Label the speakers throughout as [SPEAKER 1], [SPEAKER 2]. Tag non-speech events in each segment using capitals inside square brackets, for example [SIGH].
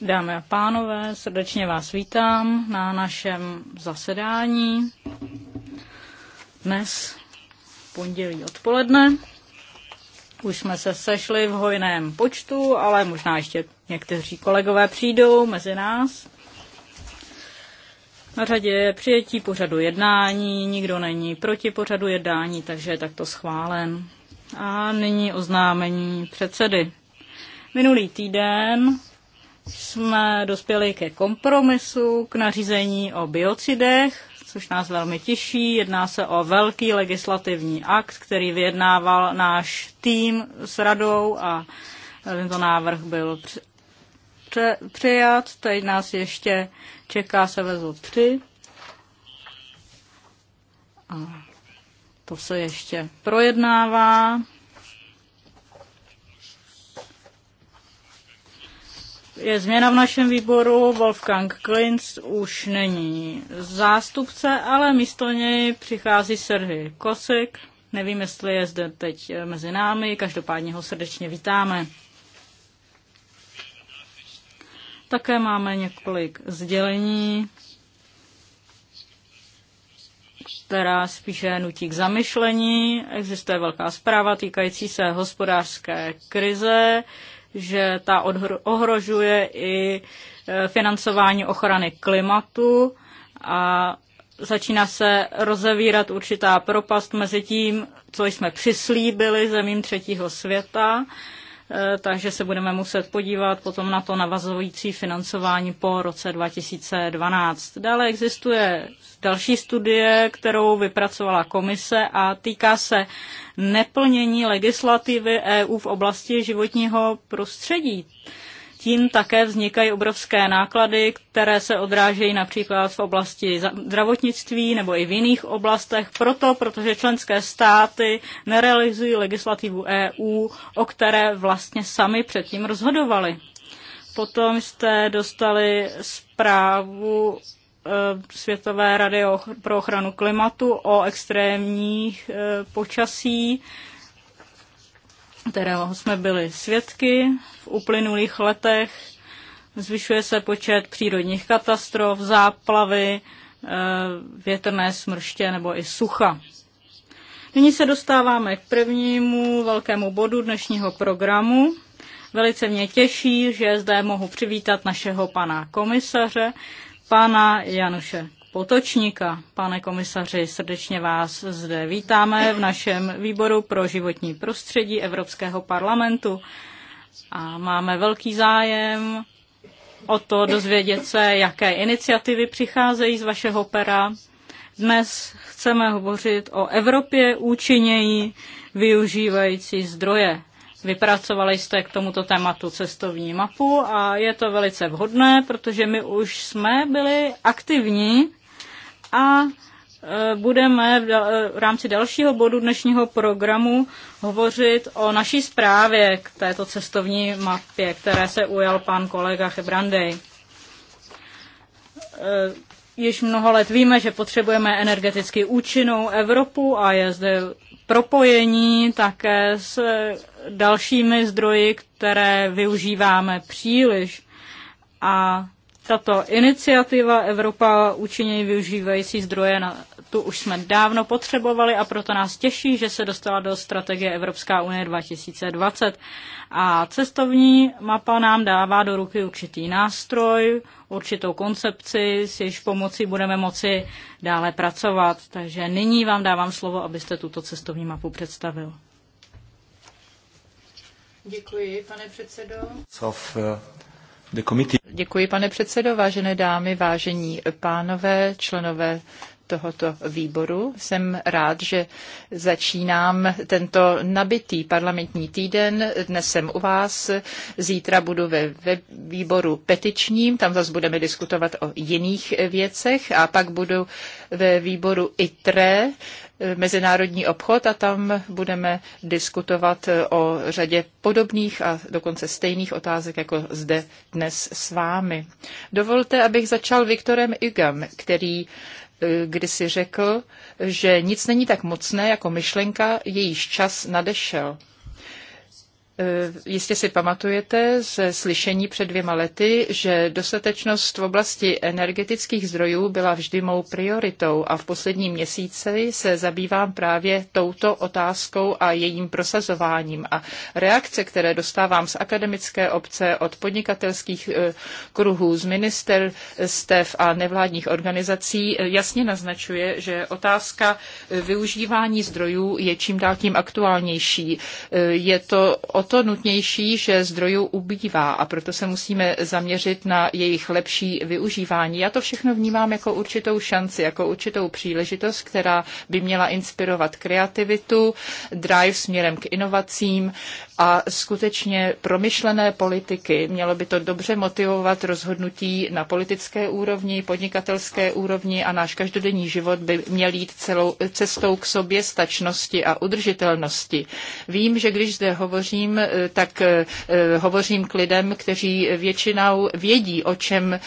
[SPEAKER 1] Dámy a pánové, srdečně vás vítám na našem zasedání dnes pondělí odpoledne. Už jsme se sešli v hojném počtu, ale možná ještě někteří kolegové přijdou mezi nás. Na řadě je přijetí pořadu jednání, nikdo není proti pořadu jednání, takže je takto schválen. A nyní oznámení předsedy. Minulý týden jsme dospěli ke kompromisu k nařízení o biocidech, což nás velmi těší. Jedná se o velký legislativní akt, který vyjednával náš tým s radou a tento návrh byl přijat. Teď nás ještě čeká se vezu 3. A to se ještě projednává. je změna v našem výboru. Wolfgang Klinz už není zástupce, ale místo něj přichází Serhy Kosik. Nevím, jestli je zde teď eh, mezi námi, každopádně ho srdečně vítáme. Také máme několik sdělení, která spíše nutí k zamyšlení. Existuje velká zpráva týkající se hospodářské krize že ta ohrožuje i e, financování ochrany klimatu a začíná se rozevírat určitá propast mezi tím, co jsme přislíbili zemím třetího světa Eh, takže se budeme muset podívat potom na to navazující financování po roce 2012. Dále existuje další studie, kterou vypracovala komise a týká se neplnění legislativy EU v oblasti životního prostředí tím také vznikají obrovské náklady, které se odrážejí například v oblasti zdravotnictví nebo i v jiných oblastech, proto, protože členské státy nerealizují legislativu EU, o které vlastně sami předtím rozhodovali. Potom jste dostali zprávu eh, Světové rady pro ochranu klimatu o extrémních eh, počasí kterého jsme byli svědky v uplynulých letech. Zvyšuje se počet přírodních katastrof, záplavy, eh, větrné smrště nebo i sucha. Nyní se dostáváme k prvnímu velkému bodu dnešního programu. Velice mě těší, že zde mohu přivítat našeho pana komisaře, pana Januše Potočníka. Pane komisaři, srdečně vás zde vítáme v našem výboru pro životní prostředí Evropského parlamentu a máme velký zájem o to dozvědět se, jaké iniciativy přicházejí z vašeho pera. Dnes chceme hovořit o Evropě účinněji využívající zdroje. Vypracovali jste k tomuto tématu cestovní mapu a je to velice vhodné, protože my už jsme byli aktivní a e, budeme e, v rámci dalšího bodu dnešního programu hovořit o naší zprávě k této cestovní mapě, které se ujal pan kolega Hebrandej. E, již mnoho let víme, že potřebujeme energeticky účinnou Evropu a je zde propojení také s dalšími zdroji, které využíváme příliš. A tato iniciativa Evropa účinněji využívající zdroje, na, tu už jsme dávno potřebovali a proto nás těší, že se dostala do strategie Evropská unie 2020. A cestovní mapa nám dává do ruky určitý nástroj, určitou koncepci, s jejíž pomocí budeme moci dále pracovat. Takže nyní vám dávám slovo, abyste tuto cestovní mapu představil.
[SPEAKER 2] Děkuji, pane předsedo. Sof, Děkuji, pane předsedo, vážené dámy, vážení pánové, členové tohoto výboru. Jsem rád, že začínám tento nabitý parlamentní týden. Dnes jsem u vás, zítra budu ve, výboru petičním, tam zase budeme diskutovat o jiných věcech a pak budu ve výboru ITRE, mezinárodní obchod a tam budeme diskutovat o řadě podobných a dokonce stejných otázek jako zde dnes s vámi. Dovolte, abych začal Viktorem Igam, který kdy si řekl, že nic není tak mocné jako myšlenka, jejíž čas nadešel. Eh, jistě si pamatujete ze slyšení před dvěma lety, že dostatečnost v oblasti energetických zdrojů byla vždy mou prioritou a v posledním měsíci se zabývám právě touto otázkou a jejím prosazováním. A reakce, které dostávám z akademické obce, od podnikatelských eh, kruhů, z ministerstev a nevládních organizací, eh, jasně naznačuje, že otázka využívání zdrojů je čím dál tím aktuálnější. Je to to nutnější, že zdrojů ubývá a proto se musíme zaměřit na jejich lepší využívání. Já to všechno vnímám jako určitou šanci, jako určitou příležitost, která by měla inspirovat kreativitu, drive směrem k inovacím a skutečně promyšlené politiky. Mělo by to dobře motivovat rozhodnutí na politické úrovni, podnikatelské úrovni a náš každodenní život by měl jít celou cestou k soběstačnosti a udržitelnosti. Vím, že když zde hovořím hovořím, eh, tak eh, eh, hovořím k lidem, kteří většinou vědí, o čem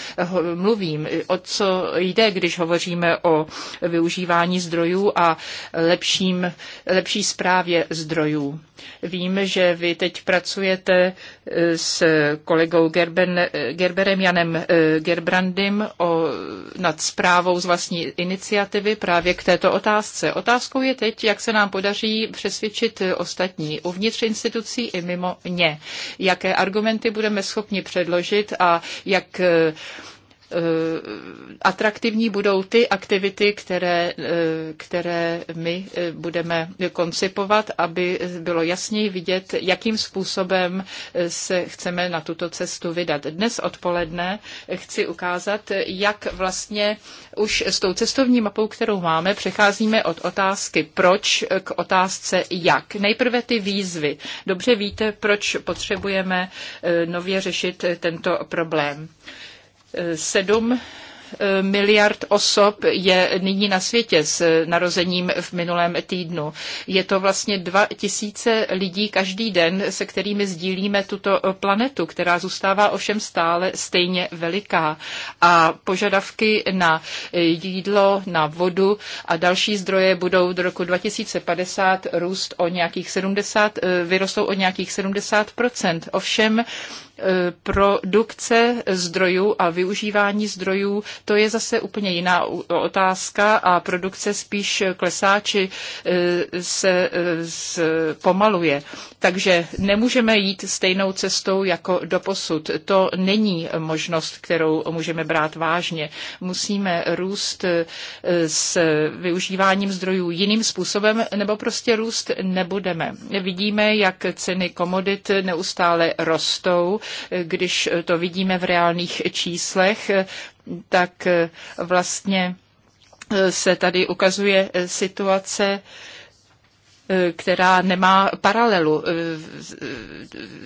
[SPEAKER 2] mluvím, o co jde, když hovoříme o využívání zdrojů a lepším, lepší zprávě zdrojů. Vím, že vy teď pracujete s kolegou Gerben, Gerberem Janem Gerbrandym o, nad zprávou z vlastní iniciativy právě k této otázce. Otázkou je teď, jak se nám podaří přesvědčit ostatní uvnitř institucí i mimo ně. Jaké argumenty budeme schopni předložit a jak eh, Eh, atraktivní budou ty aktivity, které, eh, které my eh, budeme koncipovat, aby bylo jasněji vidět, jakým způsobem se chceme na tuto cestu vydat. Dnes odpoledne chci ukázat, jak vlastně už s tou cestovní mapou, kterou máme, přecházíme od otázky proč k otázce jak. Nejprve ty výzvy. Dobře víte, proč potřebujeme nově řešit tento problém. 7 eh, miliard osob je nyní na světě s narozením v minulém týdnu. Je to vlastně dva tisíce lidí každý den, se kterými sdílíme tuto planetu, která zůstává ovšem stále stejně veliká. A požadavky na jídlo, na vodu a další zdroje budou do roku 2050 růst o nějakých 70, eh, vyrostou o nějakých 70%. Ovšem E, produkce zdrojů a využívání zdrojů, to je zase úplně jiná otázka a produkce spíš klesá či e, se e, pomaluje. Takže nemůžeme jít stejnou cestou jako doposud. To není možnost, kterou můžeme brát vážně. Musíme růst s využíváním zdrojů jiným způsobem nebo prostě růst nebudeme. Vidíme, jak ceny komodit neustále rostou když to vidíme v reálných číslech, tak vlastně se tady ukazuje situace, která nemá paralelu. Eh, eh,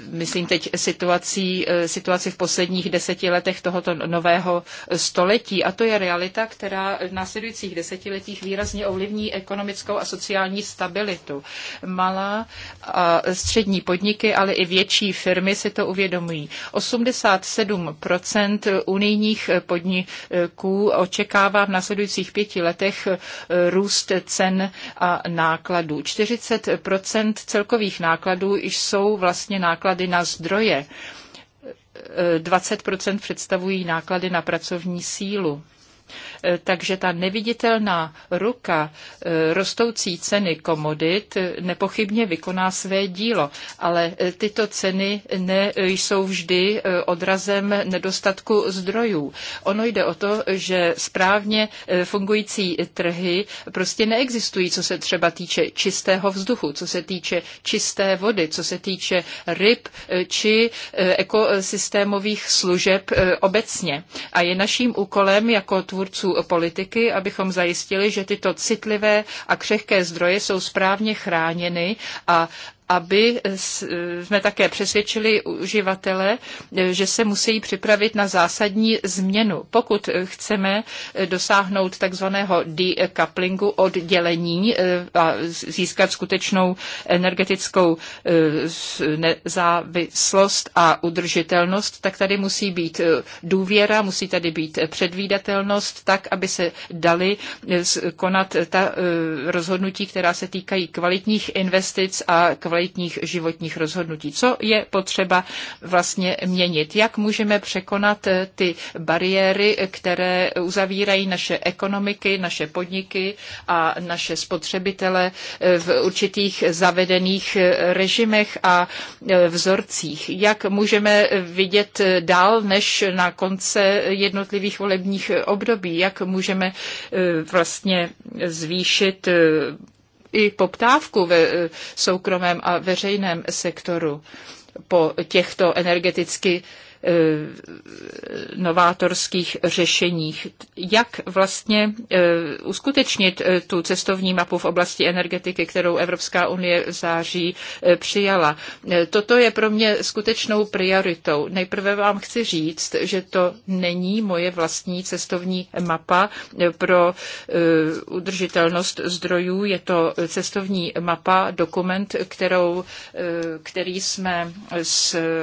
[SPEAKER 2] myslím teď situací, eh, situaci v posledních deseti letech tohoto nového století. A to je realita, která v následujících desetiletích výrazně ovlivní ekonomickou a sociální stabilitu. Malá a střední podniky, ale i větší firmy si to uvědomují. 87 unijních podniků očekává v následujících pěti letech růst cen a nákladů. 4 40 celkových nákladů jsou vlastně náklady na zdroje. 20 představují náklady na pracovní sílu. Eh, takže ta neviditelná ruka eh, rostoucí ceny komodit eh, nepochybně vykoná své dílo, ale tyto ceny ne, jsou vždy odrazem nedostatku zdrojů. Ono jde o to, že správně fungující trhy prostě neexistují, co se třeba týče čistého vzduchu, co se týče čisté vody, co se týče ryb či ekosystémových služeb obecně. A je naším úkolem jako tvůrců rámců politiky, abychom zajistili, že tyto citlivé a křehké zdroje jsou správně chráněny a aby jsme také přesvědčili uživatele, že se musí připravit na zásadní změnu. Pokud chceme dosáhnout takzvaného decouplingu oddělení eh, a získat skutečnou energetickou eh, nezávislost a udržitelnost, tak tady musí být eh, důvěra, musí tady být předvídatelnost, tak, aby se dali konat ta rozhodnutí, která se týkají kvalitních investic a kvalitních kvalitních životních rozhodnutí. Co je potřeba vlastně měnit? Jak můžeme překonat eh, ty bariéry, které uzavírají naše ekonomiky, naše podniky a naše spotřebitele eh, v určitých zavedených eh, režimech a vzorcích? Jak můžeme vidět dál než na konce jednotlivých volebních období? Jak můžeme vlastně zvýšit i poptávku ve e, soukromém a veřejném sektoru po těchto energeticky Eh, novátorských řešeních. Jak vlastně eh, uskutečnit eh, tu cestovní mapu v oblasti energetiky, kterou Evropská unie v září přijala. Toto je pro mě skutečnou prioritou. Nejprve vám chci říct, že to není moje vlastní cestovní mapa pro udržitelnost zdrojů. Je to cestovní mapa, dokument, kterou, který jsme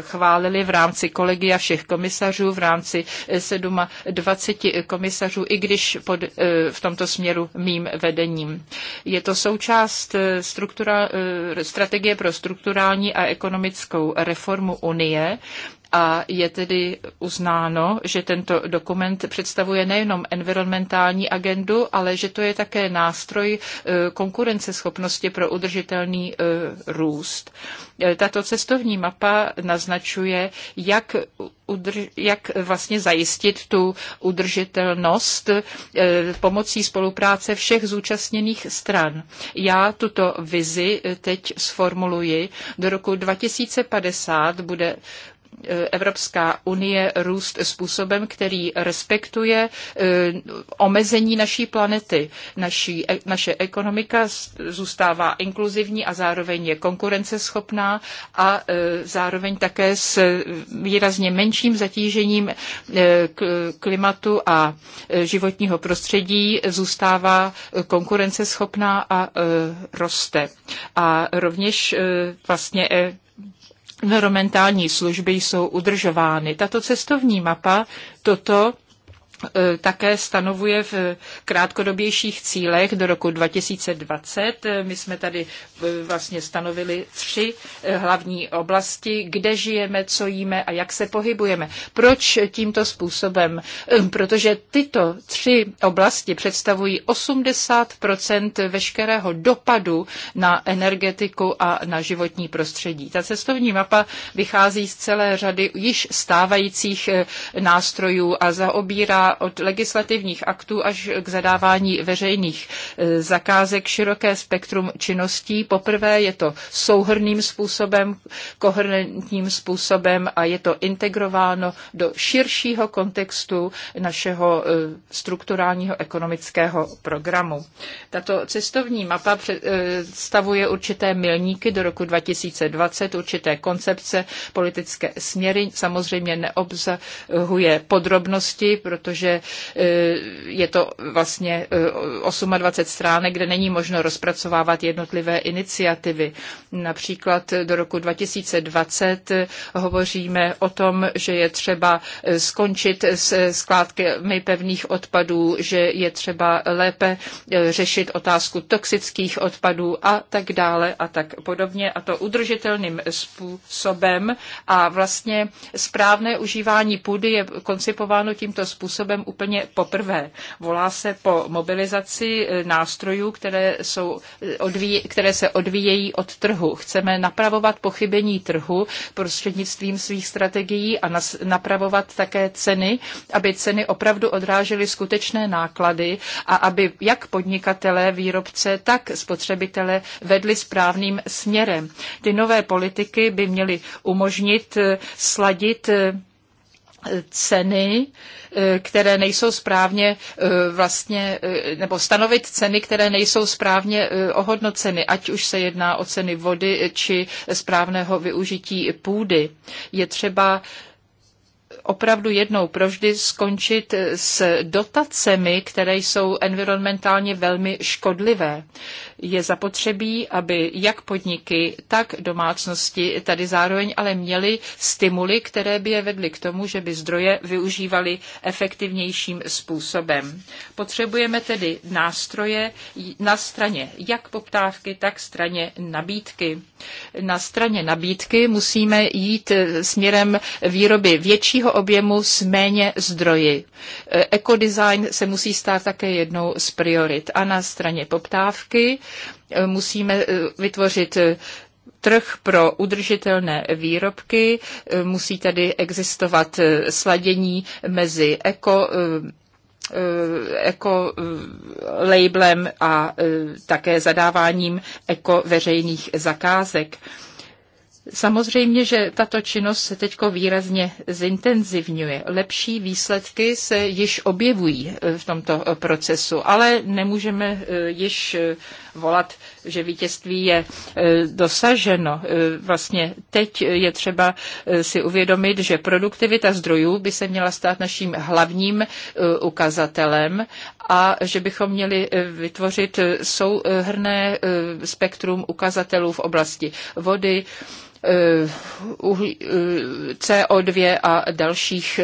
[SPEAKER 2] schválili v rámci kolegy gremia všech komisařů v rámci 27 eh, komisařů, i když pod, eh, v tomto směru mým vedením. Je to součást eh, struktura, strategie pro strukturální a ekonomickou reformu Unie a je tedy uznáno, že tento dokument představuje nejenom environmentální agendu, ale že to je také nástroj e, konkurenceschopnosti pro udržitelný e, růst. E, tato cestovní mapa naznačuje, jak, udrž, jak vlastně zajistit tu udržitelnost pomocí spolupráce všech zúčastněných stran. Já tuto vizi teď sformuluji. Do roku 2050 bude Eh, Evropská unie růst způsobem, který respektuje eh, omezení naší planety. Naší, e, naše ekonomika zůstává inkluzivní a zároveň je konkurenceschopná a eh, zároveň také s výrazně menším zatížením klimatu a životního prostředí zůstává konkurenceschopná a roste. A rovněž vlastně environmentální služby jsou udržovány. Tato cestovní mapa toto E, také stanovuje v krátkodobějších cílech do roku 2020. E, my jsme tady e, vlastně stanovili tři hlavní oblasti, kde žijeme, co jíme a jak se pohybujeme. Proč tímto způsobem? Protože tyto tři oblasti představují 80 veškerého dopadu na energetiku a na životní prostředí. Ta cestovní mapa vychází z celé řady již stávajících nástrojů a zaobírá od legislativních aktů až k zadávání veřejných e, zakázek široké spektrum činností. Poprvé je to souhrným způsobem, koherentním způsobem a je to integrováno do širšího kontextu našeho e, strukturálního ekonomického programu. Tato cestovní mapa představuje určité milníky do roku 2020, určité koncepce, politické směry, samozřejmě neobsahuje podrobnosti, protože protože e, je to vlastně 28 e, stránek, kde není možno rozpracovávat jednotlivé iniciativy. Například do roku 2020 e, hovoříme o tom, že je třeba skončit s skládkami pevných odpadů, že je třeba lépe řešit otázku toxických odpadů a tak dále a tak podobně a to udržitelným způsobem a vlastně správné užívání půdy je koncipováno tímto způsobem, způsobem úplně poprvé. Volá se po mobilizaci e, nástrojů, které, jsou, e, odvíje, které se odvíjejí od trhu. Chceme napravovat pochybení trhu prostřednictvím svých strategií a nas, napravovat také ceny, aby ceny opravdu odrážely skutečné náklady a aby jak podnikatelé, výrobce, tak spotřebitele vedli správným směrem. Ty nové politiky by měly umožnit e, sladit ceny, eh, které nejsou správně eh, vlastně, eh, nebo stanovit ceny, které nejsou správně ohodnoceny, ať už se jedná o ceny vody či správného využití půdy. Je třeba opravdu jednou provždy skončit s dotacemi, které jsou environmentálně velmi škodlivé. Je zapotřebí, aby jak podniky, tak domácnosti tady zároveň ale měly stimuly, které by je vedly k tomu, že by zdroje využívali efektivnějším způsobem. Potřebujeme tedy nástroje na straně jak poptávky, tak straně nabídky. Na straně nabídky musíme jít směrem výroby většího většího objemu s méně zdroji. E, ekodesign se musí stát také jednou z priorit. A na straně poptávky e, musíme e, vytvořit trh pro udržitelné výrobky, musí tady existovat sladění mezi eko eko labelem a také zadáváním eko veřejných zakázek. Samozřejmě, že tato činnost se teď výrazně zintenzivňuje. Lepší výsledky se již objevují v tomto procesu, ale nemůžeme eh, již eh, volat že vítězství je e, dosaženo. E, vlastně teď je třeba e, si uvědomit, že produktivita zdrojů by se měla stát naším hlavním ukazatelem a že bychom měli vytvořit souhrné spektrum ukazatelů v oblasti vody, CO2 a dalších,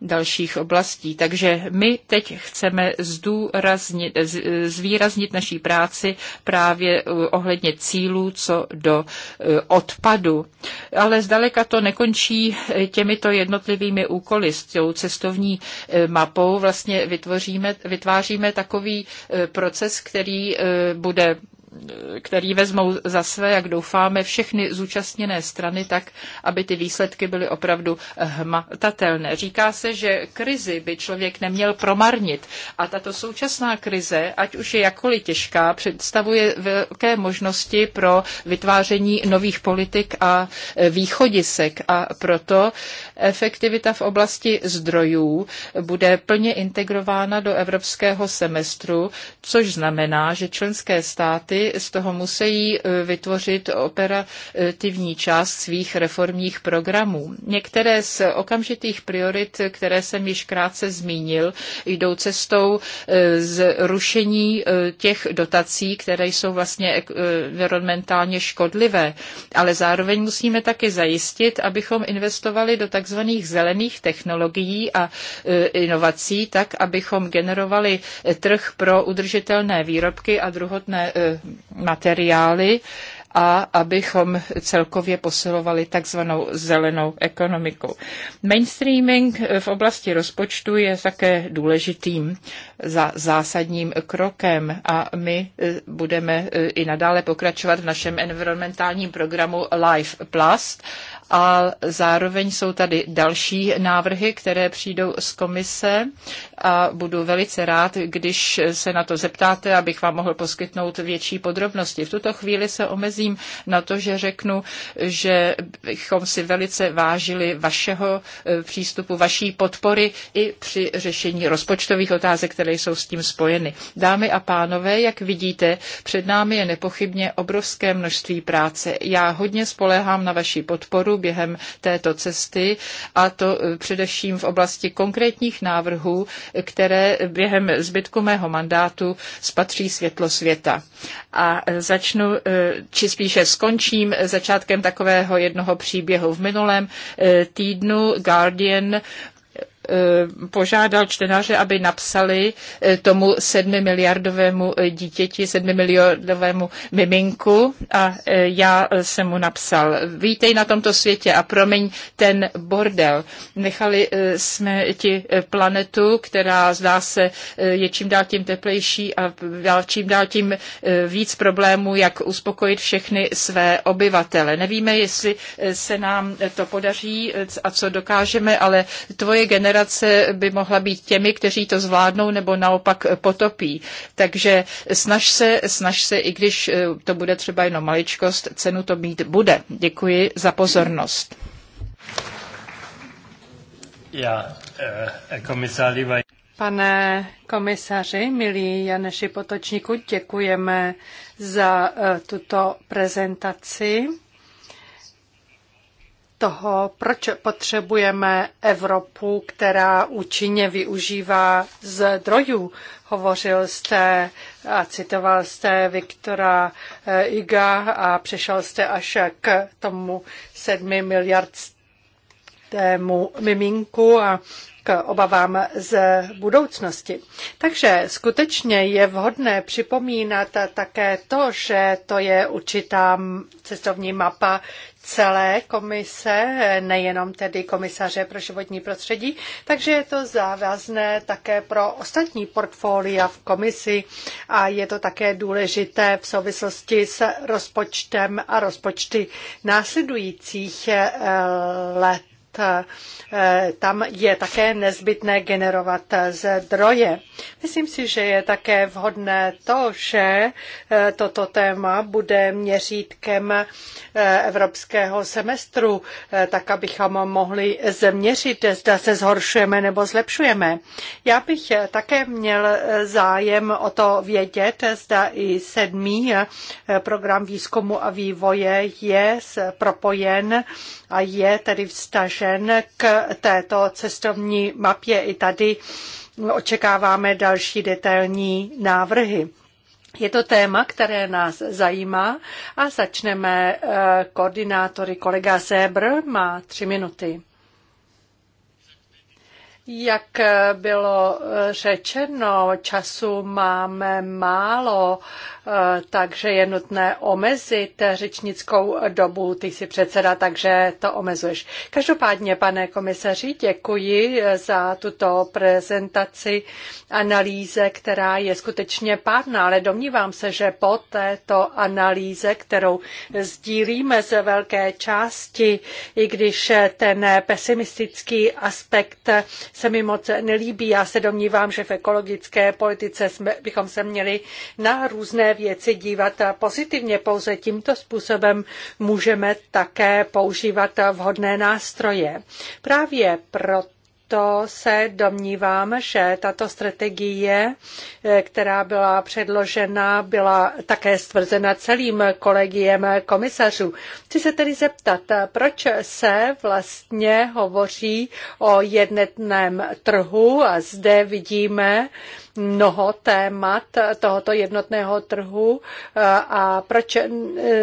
[SPEAKER 2] dalších oblastí. Takže my teď chceme zdůraznit, zvýraznit naší práci právě Eh, ohledně cílů co do eh, odpadu. Ale zdaleka to nekončí eh, těmito jednotlivými úkoly. S tou cestovní mapou vlastně vytvoříme, vytváříme takový proces, který bude který vezmou za své, jak doufáme, všechny zúčastněné strany tak, aby ty výsledky byly opravdu hmatatelné. Říká se, že krizi by člověk neměl promarnit a tato současná krize, ať už je jakkoliv těžká, představuje velké možnosti pro vytváření nových politik a východisek a proto efektivita v oblasti zdrojů bude plně integrována do evropského semestru, což znamená, že členské státy z toho musí eh, vytvořit operativní část svých reformních programů. Některé z okamžitých priorit, které jsem již krátce zmínil, jdou cestou eh, zrušení eh, těch dotací, které jsou vlastně environmentálně škodlivé. Ale zároveň musíme taky zajistit, abychom investovali do takzvaných zelených technologií a inovací, tak abychom generovali trh pro udržitelné výrobky a druhotné materiály a abychom celkově posilovali takzvanou zelenou ekonomiku. Mainstreaming v oblasti rozpočtu je také důležitým za zásadním krokem a my e, budeme e, i nadále pokračovat v našem environmentálním programu Life Plus a zároveň jsou tady další návrhy, které přijdou z komise a budu velice rád, když se na to zeptáte, abych vám mohl poskytnout větší podrobnosti. V tuto chvíli se omezím na to, že řeknu, že bychom si velice vážili vašeho e, přístupu, vaší podpory i při řešení rozpočtových otázek, které jsou s tím spojeny. Dámy a pánové, jak vidíte, před námi je nepochybně obrovské množství práce. Já hodně spoléhám na vaši podporu během této cesty a to e, především v oblasti konkrétních návrhů, které během zbytku mého mandátu spatří světlo světa. A e, začnu, e, či spíše skončím začátkem takového jednoho příběhu. V minulém týdnu Guardian Eh, požádal čtenáře, aby napsali eh, tomu sedmimiliardovému eh, dítěti, miliardovému miminku a já jsem mu napsal, vítej na tomto světě a promiň ten bordel. Nechali jsme ti planetu, která zdá se je čím dál tím teplejší a čím dál tím víc problémů, jak uspokojit všechny své obyvatele. Nevíme, jestli se nám to podaří a co dokážeme, ale tvoje generace generace by mohla být těmi, kteří to zvládnou nebo naopak potopí. Takže snaž se, snaž se, i když eh, to bude třeba jenom maličkost, cenu to mít bude. Děkuji za pozornost. Já, eh, eh Livaj.
[SPEAKER 3] Pane komisaři, milí Janeši Potočníku, děkujeme za eh, tuto prezentaci toho, proč potřebujeme Evropu, která účinně využívá zdrojů. Hovořil jste a citoval jste Viktora eh, Iga a přešel jste až k tomu sedmi miliardskému miminku a obavám z budoucnosti. Takže skutečně je vhodné připomínat také to, že to je určitá cestovní mapa celé komise, nejenom tedy komisaře pro životní prostředí, takže je to závazné také pro ostatní portfolia v komisi a je to také důležité v souvislosti s rozpočtem a rozpočty následujících eh, let Eh, tam je také nezbytné generovat zdroje. Myslím si, že je také vhodné to, že eh, toto téma bude měřítkem eh, evropského semestru, tak abychom mohli změřit, zda se zhoršujeme nebo zlepšujeme. Já bych také měl zájem o to vědět, zda i sedmý program výzkumu a vývoje je propojen a je tedy vztažen k této cestovní mapě. I tady očekáváme další detailní návrhy. Je to téma, které nás zajímá a začneme eh, koordinátory. Kolega Zébr má tři minuty. Jak bylo eh, řečeno, času máme málo, eh, takže je nutné omezit řečnickou dobu. Ty jsi předseda, takže to omezuješ. Každopádně, pane komisaři, děkuji eh, za tuto prezentaci analýze, která je skutečně pádná, ale domnívám se, že po této analýze, kterou sdílíme ze velké části, i když ten pesimistický aspekt se mi moc nelíbí. Já se domnívám, že v ekologické politice jsme, bychom se měli na různé věci dívat pozitivně. Pouze tímto způsobem můžeme také používat vhodné nástroje. Právě proto proto se domnívám, že tato strategie, eh, která byla předložena, byla také stvrzena celým kolegiem komisařů. Chci se tedy zeptat, proč se vlastně hovoří o jednotném trhu a zde vidíme, mnoho témat tohoto jednotného trhu eh, a proč eh,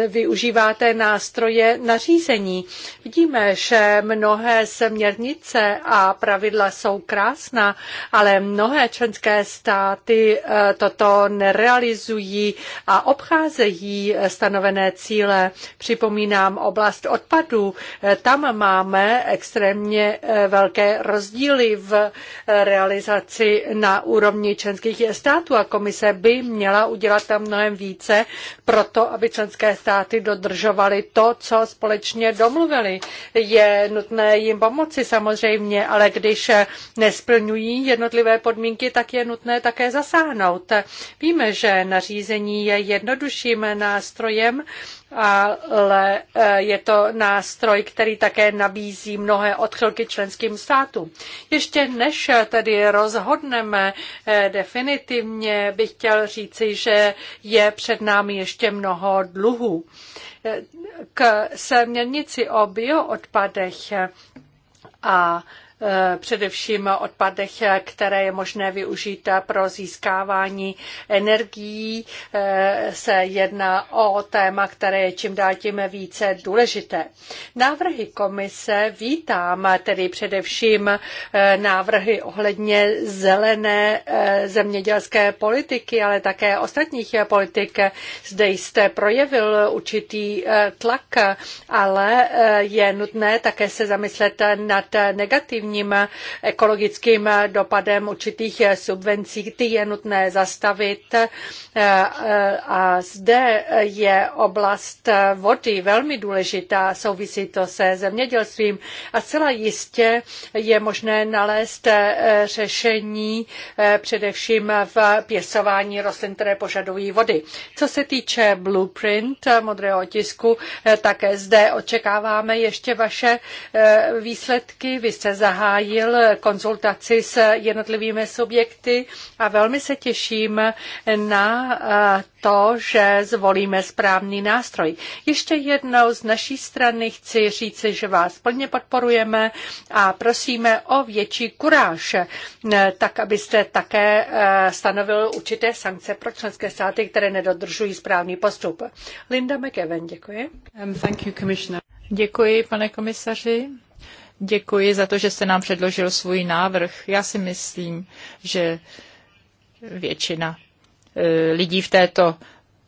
[SPEAKER 3] využíváte nástroje nařízení. Vidíme, že mnohé směrnice a pravidla jsou krásná, ale mnohé členské státy eh, toto nerealizují a obcházejí stanovené cíle. Připomínám oblast odpadů. Tam máme extrémně velké rozdíly v realizaci na úrovni členských států a komise by měla udělat tam mnohem více pro to, aby členské státy dodržovaly to, co společně domluvili. Je nutné jim pomoci samozřejmě, ale když nesplňují jednotlivé podmínky, tak je nutné také zasáhnout. Víme, že nařízení je jednodušším nástrojem, ale eh, je to nástroj, který také nabízí mnohé odchylky členským státům. Ještě než tedy rozhodneme eh, definitivně, bych chtěl říci, že je před námi ještě mnoho dluhů. Eh, k směrnici o bioodpadech a Eh, především odpadech, které je možné využít pro získávání energií, eh, se jedná o téma, které je čím dál tím více důležité. Návrhy komise vítám, tedy především eh, návrhy ohledně zelené zemědělské politiky, ale také ostatních politik. Zde jste projevil určitý tlak, ale je nutné také se zamyslet nad negativní negativním ekologickým dopadem určitých subvencí, ty je nutné zastavit. Eh, a zde je oblast vody velmi důležitá, souvisí to se zemědělstvím a zcela jistě je možné nalézt eh, řešení eh, především v pěstování rostlin, které požadují vody. Co se týče blueprint modrého tisku, také zde očekáváme ještě vaše výsledky. Vy jste zahájili zahájil konzultaci s jednotlivými subjekty a velmi se těším na eh, to, že zvolíme správný nástroj. Ještě jednou z naší strany chci říci, že vás plně podporujeme a prosíme o větší kuráž, eh, tak abyste také eh, stanovil určité sankce pro členské státy, které nedodržují správný
[SPEAKER 2] postup. Linda McEwen, děkuji. Um, thank you, Děkuji, pane komisaři děkuji za to, že jste nám předložil svůj návrh. Já si myslím, že většina e, lidí v této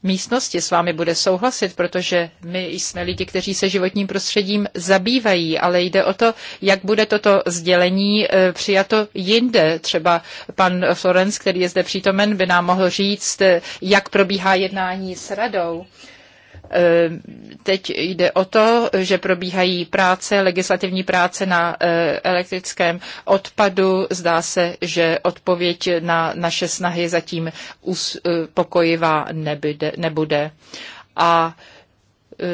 [SPEAKER 2] místnosti s vámi bude souhlasit, protože my jsme lidi, kteří se životním prostředím zabývají, ale jde o to, jak bude toto sdělení e, přijato jinde. Třeba pan Florenc, který je zde přítomen, by nám mohl říct, e, jak probíhá jednání s radou Eh, teď jde o to, že probíhají práce, legislativní práce na eh, elektrickém odpadu. Zdá se, že odpověď na naše snahy zatím uspokojivá nebude. A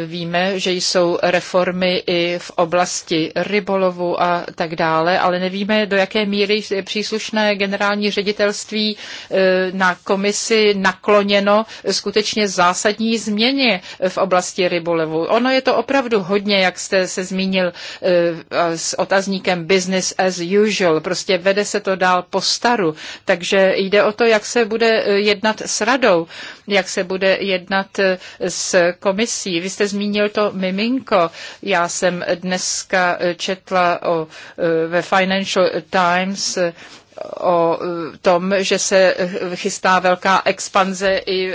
[SPEAKER 2] Víme, že jsou reformy i v oblasti rybolovu a tak dále, ale nevíme, do jaké míry příslušné generální ředitelství e, na komisi nakloněno skutečně zásadní změně v oblasti rybolovu. Ono je to opravdu hodně, jak jste se zmínil e, s otazníkem business as usual. Prostě vede se to dál po staru. Takže jde o to, jak se bude jednat s radou, jak se bude jednat e, s komisí. Vy jste zmínil to miminko. Já jsem dneska eh, četla o, eh, ve Financial Times eh, o tom, že se chystá velká expanze i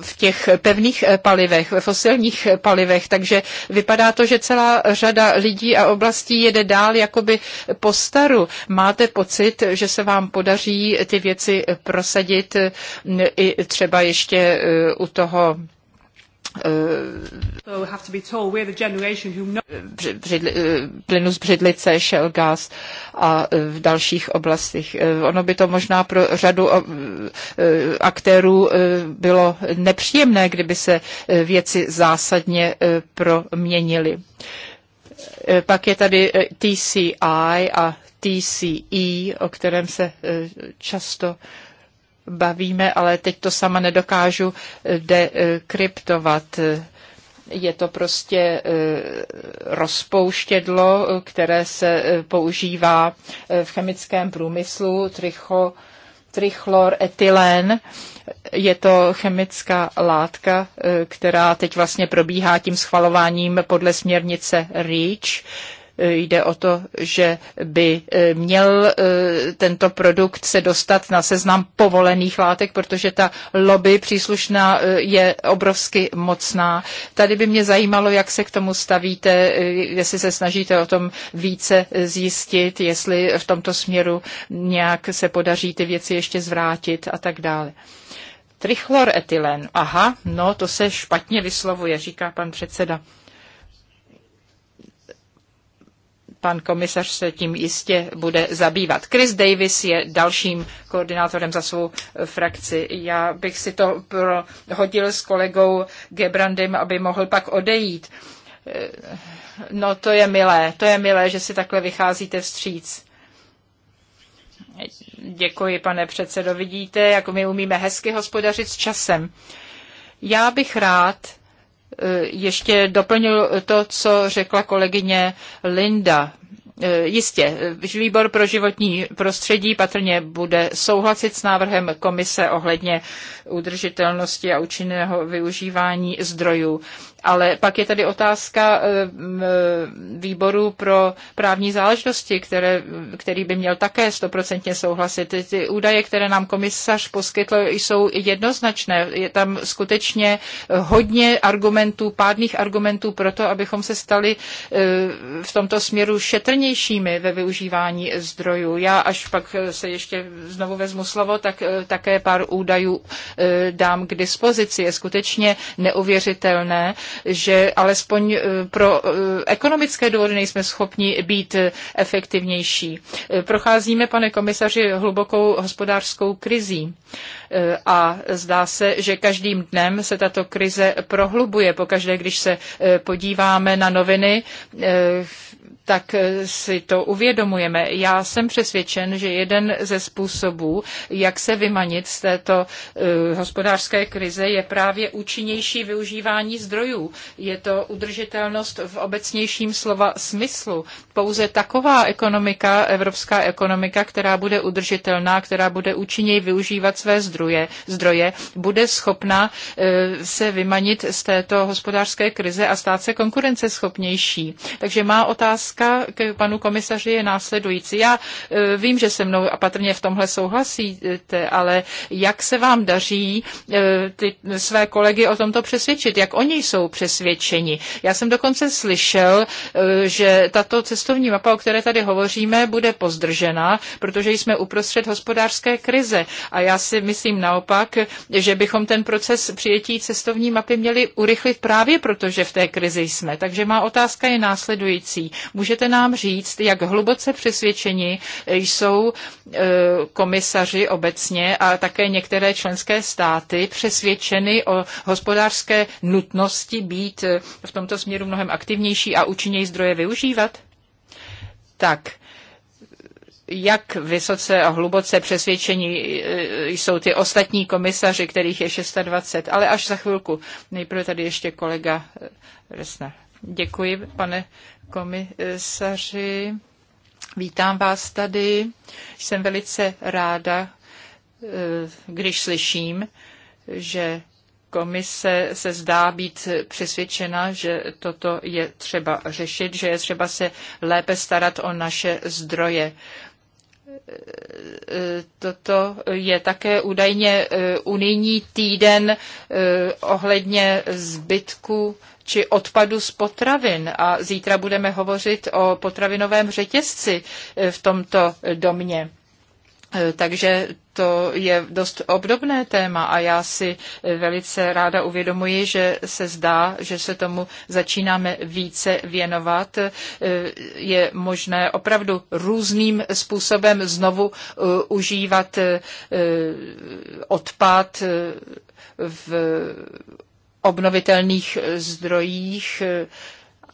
[SPEAKER 2] v těch pevných palivech, ve fosilních palivech, takže vypadá to, že celá řada lidí a oblastí jede dál jakoby po staru. Máte pocit, že se vám podaří ty věci prosadit i třeba ještě u toho Uh,
[SPEAKER 3] uh, uh,
[SPEAKER 2] plynu z břidlice, shell gas a v dalších oblastech. Ono by to možná pro řadu aktérů bylo nepříjemné, kdyby se věci zásadně proměnily. Pak je tady TCI a TCE, o kterém se často bavíme, ale teď to sama nedokážu eh, dekryptovat. Je to prostě eh, rozpouštědlo, které se eh, používá v chemickém průmyslu, tricho, trichloretilen. Je to chemická látka, která teď vlastně probíhá tím schvalováním podle směrnice REACH Jde o to, že by e, měl e, tento produkt se dostat na seznam povolených látek, protože ta lobby příslušná e, je obrovsky mocná. Tady by mě zajímalo, jak se k tomu stavíte, jestli se snažíte o tom více zjistit, jestli v tomto směru nějak se podaří ty věci ještě zvrátit a tak dále. Trichloretylen. Aha, no to se špatně vyslovuje, říká pan předseda. pan komisař se tím jistě bude zabývat. Chris Davis je dalším koordinátorem za svou eh, frakci. Já bych si to hodil s kolegou Gebrandem, aby mohl pak odejít. Eh, no to je milé, to je milé, že si takhle vycházíte vstříc. Děkuji, pane předsedo. Vidíte, jak my umíme hezky hospodařit s časem. Já bych rád Eh, ještě doplnil to, co řekla kolegyně Linda. Eh, jistě, výbor pro životní prostředí patrně bude souhlasit s návrhem komise ohledně udržitelnosti a účinného využívání zdrojů. Ale pak je tady otázka eh, eh, výboru pro právní záležitosti, které, který by měl také stoprocentně souhlasit. Ty údaje, které nám komisař poskytl, jsou jednoznačné. Je tam skutečně hodně argumentů, pádných argumentů pro to, abychom se stali eh, v tomto směru šetrnějšími ve využívání zdrojů. Já až pak se ještě znovu vezmu slovo, tak také pár údajů dám k dispozici. Je skutečně neuvěřitelné, že alespoň eh, pro eh, ekonomické důvody nejsme schopni být efektivnější. Eh, procházíme, pane komisaři, hlubokou hospodářskou krizí a zdá se, že každým dnem se tato krize prohlubuje. Pokaždé, když se podíváme na noviny, tak eh, si to uvědomujeme. Já jsem přesvědčen, že jeden ze způsobů, jak se vymanit z této eh, hospodářské krize, je právě účinnější využívání zdrojů. Je to udržitelnost v obecnějším slova smyslu. Pouze taková ekonomika, evropská ekonomika, která bude udržitelná, která bude účinněji využívat své zdroje, zdroje bude schopna eh, se vymanit z této hospodářské krize a stát se konkurenceschopnější. Takže má otázka, otázka k panu komisaři je následující. Já e, vím, že se mnou a patrně v tomhle souhlasíte, ale jak se vám daří e, ty své kolegy o tomto přesvědčit? Jak oni jsou přesvědčeni? Já jsem dokonce slyšel, e, že tato cestovní mapa, o které tady hovoříme, bude pozdržena, protože jsme uprostřed hospodářské krize. A já si myslím naopak, že bychom ten proces přijetí cestovní mapy měli urychlit právě proto, že v té krizi jsme. Takže má otázka je následující. Může Můžete nám říct, jak hluboce přesvědčeni jsou e, komisaři obecně a také některé členské státy přesvědčeny o hospodářské nutnosti být e, v tomto směru mnohem aktivnější a účinněji zdroje využívat? Tak jak vysoce a hluboce přesvědčení e, jsou ty ostatní komisaři, kterých je 620, ale až za chvilku. Nejprve tady ještě kolega Resner. Děkuji, pane komisaři, vítám vás tady. Jsem velice ráda, eh, když slyším, že komise se zdá být přesvědčena, že toto je třeba řešit, že je třeba se lépe starat o naše zdroje. Eh, toto je také údajně eh, unijní týden ohledně zbytku či odpadu z potravin. A zítra budeme hovořit o potravinovém řetězci eh, v tomto domě. Eh, takže to je dost obdobné téma a já si eh, velice ráda uvědomuji, že se zdá, že se tomu začínáme více věnovat. Je možné opravdu různým způsobem znovu užívat odpad v obnovitelných zdrojích eh,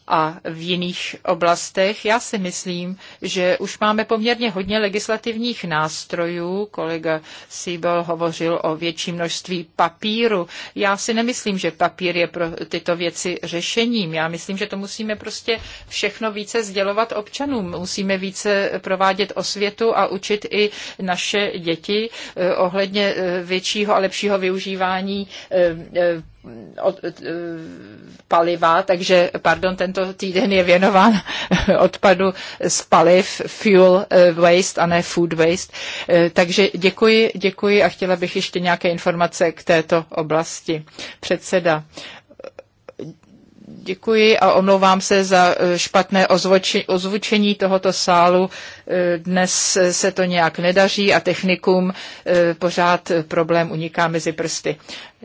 [SPEAKER 2] a v jiných oblastech. Já si myslím, že už máme poměrně hodně legislativních nástrojů. Kolega Siebel hovořil o větší množství papíru. Já si nemyslím, že papír je pro tyto věci řešením. Já myslím, že to musíme prostě všechno více sdělovat občanům. Musíme více provádět osvětu a učit i naše děti eh, ohledně eh, většího a lepšího využívání od, eh, paliva, takže, pardon, tento týden je věnován [LAUGHS] odpadu z paliv, fuel eh, waste a ne food waste. Eh, takže děkuji, děkuji a chtěla bych ještě nějaké informace k této oblasti. Předseda, Děkuji a omlouvám se za eh, špatné ozvučení tohoto sálu. Eh, dnes eh, se to nějak nedaří a technikum pořád problém uniká mezi prsty.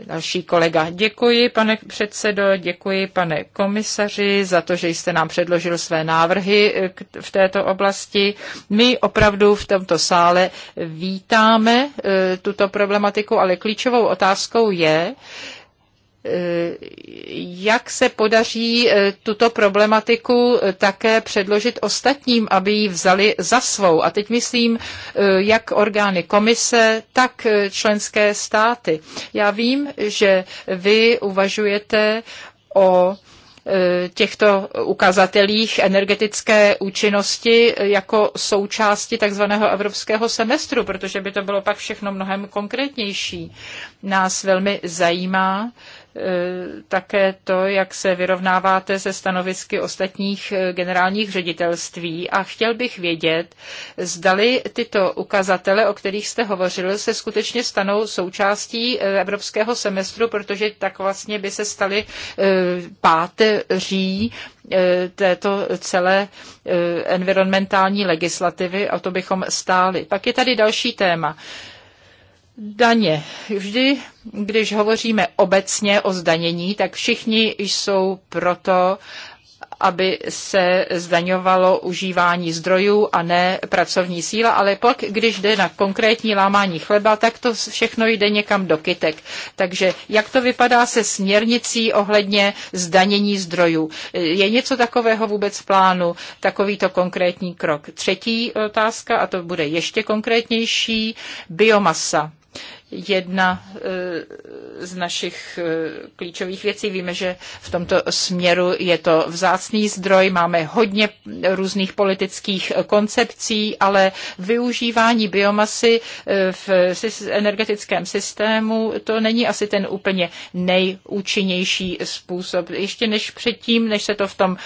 [SPEAKER 2] Další kolega. Děkuji, pane předsedo, děkuji, pane komisaři, za to, že jste nám předložil své návrhy v této oblasti. My opravdu v tomto sále vítáme tuto problematiku, ale klíčovou otázkou je, Eh, jak se podaří eh, tuto problematiku eh, také předložit ostatním, aby ji vzali za svou. A teď myslím, jak orgány komise, tak členské státy. Já vím, že vy uvažujete o těchto ukazatelích energetické účinnosti jako součásti takzvaného evropského semestru, protože by to bylo pak všechno mnohem konkrétnější. Nás velmi zajímá, Eh, také to, jak se vyrovnáváte se stanovisky ostatních eh, generálních ředitelství a chtěl bych vědět, zdali tyto ukazatele, o kterých jste hovořil, se skutečně stanou součástí eh, evropského semestru, protože tak vlastně by se staly páteří této celé environmentální legislativy, a to bychom stáli. Pak je tady další téma. Daně. Vždy, když hovoříme obecně o zdanění, tak všichni jsou proto, aby se zdaňovalo užívání zdrojů a ne pracovní síla, ale pak, když jde na konkrétní lámání chleba, tak to všechno jde někam do kytek. Takže jak to vypadá se směrnicí ohledně zdanění zdrojů? Je něco takového vůbec v plánu, takovýto konkrétní krok? Třetí otázka, a to bude ještě konkrétnější, biomasa jedna eh, z našich eh, klíčových věcí. Víme, že v tomto směru je to vzácný zdroj, máme hodně různých politických koncepcí, ale využívání biomasy eh, v energetickém systému, to není asi ten úplně nejúčinnější způsob. Ještě než předtím, než se to v tom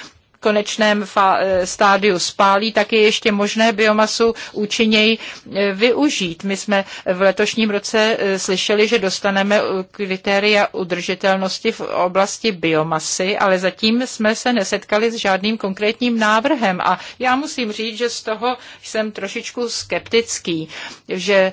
[SPEAKER 2] konečném eh, stádiu spálí, tak je ještě možné biomasu účinněji eh, využít. My jsme v letošním roce eh, slyšeli, že dostaneme kritéria udržitelnosti v oblasti biomasy, ale zatím jsme se nesetkali s žádným konkrétním návrhem. A já musím říct, že z toho jsem trošičku skeptický, že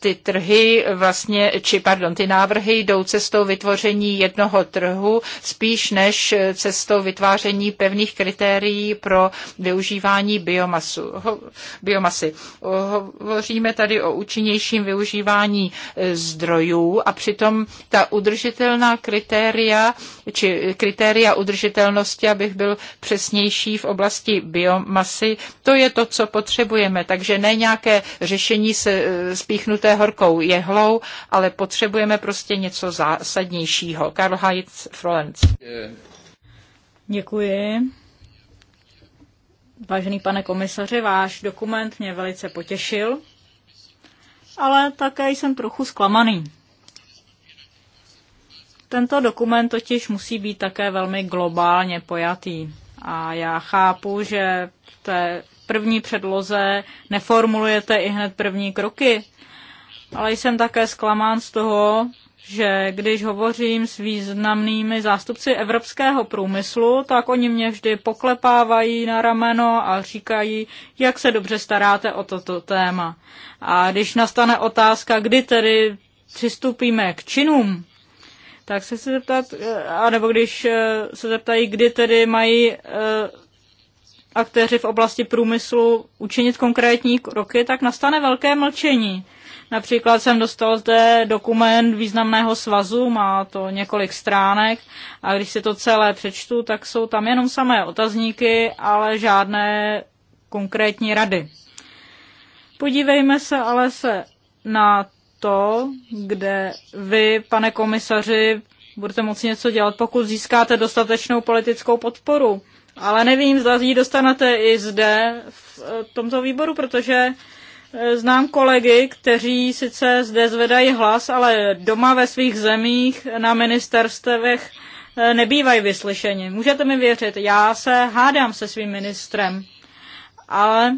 [SPEAKER 2] ty trhy vlastně, či pardon, ty návrhy jdou cestou vytvoření jednoho trhu spíš než cestou vytváření pevných stejných kritérií pro využívání biomasu, ho, biomasy. Hovoříme tady o účinnějším využívání e, zdrojů a přitom ta udržitelná kritéria, či kritéria udržitelnosti, abych byl přesnější v oblasti biomasy, to je to, co potřebujeme. Takže ne nějaké řešení se e, spíchnuté horkou jehlou, ale potřebujeme prostě něco zásadnějšího. Karl Heinz
[SPEAKER 1] Frolenz. Yeah. Děkuji. Vážený pane komisaři, váš dokument mě velice potěšil, ale také jsem trochu zklamaný. Tento dokument totiž musí být také velmi globálně pojatý. A já chápu, že v té první předloze neformulujete i hned první kroky, ale jsem také zklamán z toho, že když hovořím s významnými zástupci evropského průmyslu, tak oni mě vždy poklepávají na rameno a říkají, jak se dobře staráte o toto téma. A když nastane otázka, kdy tedy přistupíme k činům, tak se chci zeptat, eh, anebo když eh, se zeptají, kdy tedy mají eh, aktéři v oblasti průmyslu učinit konkrétní kroky, tak nastane velké mlčení. Například jsem dostal zde dokument významného svazu, má to několik stránek a když si to celé přečtu, tak jsou tam jenom samé otazníky, ale žádné konkrétní rady. Podívejme se ale se na to, kde vy, pane komisaři, budete moci něco dělat, pokud získáte dostatečnou politickou podporu. Ale nevím, zda ji dostanete i zde v eh, tomto výboru, protože Znám kolegy, kteří sice zde zvedají hlas, ale doma ve svých zemích na ministerstvech eh, nebývají vyslyšeni. Můžete mi věřit, já se hádám se svým ministrem, ale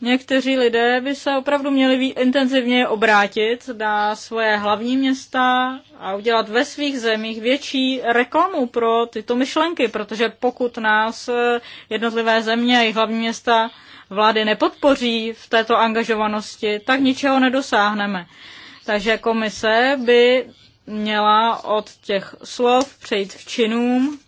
[SPEAKER 1] Někteří lidé by se opravdu měli intenzivně obrátit na svoje hlavní města a udělat ve svých zemích větší reklamu pro tyto myšlenky, protože pokud nás eh, jednotlivé země a jejich hlavní města vlády nepodpoří v této angažovanosti, tak ničeho nedosáhneme. Takže komise by měla od těch slov přejít k činům,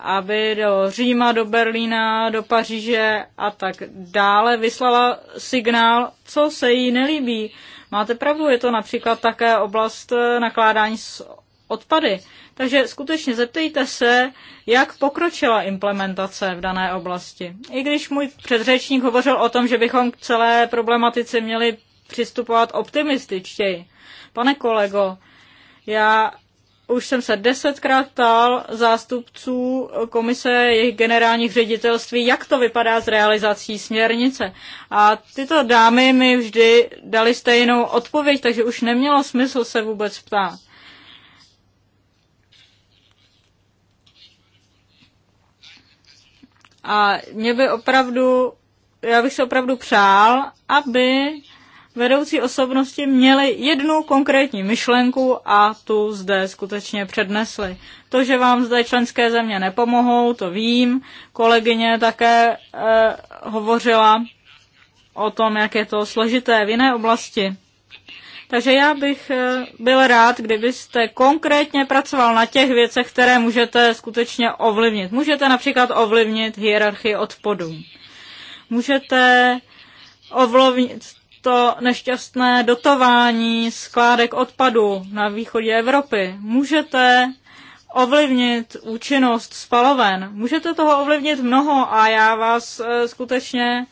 [SPEAKER 1] aby do Říma, do Berlína, do Paříže a tak dále vyslala signál, co se jí nelíbí. Máte pravdu, je to například také oblast nakládání s odpady. Takže skutečně zeptejte se, jak pokročila implementace v dané oblasti. I když můj předřečník hovořil o tom, že bychom k celé problematice měli přistupovat optimističtěji. Pane kolego, já už jsem se desetkrát ptal zástupců komise jejich generálních ředitelství, jak to vypadá s realizací směrnice. A tyto dámy mi vždy dali stejnou odpověď, takže už nemělo smysl se vůbec ptát. A mě by opravdu, já bych se opravdu přál, aby vedoucí osobnosti měli jednu konkrétní myšlenku a tu zde skutečně přednesli. To, že vám zde členské země nepomohou, to vím. Kolegyně také eh, hovořila o tom, jak je to složité v jiné oblasti. Takže já bych eh, byl rád, kdybyste konkrétně pracoval na těch věcech, které můžete skutečně ovlivnit. Můžete například ovlivnit hierarchii odpadů. Můžete ovlivnit to nešťastné dotování skládek odpadu na východě Evropy. Můžete ovlivnit účinnost spaloven. Můžete toho ovlivnit mnoho a já vás eh, skutečně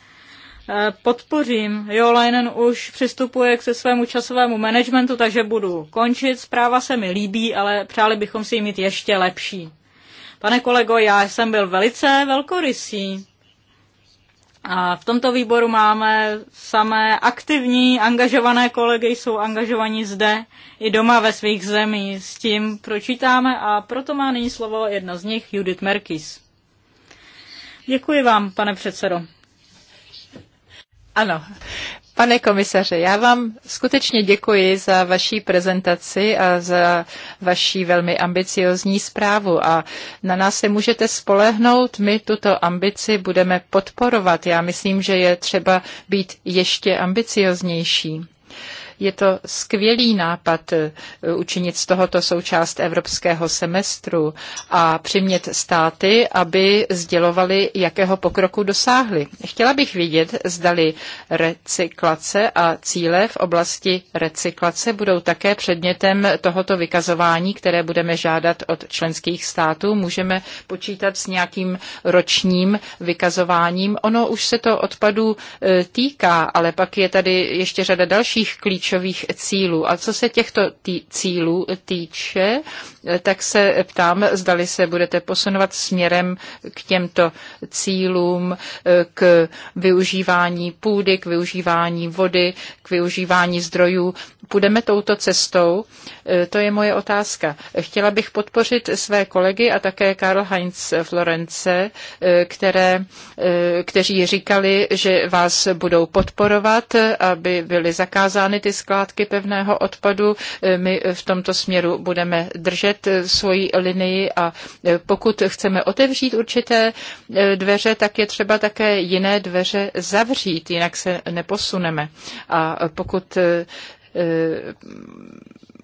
[SPEAKER 1] Eh, podpořím. Jo, Leinen už přistupuje k se svému časovému managementu, takže budu končit. Zpráva se mi líbí, ale přáli bychom si ji mít ještě lepší. Pane kolego, já jsem byl velice velkorysý. A v tomto výboru máme samé aktivní, angažované kolegy, jsou angažovaní zde i doma ve svých zemích. S tím pročítáme a proto má nyní slovo jedna z nich, Judith Merkis. Děkuji vám, pane předsedo. Ano.
[SPEAKER 2] Pane komisaře, já vám skutečně děkuji za vaší prezentaci a za vaší velmi ambiciozní zprávu a na nás se můžete spolehnout, my tuto ambici budeme podporovat. Já myslím, že je třeba být ještě ambicioznější. Je to skvělý nápad eh, učinit z tohoto součást evropského semestru a přimět státy, aby sdělovali, jakého pokroku dosáhli. Chtěla bych vidět, zdali recyklace a cíle v oblasti recyklace budou také předmětem tohoto vykazování, které budeme žádat od členských států. Můžeme počítat s nějakým ročním vykazováním. Ono už se to odpadů eh, týká, ale pak je tady ještě řada dalších klíčů klíčových cílů. A co se těchto tý- cílů týče, tak se ptám, zdali se budete posunovat směrem k těmto cílům, k využívání půdy, k využívání vody, k využívání zdrojů. Půjdeme touto cestou? To je moje otázka. Chtěla bych podpořit své kolegy a také Karl Heinz Florence, které, kteří říkali, že vás budou podporovat, aby byly zakázány ty skládky pevného odpadu. Eh, My v tomto směru budeme držet eh, svoji linii a eh, pokud chceme otevřít určité dveře, tak je třeba také jiné dveře zavřít, jinak se neposuneme. A pokud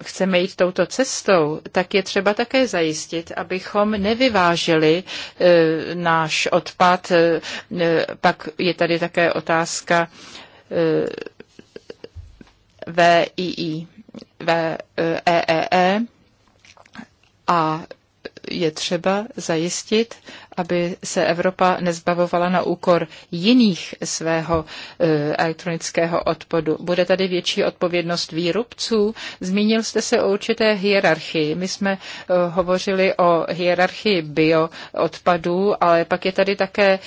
[SPEAKER 2] chceme jít touto cestou, tak je třeba také zajistit, abychom nevyváželi e, náš odpad. E, pak je tady také otázka e, VII, VEEE e, e. a je třeba zajistit, aby se Evropa nezbavovala na úkor jiných svého e, elektronického odpadu. Bude tady větší odpovědnost výrobců? Zmínil jste se o určité hierarchii. My jsme hovořili o hierarchii bioodpadů, ale pak je tady také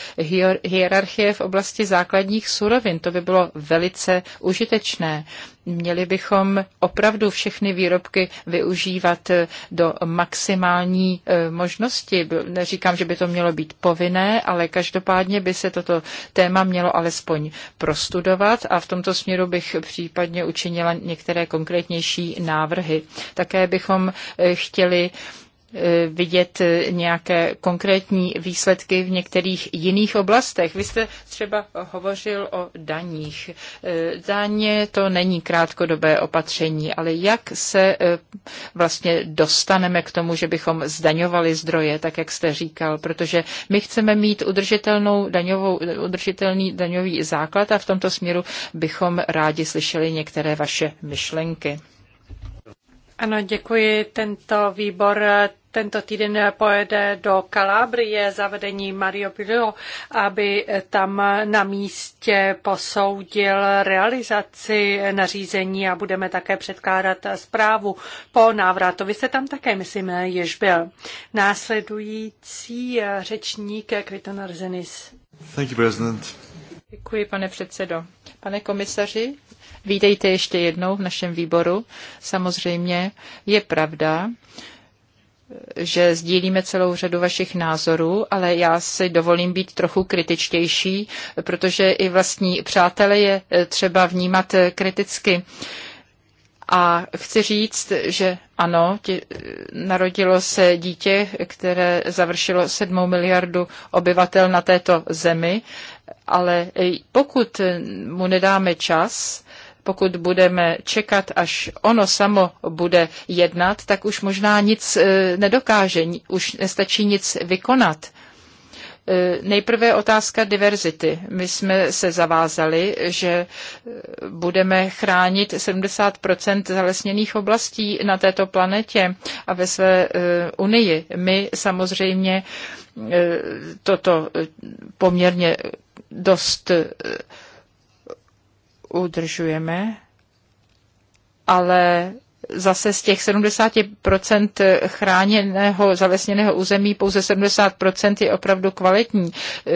[SPEAKER 2] hierarchie v oblasti základních surovin. To by bylo velice užitečné. Měli bychom opravdu všechny výrobky využívat eh, do maximální eh, možnosti. Neříkám, že by to mělo být povinné, ale každopádně by se toto téma mělo alespoň prostudovat a v tomto směru bych případně učinila některé konkrétnější návrhy. Také bychom eh, chtěli Eh, vidět eh, nějaké konkrétní výsledky v některých jiných oblastech. Vy jste třeba hovořil o daních. Eh, daně to není krátkodobé opatření, ale jak se vlastně dostaneme k tomu, že bychom zdaňovali zdroje, tak jak jste říkal, protože my chceme mít udržitelnou daňovou, udržitelný daňový základ a v tomto směru bychom rádi slyšeli některé vaše myšlenky.
[SPEAKER 3] Ano, děkuji. Tento výbor tento týden pojede do Kalábrie zavedení Mario Pirillo, aby tam na místě posoudil realizaci nařízení a budeme také předkládat zprávu po návratu. Vy jste tam také, myslím, již byl. Následující řečník Kryton Arzenis.
[SPEAKER 2] Thank you, President. Děkuji, pane předsedo. Pane komisaři, vítejte ještě jednou v našem výboru. Samozřejmě je pravda, že sdílíme celou řadu vašich názorů, ale já si dovolím být trochu kritičtější, protože i vlastní přátelé je eh, třeba vnímat eh, kriticky. A chci říct, že ano, tě, eh, narodilo se dítě, které završilo sedmou miliardu obyvatel na této zemi, ale pokud mu nedáme čas, pokud budeme čekat, až ono samo bude jednat, tak už možná nic e, nedokáže, už nestačí nic vykonat. E, nejprve otázka diverzity. My jsme se zavázali, že e, budeme chránit 70 zalesněných oblastí na této planetě a ve své unii. My samozřejmě toto poměrně dost udržujeme, ale zase z těch 70% chráněného zalesněného území pouze 70% je opravdu kvalitní. E,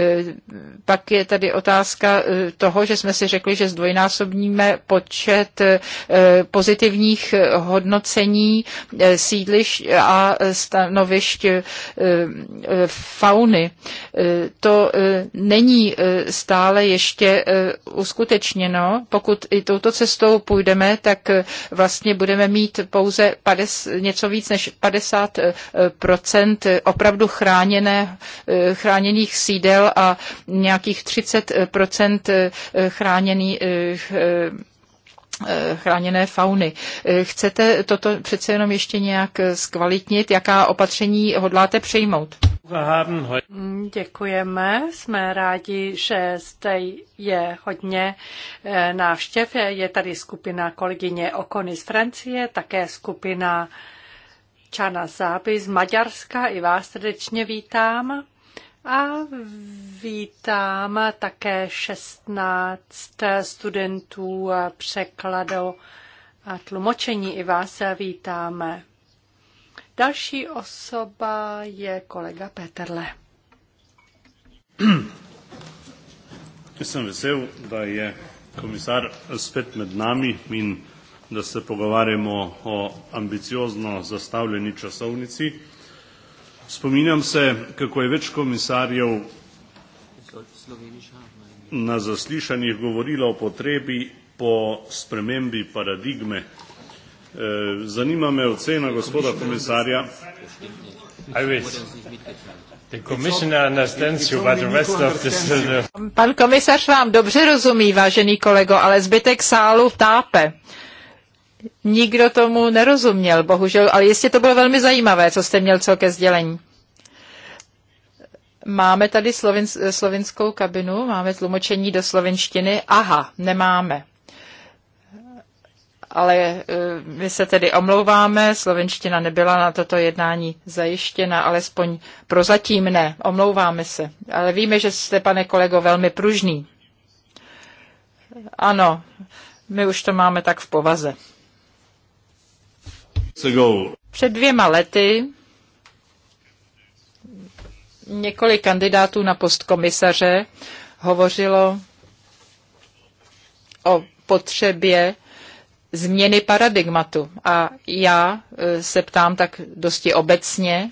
[SPEAKER 2] pak je tady otázka e, toho, že jsme si řekli, že zdvojnásobníme počet e, pozitivních hodnocení sídlišť a stanovišť fauny. To není stále ještě uskutečněno. Pokud i touto cestou půjdeme, tak vlastně budeme mít mít pouze 50, něco víc než 50 eh, opravdu chráněné, eh, chráněných sídel a nějakých 30 eh, chráněný chráněné fauny. Chcete toto přece jenom ještě nějak zkvalitnit? Jaká opatření hodláte přejmout? Mm, děkujeme,
[SPEAKER 3] jsme rádi, že zde je hodně eh, návštěv. Je tady skupina kolegyně Okony z Francie, také skupina Čana Záby z Maďarska. I vás srdečně vítám. A vítám také 16 studentů překladu a tlumočení. I vás vítáme. Další osoba je kolega Peterle.
[SPEAKER 2] Jsem vesel, da je komisar spet med nami in da se pogovarjamo o ambiciozno zastavljeni časovnici. Spominjam se, kako je več komisarjev na zaslišanjih govorilo o potrebi po
[SPEAKER 3] spremembi paradigme Eh, zanima me ocena gospoda komisarja.
[SPEAKER 2] Pan komisař vám dobře rozumí, vážený kolego, ale zbytek sálu tápe. Nikdo tomu nerozuměl, bohužel, ale jistě to bylo velmi zajímavé, co jste měl co ke sdělení. Máme tady slovinskou kabinu, máme tlumočení do slovinštiny. Aha, nemáme ale e, my se tedy omlouváme, slovenština nebyla na toto jednání zajištěna, alespoň prozatím ne, omlouváme se. Ale víme, že jste, pane kolego, velmi pružný. Ano, my už to máme tak v povaze. Před dvěma lety několik kandidátů na post komisaře hovořilo o potřebě změny paradigmatu. A já e, se ptám tak dosti obecně,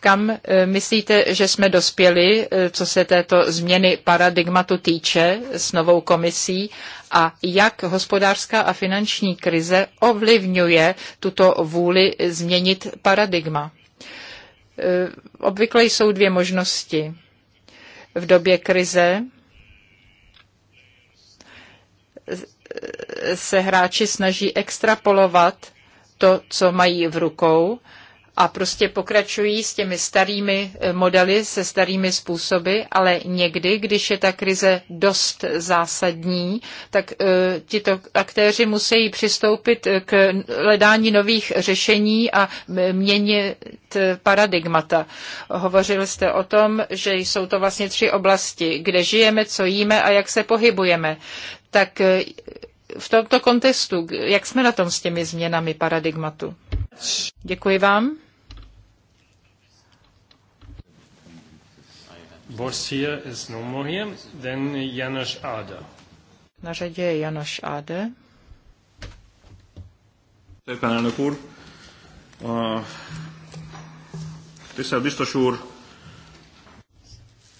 [SPEAKER 2] kam e, myslíte, že jsme dospěli, e, co se této změny paradigmatu týče s novou komisí a jak hospodářská a finanční krize ovlivňuje tuto vůli změnit paradigma? Obvykle jsou dvě možnosti. V době krize se hráči snaží extrapolovat to, co mají v rukou a prostě pokračují s těmi starými eh, modely, se starými způsoby, ale někdy, když je ta krize dost zásadní, tak eh, tito aktéři musí přistoupit eh, k hledání nových řešení a měnit paradigmata. Hovořili jste o tom, že jsou to vlastně tři oblasti, kde žijeme, co jíme a jak se pohybujeme tak v tomto kontextu, jak jsme na tom s těmi změnami paradigmatu? Děkuji vám.
[SPEAKER 3] Borsier is no more here. Then Janoš Ade.
[SPEAKER 2] Na řadě je Janos Ade.
[SPEAKER 3] Szépen, elnök úr! Tisztelt biztos úr!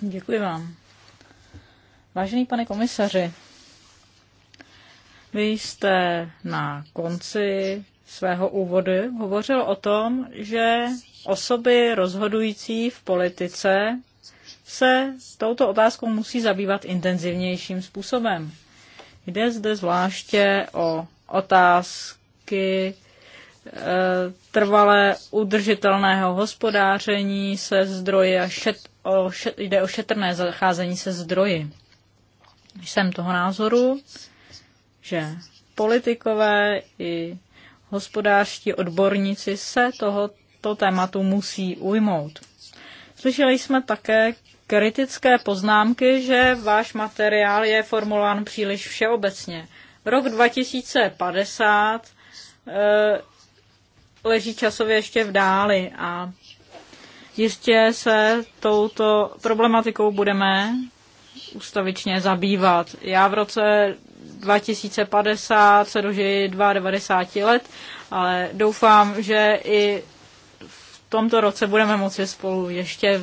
[SPEAKER 1] Děkuji vám. Vážený pane komisaři, vy jste na konci svého úvodu hovořil o tom, že osoby rozhodující v politice se touto otázkou musí zabývat intenzivnějším způsobem. Jde zde zvláště o otázky eh, trvale udržitelného hospodáření se zdroji a šet, o, šet, jde o šetrné zacházení se zdroji. Jsem toho názoru, že politikové i hospodářští odborníci se tohoto tématu musí ujmout. Slyšeli jsme také kritické poznámky, že váš materiál je formulován příliš všeobecně. Rok 2050 e, eh, leží časově ještě v dáli a jistě se touto problematikou budeme ustavičně zabývat. Já v roce 2050 se dožijí 92 let, ale doufám, že i v tomto roce budeme moci spolu ještě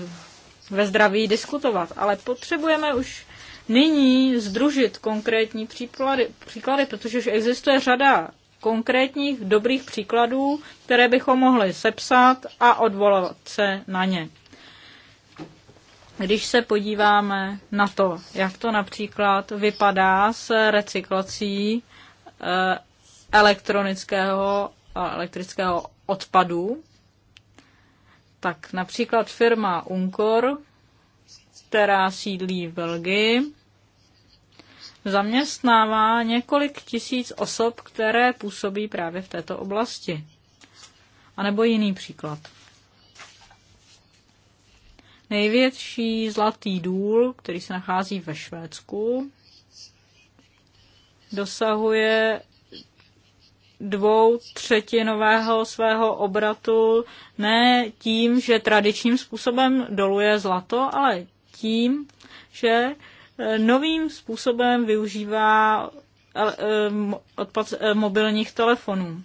[SPEAKER 1] ve zdraví diskutovat. Ale potřebujeme už nyní združit konkrétní příklady, příklady protože už existuje řada konkrétních dobrých příkladů, které bychom mohli sepsat a odvolat se na ně. Když se podíváme na to, jak to například vypadá s recyklací eh, elektronického a elektrického odpadu, tak například firma Uncor, která sídlí v Belgii, zaměstnává několik tisíc osob, které působí právě v této oblasti. A nebo jiný příklad největší zlatý důl, který se nachází ve Švédsku, dosahuje dvou třetinového svého obratu ne tím, že tradičním způsobem doluje zlato, ale tím, že eh, novým způsobem využívá eh, eh, odpad mobilních telefonů.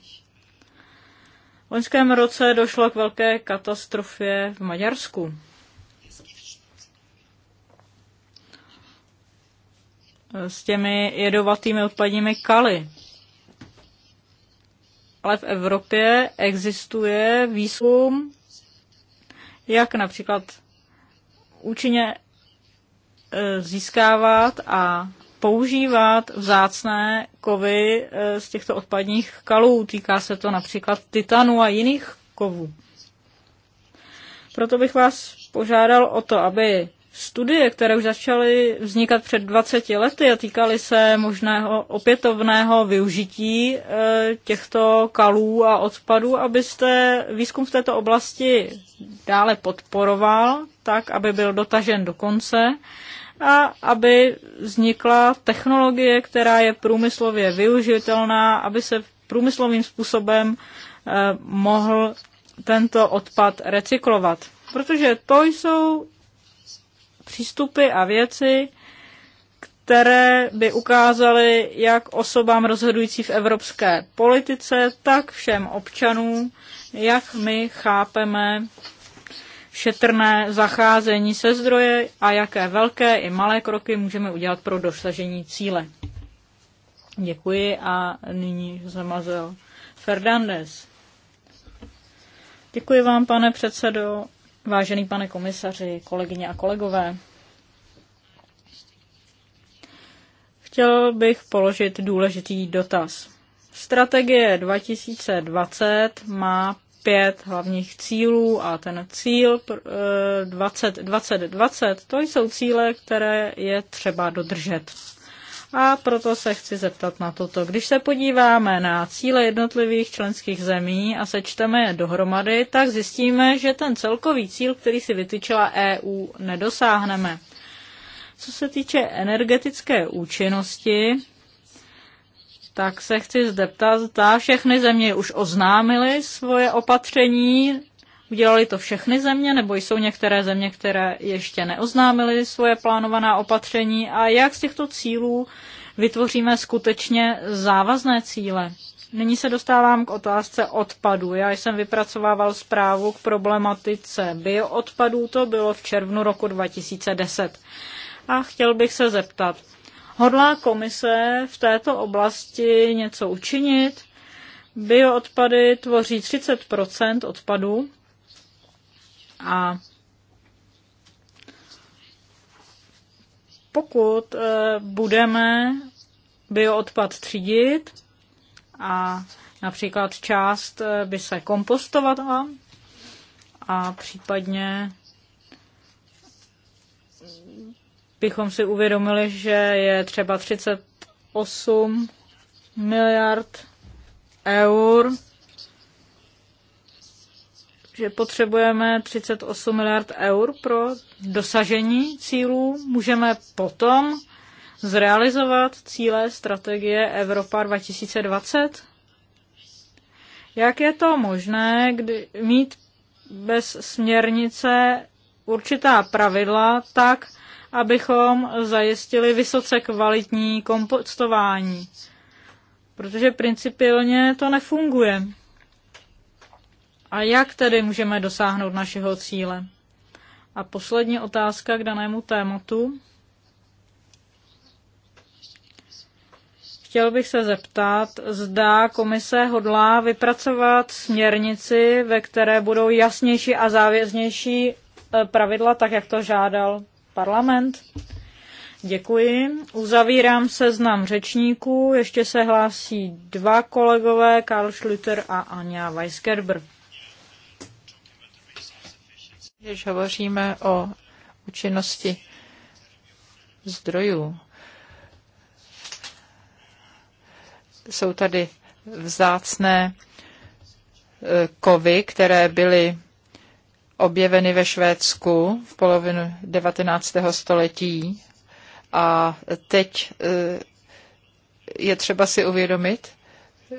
[SPEAKER 1] V loňském roce došlo k velké katastrofě v Maďarsku. s těmi jedovatými odpadními kaly. Ale v Evropě existuje výzkum, jak například účinně e, získávat a používat vzácné kovy e, z těchto odpadních kalů. Týká se to například titanu a jiných kovů. Proto bych vás požádal o to, aby studie, které už začaly vznikat před 20 lety a týkaly se možného opětovného využití e, těchto kalů a odpadů, abyste výzkum v této oblasti dále podporoval, tak aby byl dotažen do konce a aby vznikla technologie, která je průmyslově využitelná, aby se průmyslovým způsobem e, mohl tento odpad recyklovat. Protože to jsou přístupy a věci, které by ukázaly jak osobám rozhodující v evropské politice, tak všem občanům, jak my chápeme šetrné zacházení se zdroje a jaké velké i malé kroky můžeme udělat pro dosažení cíle. Děkuji a nyní zamazel Fernandez. Děkuji vám, pane předsedo. Vážený pane komisaři, kolegyně a kolegové, chtěl bych položit důležitý dotaz. Strategie 2020 má pět hlavních cílů a ten cíl 2020 20, eh, to jsou cíle, které je třeba dodržet. A proto se chci zeptat na toto. Když se podíváme na cíle jednotlivých členských zemí a sečteme je dohromady, tak zjistíme, že ten celkový cíl, který si vytyčila EU, nedosáhneme. Co se týče energetické účinnosti, tak se chci zeptat, zda všechny země už oznámily svoje opatření Udělali to všechny země, nebo jsou některé země, které ještě neoznámily svoje plánovaná opatření a jak z těchto cílů vytvoříme skutečně závazné cíle? Nyní se dostávám k otázce odpadu. Já jsem vypracovával zprávu k problematice bioodpadů, to bylo v červnu roku 2010. A chtěl bych se zeptat, hodlá komise v této oblasti něco učinit? Bioodpady tvoří 30 odpadů a pokud e, budeme bioodpad třídit a například část e, by se kompostovala a případně bychom si uvědomili, že je třeba 38 miliard eur že potřebujeme 38 miliard eur pro dosažení cílů. Můžeme potom zrealizovat cíle strategie Evropa 2020? Jak je to možné, kdy mít bez směrnice určitá pravidla tak, abychom zajistili vysoce kvalitní kompostování? Protože principiálně to nefunguje. A jak tedy můžeme dosáhnout našeho cíle? A poslední otázka k danému tématu. Chtěl bych se zeptat, zda komise hodlá vypracovat směrnici, ve které budou jasnější a závěznější e, pravidla, tak jak to žádal parlament. Děkuji. Uzavírám seznam řečníků. Ještě se hlásí dva kolegové, Karl Schlüter a Anja Weisgerber. Když hovoříme o účinnosti
[SPEAKER 2] zdrojů, jsou tady vzácné e, kovy, které byly objeveny ve Švédsku v polovinu 19. století. A teď e, je třeba si uvědomit,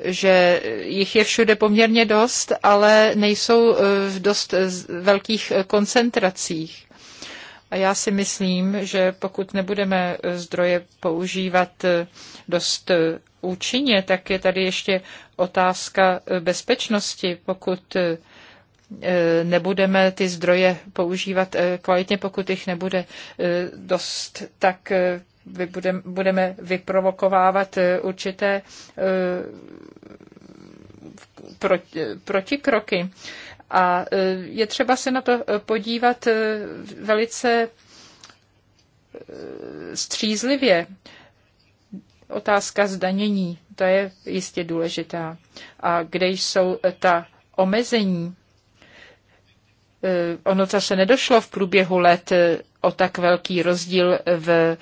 [SPEAKER 2] že jich je všude poměrně dost, ale nejsou eh, v dost eh, velkých eh, koncentracích. A já si myslím, že pokud nebudeme zdroje používat dost účinně, tak je tady ještě otázka bezpečnosti. Pokud nebudeme ty zdroje používat kvalitně, pokud jich nebude dost, tak budeme vyprovokovávat eh, určité eh, proti, protikroky. A eh, je třeba se na to podívat velice střízlivě. Otázka zdanění, to je jistě důležitá. A kde jsou ta omezení? Eh, ono zase nedošlo v průběhu let eh, o tak velký rozdíl v,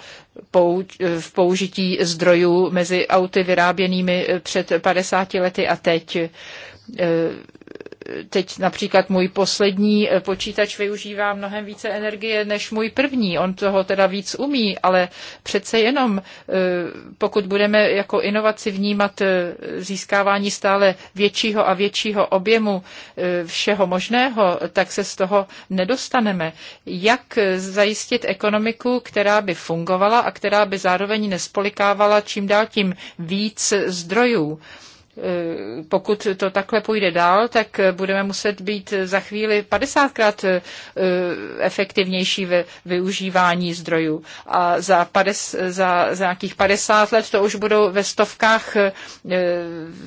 [SPEAKER 2] pouč- eh, v použití zdrojů mezi auty vyráběnými před 50 lety a teď teď například můj poslední eh, počítač využívá mnohem více energie než můj první. On toho teda víc umí, ale přece jenom, eh, pokud budeme jako inovaci vnímat eh, získávání stále většího a většího objemu všeho možného, tak se z toho nedostaneme. Jak zajistit ekonomiku, která by fungovala a která by zároveň nespolikávala čím dál tím víc zdrojů? Eh, pokud to takhle půjde dál, tak budeme muset být za chvíli 50krát eh, efektivnější ve využívání zdrojů. A za, 50, za, za nějakých 50 let to už budou ve stovkách eh,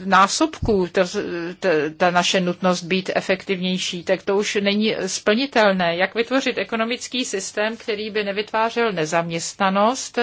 [SPEAKER 2] násobků to, ta, ta naše nutnost být efektivnější. Tak to už není splnitelné. Jak vytvořit ekonomický systém, který by nevytvářel nezaměstnanost,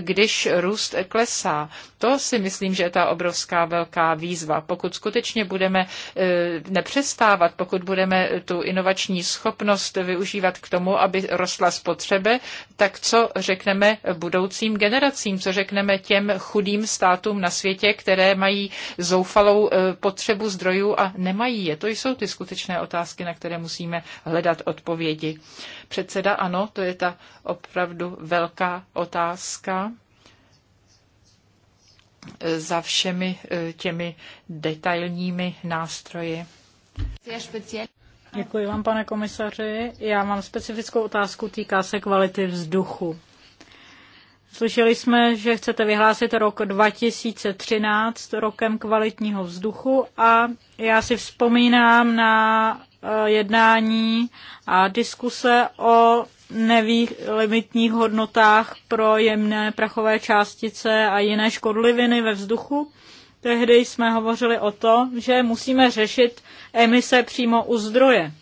[SPEAKER 2] když růst klesá? To si myslím, že je ta obrovská velká výzva. Pokud skutečně budeme e, nepřestávat, pokud budeme tu inovační schopnost využívat k tomu, aby rostla spotřebe, tak co řekneme budoucím generacím, co řekneme těm chudým státům na světě, které mají zoufalou e, potřebu zdrojů a nemají je. To jsou ty skutečné otázky, na které musíme hledat odpovědi. Předseda, ano, to je ta opravdu velká otázka za všemi e, těmi detailními nástroji.
[SPEAKER 1] Děkuji vám, pane komisaři. Já mám specifickou otázku, týká se kvality vzduchu. Slyšeli jsme, že chcete vyhlásit rok 2013 rokem kvalitního vzduchu a já si vzpomínám na e, jednání a diskuse o nevýlimitních hodnotách pro jemné prachové částice a jiné škodliviny ve vzduchu. Tehdy jsme hovořili o to, že musíme řešit emise přímo u zdroje.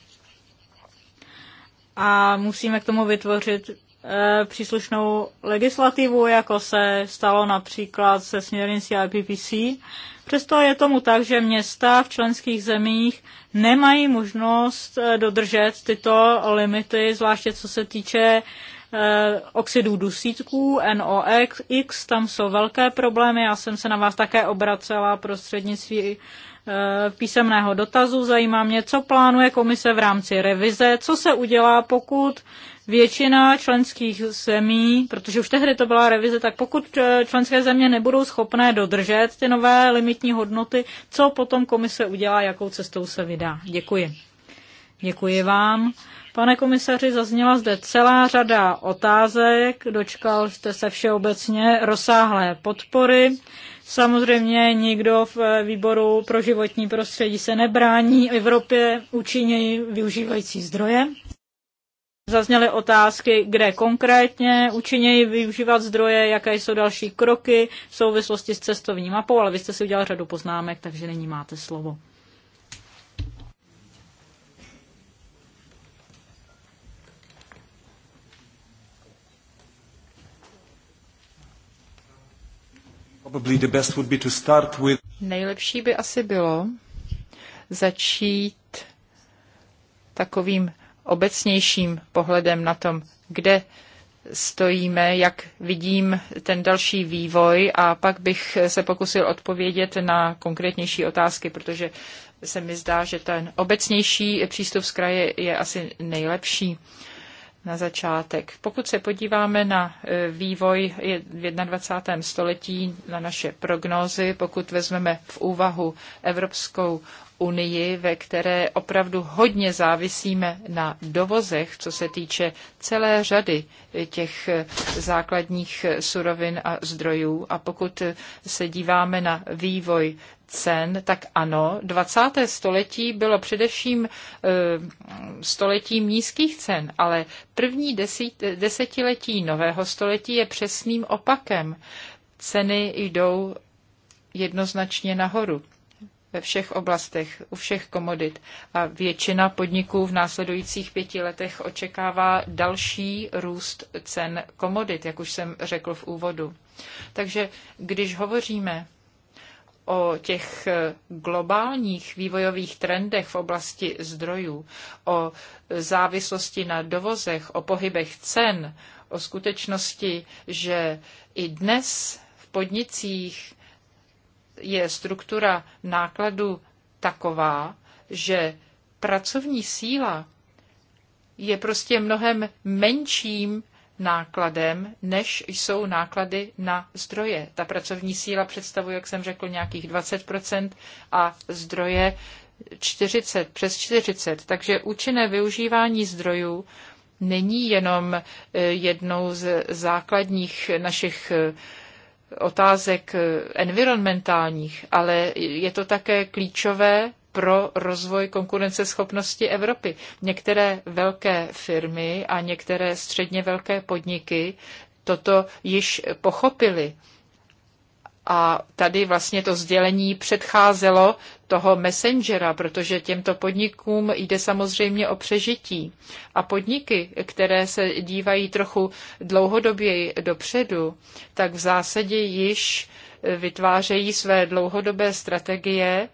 [SPEAKER 1] A musíme k tomu vytvořit Eh, příslušnou legislativu, jako se stalo například se směrnicí IPPC. Přesto je tomu tak, že města v členských zemích nemají možnost eh, dodržet tyto limity, zvláště co se týče eh, oxidů dusítků, NOx, tam jsou velké problémy. Já jsem se na vás také obracela prostřednictvím písemného dotazu. Zajímá mě, co plánuje komise v rámci revize, co se udělá, pokud většina členských zemí, protože už tehdy to byla revize, tak pokud eh, členské země nebudou schopné dodržet ty nové limitní hodnoty, co potom komise udělá, jakou cestou se vydá. Děkuji. Děkuji vám. Pane komisaři, zazněla zde celá řada otázek, dočkal jste se všeobecně rozsáhlé podpory. Samozřejmě nikdo v eh, výboru pro životní prostředí se nebrání Evropě účinněji využívající zdroje. Zazněly otázky, kde konkrétně učiněji využívat zdroje, jaké jsou další kroky v souvislosti s cestovní mapou, ale vy jste si udělal řadu poznámek, takže nyní máte slovo.
[SPEAKER 2] Nejlepší by asi bylo začít takovým obecnějším pohledem na tom, kde stojíme, jak vidím ten další vývoj a pak bych se pokusil odpovědět na konkrétnější otázky, protože se mi zdá, že ten obecnější přístup z kraje je asi nejlepší na začátek. Pokud se podíváme na e, vývoj v 21. století, na naše prognózy, pokud vezmeme v úvahu Evropskou unii, ve které opravdu hodně závisíme na dovozech, co se týče celé řady těch základních surovin a zdrojů. A pokud se díváme na vývoj cen, tak ano, 20. století bylo především eh, stoletím nízkých cen, ale první desetiletí nového století je přesným opakem. Ceny jdou jednoznačně nahoru ve všech oblastech, u všech komodit. A většina podniků v následujících pěti letech očekává další růst cen komodit, jak už jsem řekl v úvodu. Takže když hovoříme o těch globálních vývojových trendech v oblasti zdrojů, o závislosti na dovozech, o pohybech cen, o skutečnosti, že i dnes v podnicích je struktura nákladů taková, že pracovní síla je prostě mnohem menším nákladem, než jsou náklady na zdroje. Ta pracovní síla představuje, jak jsem řekl, nějakých 20% a zdroje 40, přes 40. Takže účinné využívání zdrojů není jenom eh, jednou z základních našich eh, otázek eh, environmentálních, ale je to také klíčové pro rozvoj konkurenceschopnosti Evropy. Některé velké firmy a některé středně velké podniky toto již pochopili a tady vlastně to sdělení předcházelo toho messengera, protože těmto podnikům jde samozřejmě o přežití. A podniky, které se dívají trochu dlouhodoběji dopředu, tak v zásadě již vytvářejí své dlouhodobé strategie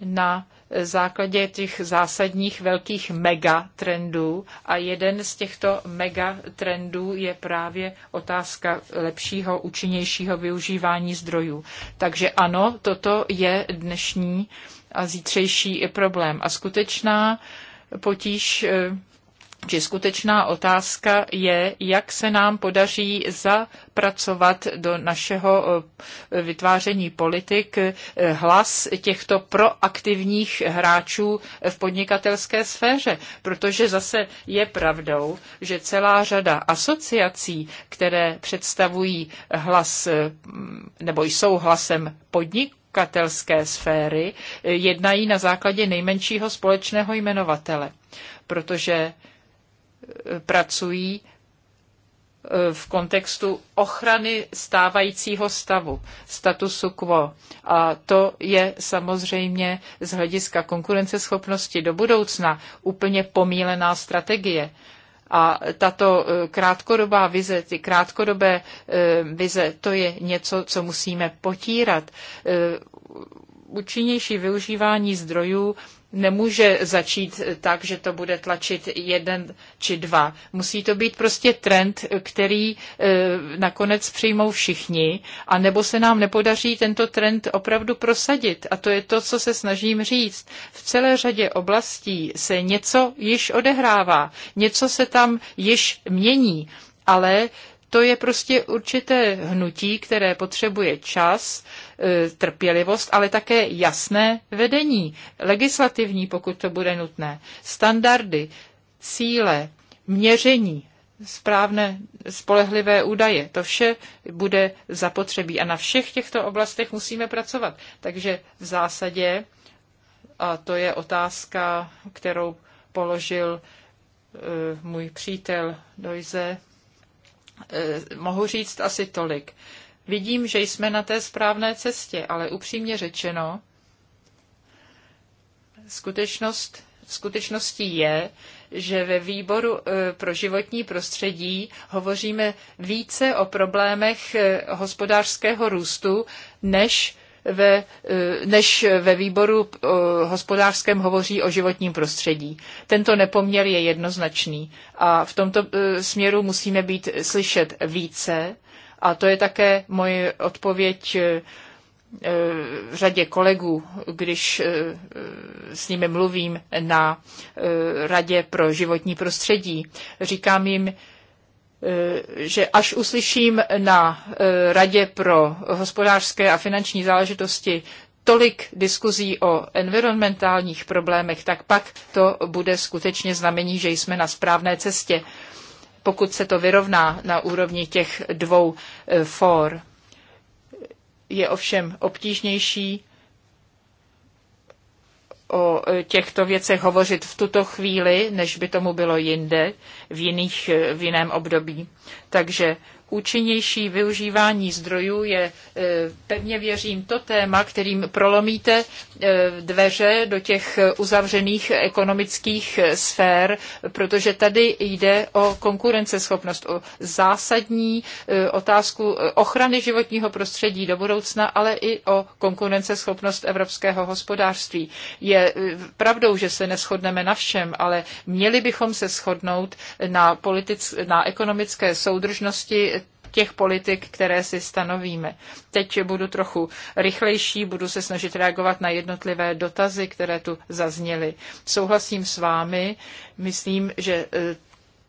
[SPEAKER 2] na základě těch zásadních velkých megatrendů a jeden z těchto megatrendů je právě otázka lepšího, účinnějšího využívání zdrojů. Takže ano, toto je dnešní a zítřejší problém. A skutečná potíž eh, či skutečná otázka je, jak se nám podaří zapracovat do našeho eh, vytváření politik eh, hlas těchto proaktivních hráčů v podnikatelské sféře. Protože zase je pravdou, že celá řada asociací, které představují hlas eh, nebo jsou hlasem podnik, podnikatelské sféry jednají na základě nejmenšího společného jmenovatele, protože pracují e, v kontextu ochrany stávajícího stavu, statusu quo. A to je samozřejmě z hlediska konkurenceschopnosti do budoucna úplně pomílená strategie. A tato e, krátkodobá vize, ty krátkodobé e, vize, to je něco, co musíme potírat. Účinnější využívání zdrojů nemůže začít tak, že to bude tlačit jeden či dva. Musí to být prostě trend, který eh, nakonec přijmou všichni, a nebo se nám nepodaří tento trend opravdu prosadit. A to je to, co se snažím říct. V celé řadě oblastí se něco již odehrává, něco se tam již mění, ale to je prostě určité hnutí, které potřebuje čas, e, trpělivost, ale také jasné vedení, legislativní, pokud to bude nutné, standardy, cíle, měření, správné spolehlivé údaje. To vše bude zapotřebí a na všech těchto oblastech musíme pracovat. Takže v zásadě, a to je otázka, kterou položil e, můj přítel Dojze, Eh, mohu říct asi tolik. Vidím, že jsme na té správné cestě, ale upřímně řečeno, skutečnost, skutečností je, že ve výboru eh, pro životní prostředí hovoříme více o problémech eh, hospodářského růstu, než ve, e, než ve výboru e, hospodářském hovoří o životním prostředí. Tento nepoměr je jednoznačný a v tomto e, směru musíme být slyšet více a to je také moje odpověď řadě kolegů, když s nimi mluvím na Radě pro životní prostředí. Říkám jim, Eh, že až uslyším na eh, Radě pro hospodářské a finanční záležitosti tolik diskuzí o environmentálních problémech, tak pak to bude skutečně znamení, že jsme na správné cestě, pokud se to vyrovná na úrovni těch dvou eh, for. Je ovšem obtížnější o těchto věcech hovořit v tuto chvíli, než by tomu bylo jinde, v, jiných, v jiném období. Takže účinnější využívání zdrojů je, e, pevně věřím, to téma, kterým prolomíte e, dveře do těch uzavřených ekonomických sfér, protože tady jde o konkurenceschopnost, o zásadní e, otázku ochrany životního prostředí do budoucna, ale i o konkurenceschopnost evropského hospodářství. Je pravdou, že se neschodneme na všem, ale měli bychom se shodnout na, politic, na ekonomické soudržnosti těch politik, které si stanovíme. Teď budu trochu rychlejší, budu se snažit reagovat na jednotlivé dotazy, které tu zazněly. Souhlasím s vámi, myslím, že e,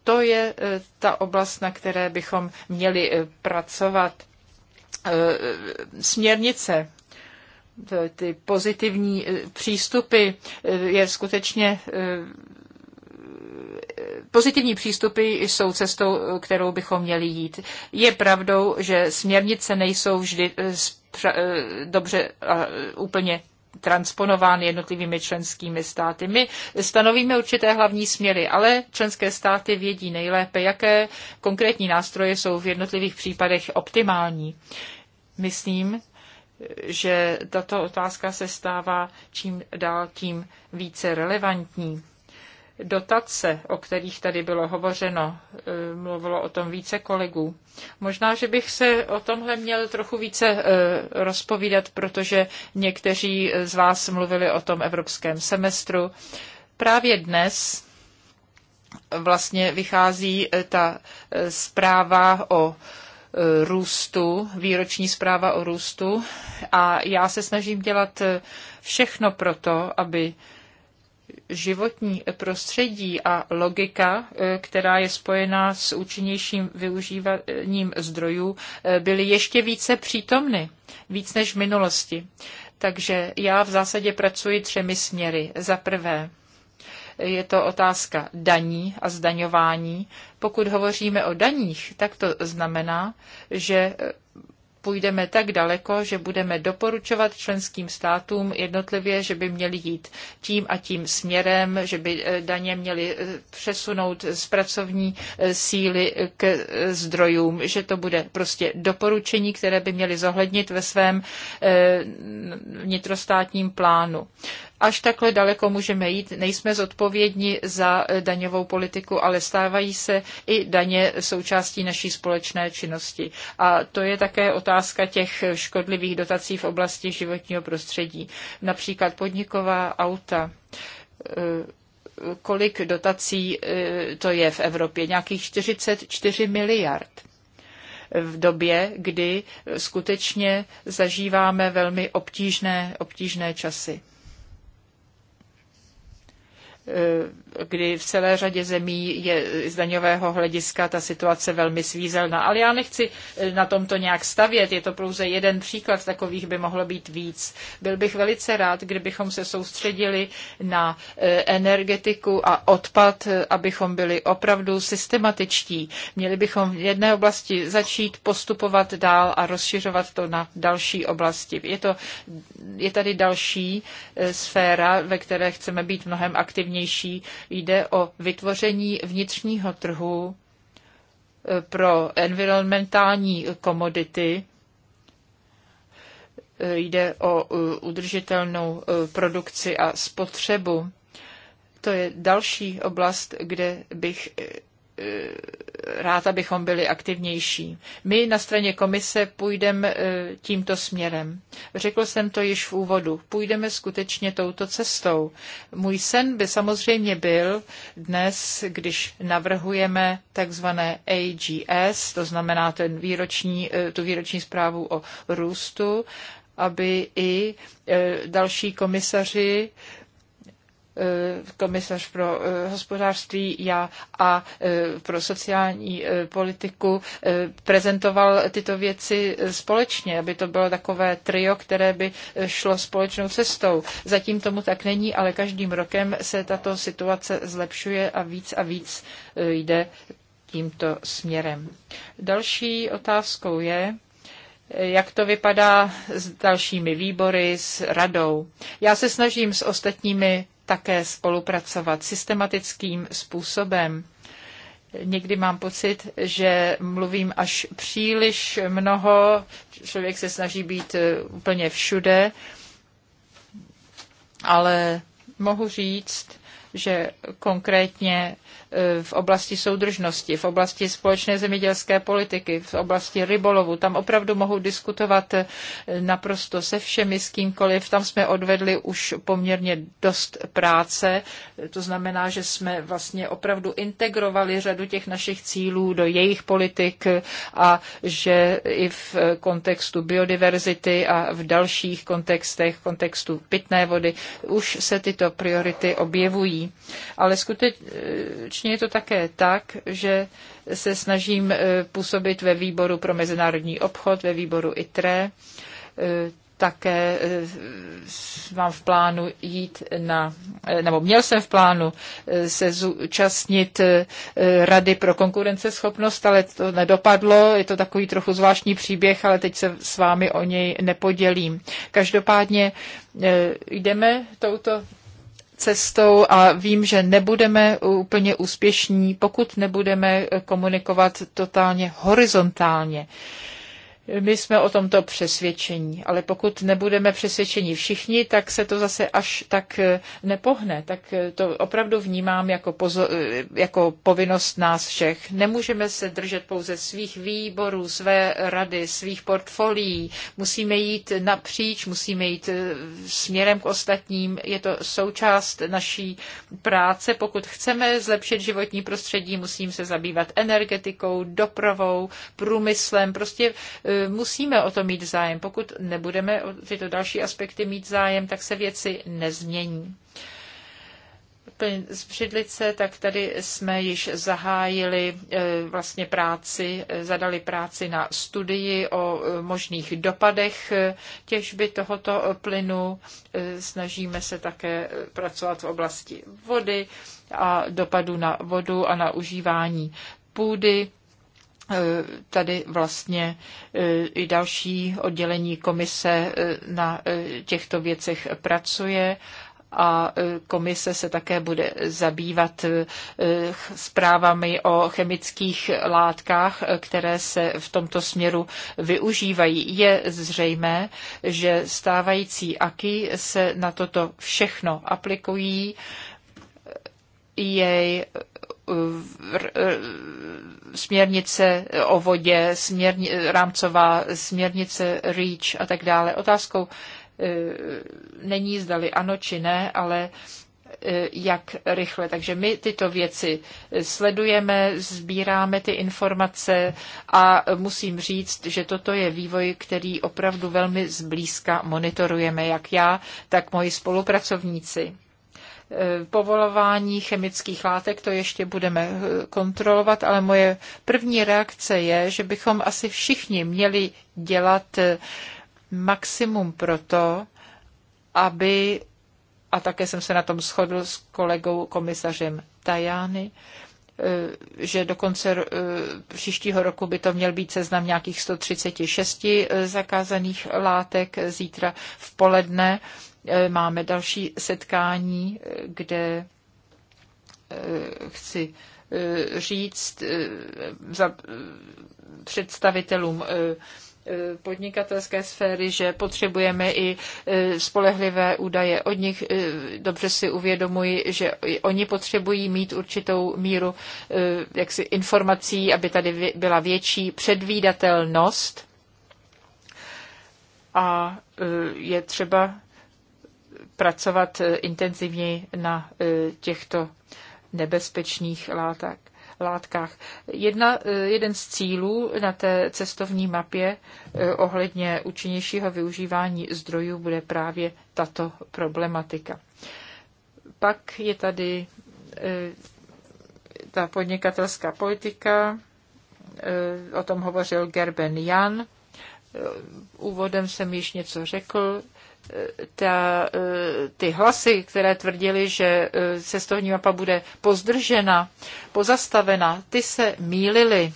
[SPEAKER 2] to je e, ta oblast, na které bychom měli e, pracovat. Směrnice ty pozitivní přístupy je skutečně pozitivní přístupy jsou cestou, kterou bychom měli jít. Je pravdou, že směrnice nejsou vždy eh, eh, dobře a eh, úplně transponován jednotlivými členskými státy. My stanovíme určité hlavní směry, ale členské státy vědí nejlépe, jaké konkrétní nástroje jsou v jednotlivých případech optimální. Myslím, že tato otázka se stává čím dál tím více relevantní dotace, o kterých tady bylo hovořeno, eh, mluvilo o tom více kolegů. Možná, že bych se o tomhle měl trochu více eh, rozpovídat, protože někteří z vás mluvili o tom evropském semestru. Právě dnes vlastně vychází eh, ta zpráva o růstu, výroční zpráva o růstu a já se snažím dělat všechno pro to, aby životní prostředí a logika, eh, která je spojená s účinnějším využíváním zdrojů, eh, byly ještě více přítomny, víc než v minulosti. Takže já v zásadě pracuji třemi směry. Za prvé, je to otázka daní a zdaňování. Pokud hovoříme o daních, tak to znamená, že eh, půjdeme tak daleko, že budeme doporučovat členským státům jednotlivě, že by měli jít tím a tím směrem, že by eh, daně měli eh, přesunout z pracovní eh, síly k zdrojům, že to bude prostě doporučení, které by měli zohlednit ve svém vnitrostátním plánu až takhle daleko můžeme jít. Nejsme zodpovědní za eh, daňovou politiku, ale stávají se i daně součástí naší společné činnosti. A to je také otázka těch škodlivých dotací v oblasti životního prostředí. Například podniková auta eh, kolik dotací eh, to je v Evropě. Nějakých 44 miliard v době, kdy skutečně zažíváme velmi obtížné, obtížné časy. Eh, kdy v celé řadě zemí je z daňového hlediska ta situace velmi svízelná. Ale já nechci eh, na tomto nějak stavět, je to pouze jeden příklad, takových by mohlo být víc. Byl bych velice rád, kdybychom se soustředili na eh, energetiku a odpad, abychom byli opravdu systematičtí. Měli bychom v jedné oblasti začít postupovat dál a rozšiřovat to na další oblasti. Je, to, je tady další sféra, ve které chceme být mnohem aktivnější nejvýznamnější, Jde o vytvoření vnitřního trhu eh, pro environmentální komodity, eh, jde o eh, udržitelnou produkci a spotřebu. To je další oblast, kde bych Eh, rád, abychom byli aktivnější. My na straně komise půjdeme eh, tímto směrem. Řekl jsem to již v úvodu. Půjdeme skutečně touto cestou. Můj sen by samozřejmě byl dnes, když navrhujeme takzvané AGS, to znamená ten výroční, eh, tu výroční zprávu o růstu, aby i další komisaři Eh, komisař pro eh, hospodářství, já a eh, pro sociální politiku prezentoval tyto věci společně, aby to bylo takové trio, které by šlo společnou cestou. Zatím tomu tak není, ale každým rokem se tato situace zlepšuje a víc a víc jde tímto směrem. Další otázkou je, jak to vypadá s dalšími výbory, s radou. Já se snažím s ostatními také spolupracovat systematickým způsobem. Někdy mám pocit, že mluvím až příliš mnoho, člověk se snaží být eh, úplně všude, ale mohu říct, že konkrétně Eh, v oblasti soudržnosti, v oblasti společné zemědělské politiky, v oblasti rybolovu. Tam opravdu mohu diskutovat eh, naprosto se všemi, s kýmkoliv. Tam jsme odvedli už poměrně dost práce. To znamená, že jsme vlastně opravdu integrovali řadu těch našich cílů do jejich politik a že i v kontextu biodiverzity a v dalších kontextech, kontextu pitné vody, už se tyto priority objevují. Ale skutečně čině to také tak, že se snažím eh, působit ve výboru pro mezinárodní obchod, ve výboru ITRE. Eh, také eh, mám v plánu jít na, nebo měl jsem v plánu se zúčastnit Rady pro konkurenceschopnost, ale to nedopadlo. Je to takový trochu zvláštní příběh, ale teď se s vámi o něj nepodělím. Každopádně jdeme touto cestou a vím, že nebudeme úplně úspěšní, pokud nebudeme komunikovat totálně horizontálně. My jsme o tomto přesvědčení, ale pokud nebudeme přesvědčeni všichni, tak se to zase až tak eh, nepohne. Tak eh, to opravdu vnímám jako, pozo- eh, jako povinnost nás všech. Nemůžeme se držet pouze svých výborů, své rady, svých portfolií. Musíme jít napříč, musíme jít směrem k ostatním. Je to součást naší práce. Pokud chceme zlepšit životní prostředí, musím se zabývat energetikou, dopravou, průmyslem, prostě musíme o to mít zájem. Pokud nebudeme o tyto další aspekty mít zájem, tak se věci nezmění z Břidlice, tak tady jsme již zahájili eh, vlastně práci, eh, zadali práci na studii o eh, možných dopadech těžby tohoto plynu. Snažíme se také pracovat v oblasti vody a dopadu na vodu a na užívání půdy Eh, tady vlastně eh, i další oddělení komise eh, na těchto věcech pracuje a komise se také bude zabývat zprávami o chemických látkách, které se v tomto směru využívají. Je zřejmé, že stávající aky se na toto všechno aplikují, jej směrnice o vodě, směrni, rámcová směrnice REACH a tak dále. Otázkou eh, není zdali ano či ne, ale eh, jak rychle. Takže my tyto věci sledujeme, sbíráme ty informace a musím říct, že toto je vývoj, který opravdu velmi zblízka monitorujeme, jak já, tak moji spolupracovníci. Eh, povolování chemických látek, to ještě budeme eh, kontrolovat, ale moje první reakce je, že bychom asi všichni měli dělat eh, maximum pro to, aby, a také jsem se na tom shodl s kolegou komisařem Tajány, že do konce příštího roku by to měl být seznam nějakých 136 zakázaných látek zítra v poledne Eh, máme další setkání, eh, kde eh, chci říct za představitelům podnikatelské sféry, že potřebujeme i spolehlivé údaje. Od nich dobře si uvědomuji, že oni potřebují mít určitou míru jaksi informací, aby tady byla větší předvídatelnost. A je třeba pracovat eh, intenzivně na eh, těchto nebezpečných látek látkách. Jedna, eh, jeden z cílů na té cestovní mapě ohledně účinnějšího využívání zdrojů bude právě tato problematika. Pak je tady ta podnikatelská politika, o tom hovořil Gerben Jan. Úvodem jsem již něco řekl ta, eh, ty hlasy, které tvrdili, že eh, cestovní mapa bude pozdržena, pozastavena, ty se mýlily.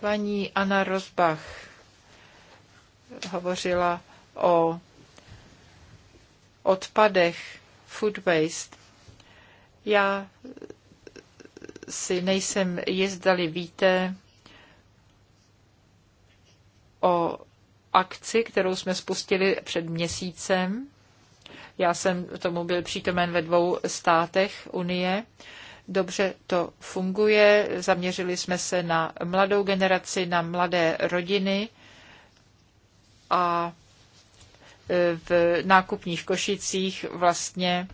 [SPEAKER 2] Paní Anna Rozbach hovořila o odpadech, food waste. Já si nejsem jezdali víte o akci, kterou jsme spustili před měsícem. Já jsem tomu byl přítomen ve dvou státech Unie. Dobře to funguje. Zaměřili jsme se na mladou generaci, na mladé rodiny a e, v nákupních košicích vlastně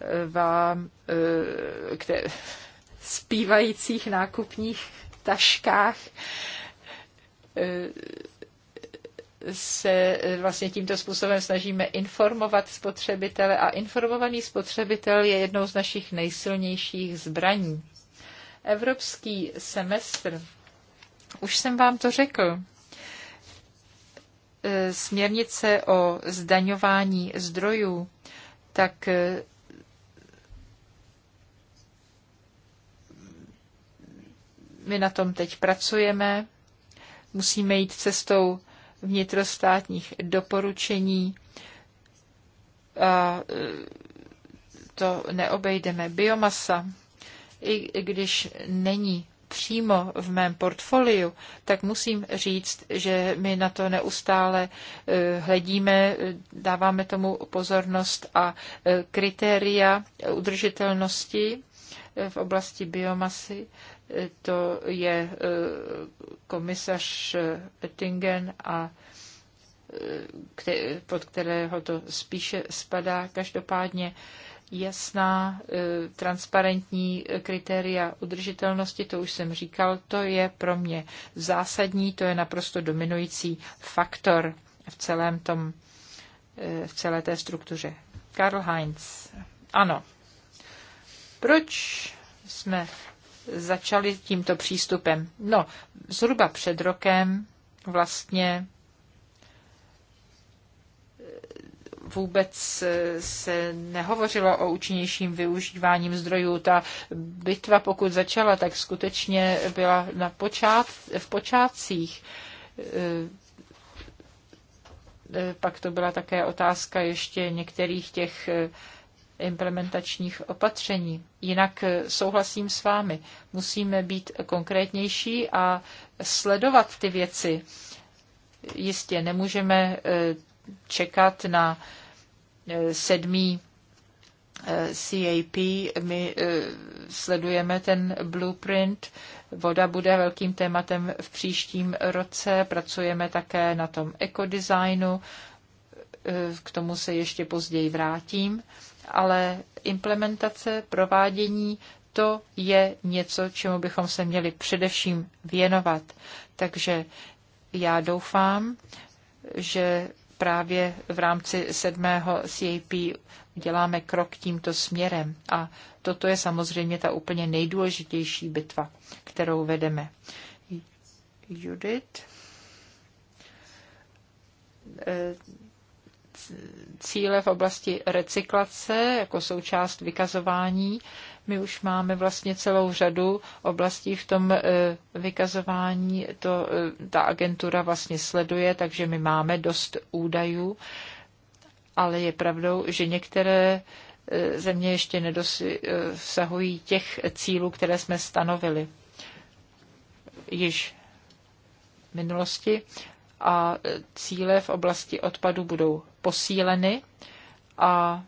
[SPEAKER 2] e, vám kde, [LAUGHS] zpívajících nákupních taškách e, se eh, vlastně tímto způsobem snažíme informovat spotřebitele a informovaný spotřebitel je jednou z našich nejsilnějších zbraní. Evropský semestr, už jsem vám to řekl, eh, směrnice o zdaňování zdrojů, tak eh, my na tom teď pracujeme. Musíme jít cestou vnitrostátních doporučení. A e, to neobejdeme. Biomasa, i když není přímo v mém portfoliu, tak musím říct, že my na to neustále e, hledíme, dáváme tomu pozornost a e, kritéria udržitelnosti v oblasti biomasy to je eh, komisař eh, Oettingen a eh, pod kterého to spíše spadá. Každopádně jasná, transparentní kritéria udržitelnosti, to už jsem říkal, to je pro mě zásadní, to je naprosto dominující faktor v celém tom, v celé té struktuře. Karl Heinz. Ano. Proč jsme začali tímto přístupem? No, zhruba před rokem vlastně eh, vůbec eh, se nehovořilo o účinnějším využívání zdrojů. Ta bitva, pokud začala, tak skutečně byla na počát, v počátcích. Eh, pak to byla také otázka ještě některých těch implementačních opatření. Jinak eh, souhlasím s vámi, musíme být konkrétnější a sledovat ty věci. Jistě nemůžeme eh, čekat na eh, sedmý CAP. My sledujeme ten blueprint. Voda bude velkým tématem v příštím roce. Pracujeme také na tom ekodesignu. K tomu se ještě později vrátím ale implementace, provádění, to je něco, čemu bychom se měli především věnovat. Takže já doufám, že právě v rámci sedmého CAP děláme krok tímto směrem. A toto je samozřejmě ta úplně nejdůležitější bitva, kterou vedeme. Judith. Eh, cíle v oblasti recyklace jako součást vykazování. My už máme vlastně celou řadu oblastí v tom eh, vykazování, to eh, ta agentura vlastně sleduje, takže my máme dost údajů, ale je pravdou, že některé eh, země ještě nedosahují těch cílů, které jsme stanovili již v minulosti a cíle v oblasti odpadu budou posíleny a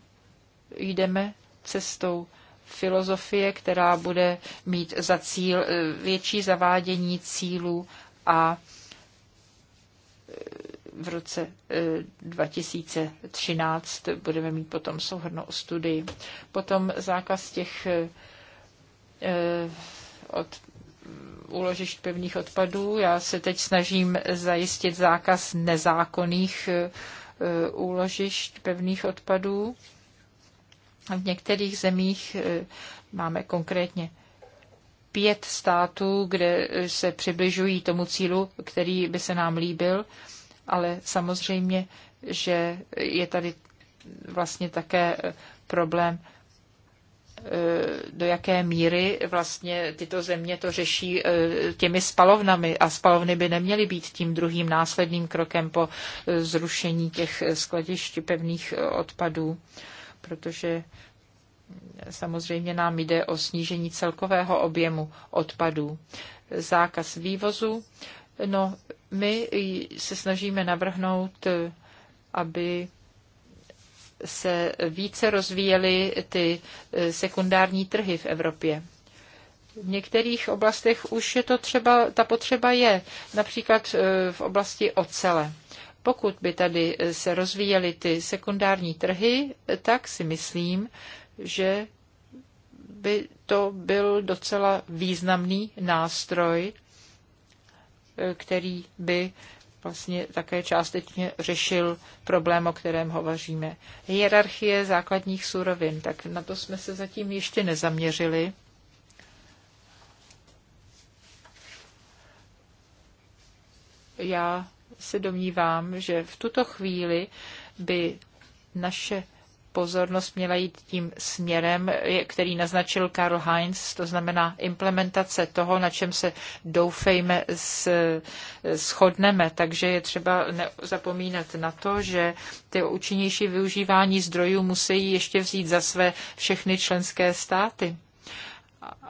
[SPEAKER 2] jdeme cestou filozofie, která bude mít za cíl eh, větší zavádění cílů a eh, v roce 2013 eh, budeme mít potom souhrnou studii. Potom zákaz těch od úložišť pevných odpadů. Já se teď snažím zajistit zákaz nezákonných e, úložišť pevných odpadů. V některých zemích e, máme konkrétně pět států, kde se přibližují tomu cílu, který by se nám líbil, ale samozřejmě, že je tady vlastně také e, problém do jaké míry vlastně tyto země to řeší eh, těmi spalovnami a spalovny by neměly být tím druhým následným krokem po eh, zrušení těch skladišť pevných eh, odpadů, protože samozřejmě nám jde o snížení celkového objemu odpadů. Zákaz vývozu, no my se snažíme navrhnout, aby se více rozvíjely ty eh, sekundární trhy v Evropě. V některých oblastech už je to třeba, ta potřeba je, například eh, v oblasti ocele. Pokud by tady eh, se rozvíjely ty sekundární trhy, tak si myslím, že by to byl docela významný nástroj, který by vlastně také částečně řešil problém, o kterém hovoříme. Hierarchie základních surovin, tak na to jsme se zatím ještě nezaměřili. Já se domnívám, že v tuto chvíli by naše pozornost měla jít tím směrem, který naznačil Karl Heinz, to znamená implementace toho, na čem se doufejme s, shodneme. Takže je třeba zapomínat na to, že ty účinnější využívání zdrojů musí ještě vzít za své všechny členské státy.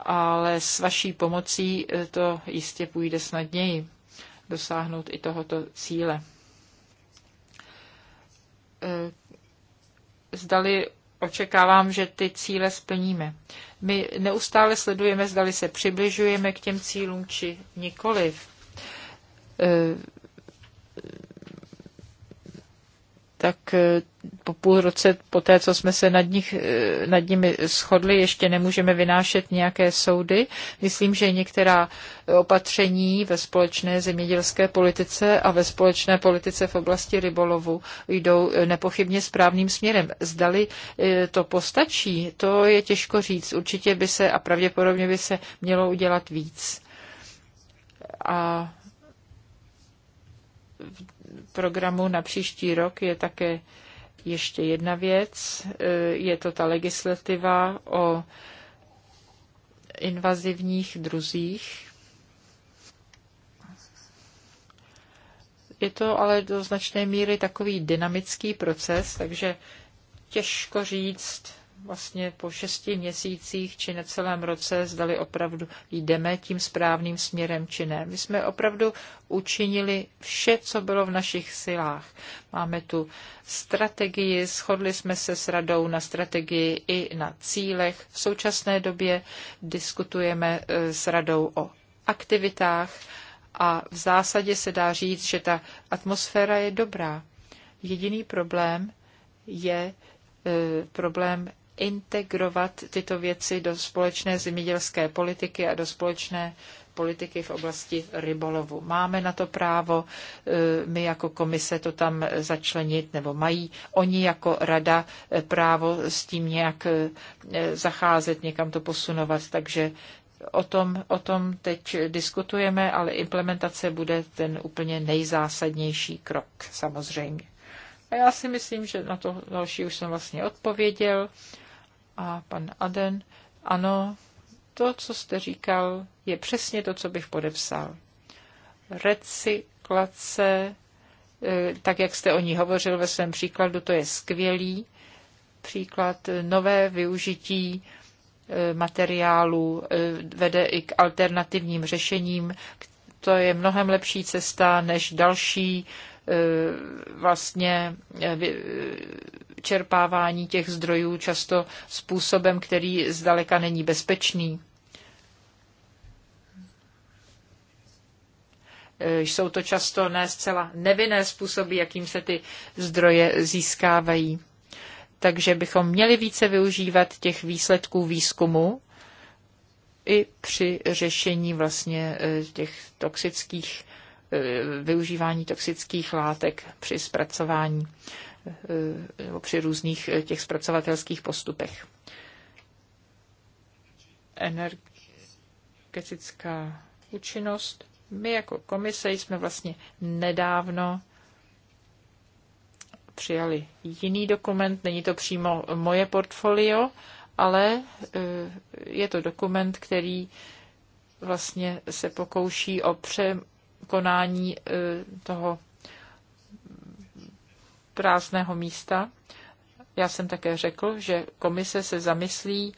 [SPEAKER 2] Ale s vaší pomocí eh, to jistě půjde snadněji dosáhnout i tohoto cíle eh, zdali očekávám, že ty cíle splníme. My neustále sledujeme, zdali se přibližujeme k těm cílům či nikoliv tak eh, po půl roce, po té, co jsme se nad, nich, eh, nad nimi shodli, ještě nemůžeme vynášet nějaké soudy. Myslím, že některá opatření ve společné zemědělské politice a ve společné politice v oblasti rybolovu jdou eh, nepochybně správným směrem. Zdali to postačí, to je těžko říct. Určitě by se a pravděpodobně by se mělo udělat víc. A programu na příští rok je také ještě jedna věc. E, je to ta legislativa o invazivních druzích. Je to ale do značné míry takový dynamický proces, takže těžko říct, vlastně po šesti měsících či necelém roce, zdali opravdu jdeme tím správným směrem či ne. My jsme opravdu učinili vše, co bylo v našich silách. Máme tu strategii, shodli jsme se s radou na strategii i na cílech. V současné době diskutujeme eh, s radou o aktivitách a v zásadě se dá říct, že ta atmosféra je dobrá. Jediný problém je, eh, problém integrovat tyto věci do společné zemědělské politiky a do společné politiky v oblasti rybolovu. Máme na to právo, eh, my jako komise to tam začlenit, nebo mají oni jako rada eh, právo s tím nějak eh, zacházet, někam to posunovat, takže O tom, o tom teď diskutujeme, ale implementace bude ten úplně nejzásadnější krok, samozřejmě. A já si myslím, že na to další už jsem vlastně odpověděl. A pan Aden, ano, to, co jste říkal, je přesně to, co bych podepsal. Recyklace, eh, tak jak jste o ní hovořil ve svém příkladu, to je skvělý příklad. Nové využití eh, materiálu eh, vede i k alternativním řešením. To je mnohem lepší cesta než další Eh, vlastně eh, eh, čerpávání těch zdrojů často způsobem, který zdaleka není bezpečný. Jsou to často ne zcela nevinné způsoby, jakým se ty zdroje získávají. Takže bychom měli více využívat těch výsledků výzkumu i při řešení vlastně těch toxických využívání toxických látek při zpracování eh, nebo při různých eh, těch zpracovatelských postupech. Energetická účinnost. My jako komise jsme vlastně nedávno přijali jiný dokument, není to přímo moje portfolio, ale eh, je to dokument, který vlastně se pokouší o konání e, toho prázdného místa. Já jsem také řekl, že komise se zamyslí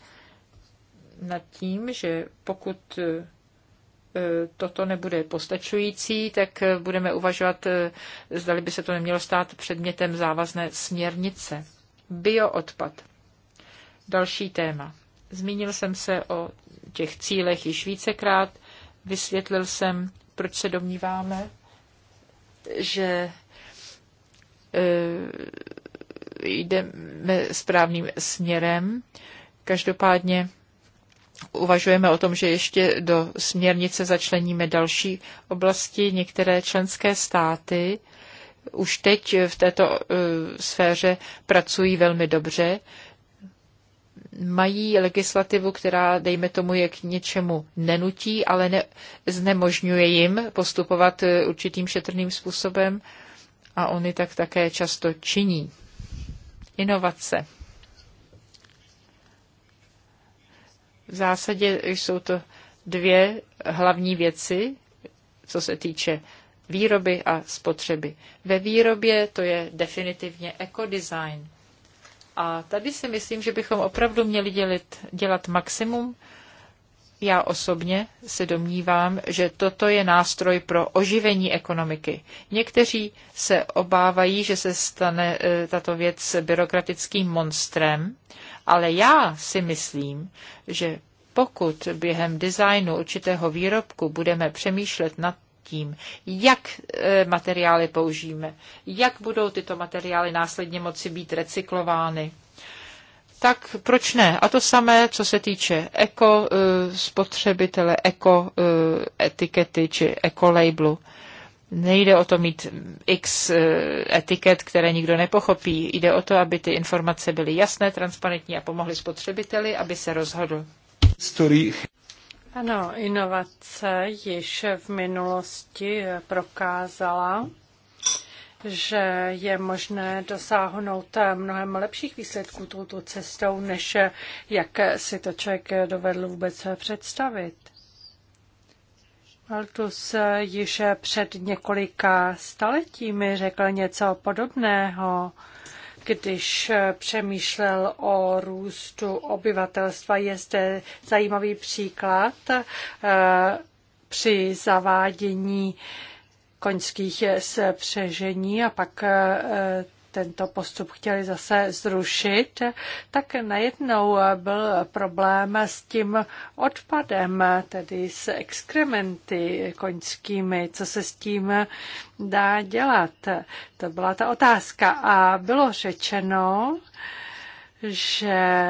[SPEAKER 2] nad tím, že pokud e, e, toto nebude postačující, tak budeme uvažovat, zdali by se to nemělo stát předmětem závazné směrnice. Bioodpad. Další téma. Zmínil jsem se o těch cílech již vícekrát, vysvětlil jsem, proč se domníváme, že e, jdeme správným směrem. Každopádně uvažujeme o tom, že ještě do směrnice začleníme další oblasti. Některé členské státy už teď v této e, sféře pracují velmi dobře mají legislativu, která, dejme tomu, je k něčemu nenutí, ale ne, znemožňuje jim postupovat eh, určitým šetrným způsobem a oni tak také často činí. Inovace. V zásadě jsou to dvě hlavní věci, co se týče výroby a spotřeby. Ve výrobě to je definitivně ekodesign. A tady si myslím, že bychom opravdu měli dělit, dělat maximum. Já osobně se domnívám, že toto je nástroj pro oživení ekonomiky. Někteří se obávají, že se stane e, tato věc byrokratickým monstrem, ale já si myslím, že pokud během designu určitého výrobku budeme přemýšlet nad tím, jak e, materiály použijeme, jak budou tyto materiály následně moci být recyklovány tak proč ne? A to samé, co se týče eko e, spotřebitele, eko e, etikety či eko labelu. Nejde o to mít x etiket, které nikdo nepochopí. Jde o to, aby ty informace byly jasné, transparentní a pomohly spotřebiteli, aby se rozhodl.
[SPEAKER 1] Story.
[SPEAKER 3] Ano, inovace již v minulosti prokázala, že je možné dosáhnout mnohem lepších výsledků touto cestou, než jak si to člověk dovedl vůbec představit. Maltus již před několika staletími řekl něco podobného když eh, přemýšlel o růstu obyvatelstva. Je zde zajímavý příklad eh, při zavádění koňských přežení a pak eh, tento postup chtěli zase zrušit, tak najednou byl problém s tím odpadem, tedy s exkrementy koňskými, co se s tím dá dělat. To byla ta otázka. A bylo řečeno, že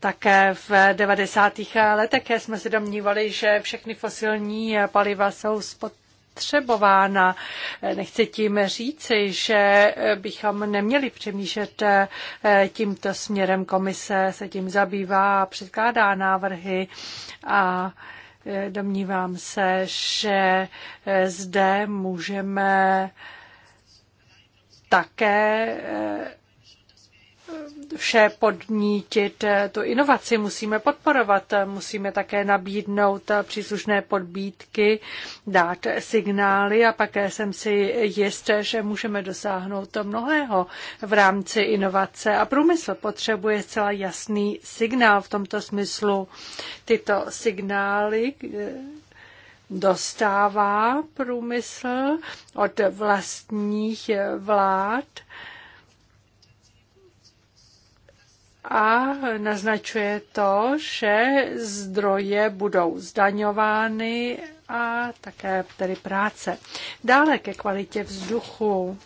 [SPEAKER 3] také v 90. letech jsme si domnívali, že všechny fosilní paliva jsou spod spotřebována. Nechci tím říci, že bychom neměli přemýšlet eh, tímto směrem. Komise se tím zabývá a předkládá návrhy a eh, domnívám se, že eh, zde můžeme také vše podnítit eh, tu inovaci, musíme podporovat, eh, musíme také nabídnout eh, příslušné podbídky, dát signály a pak jsem si jist, že můžeme dosáhnout mnohého v rámci inovace a průmysl potřebuje zcela jasný signál v tomto smyslu. Tyto signály dostává průmysl od vlastních vlád, a naznačuje to, že zdroje budou zdaňovány a také tedy práce. Dále ke kvalitě vzduchu.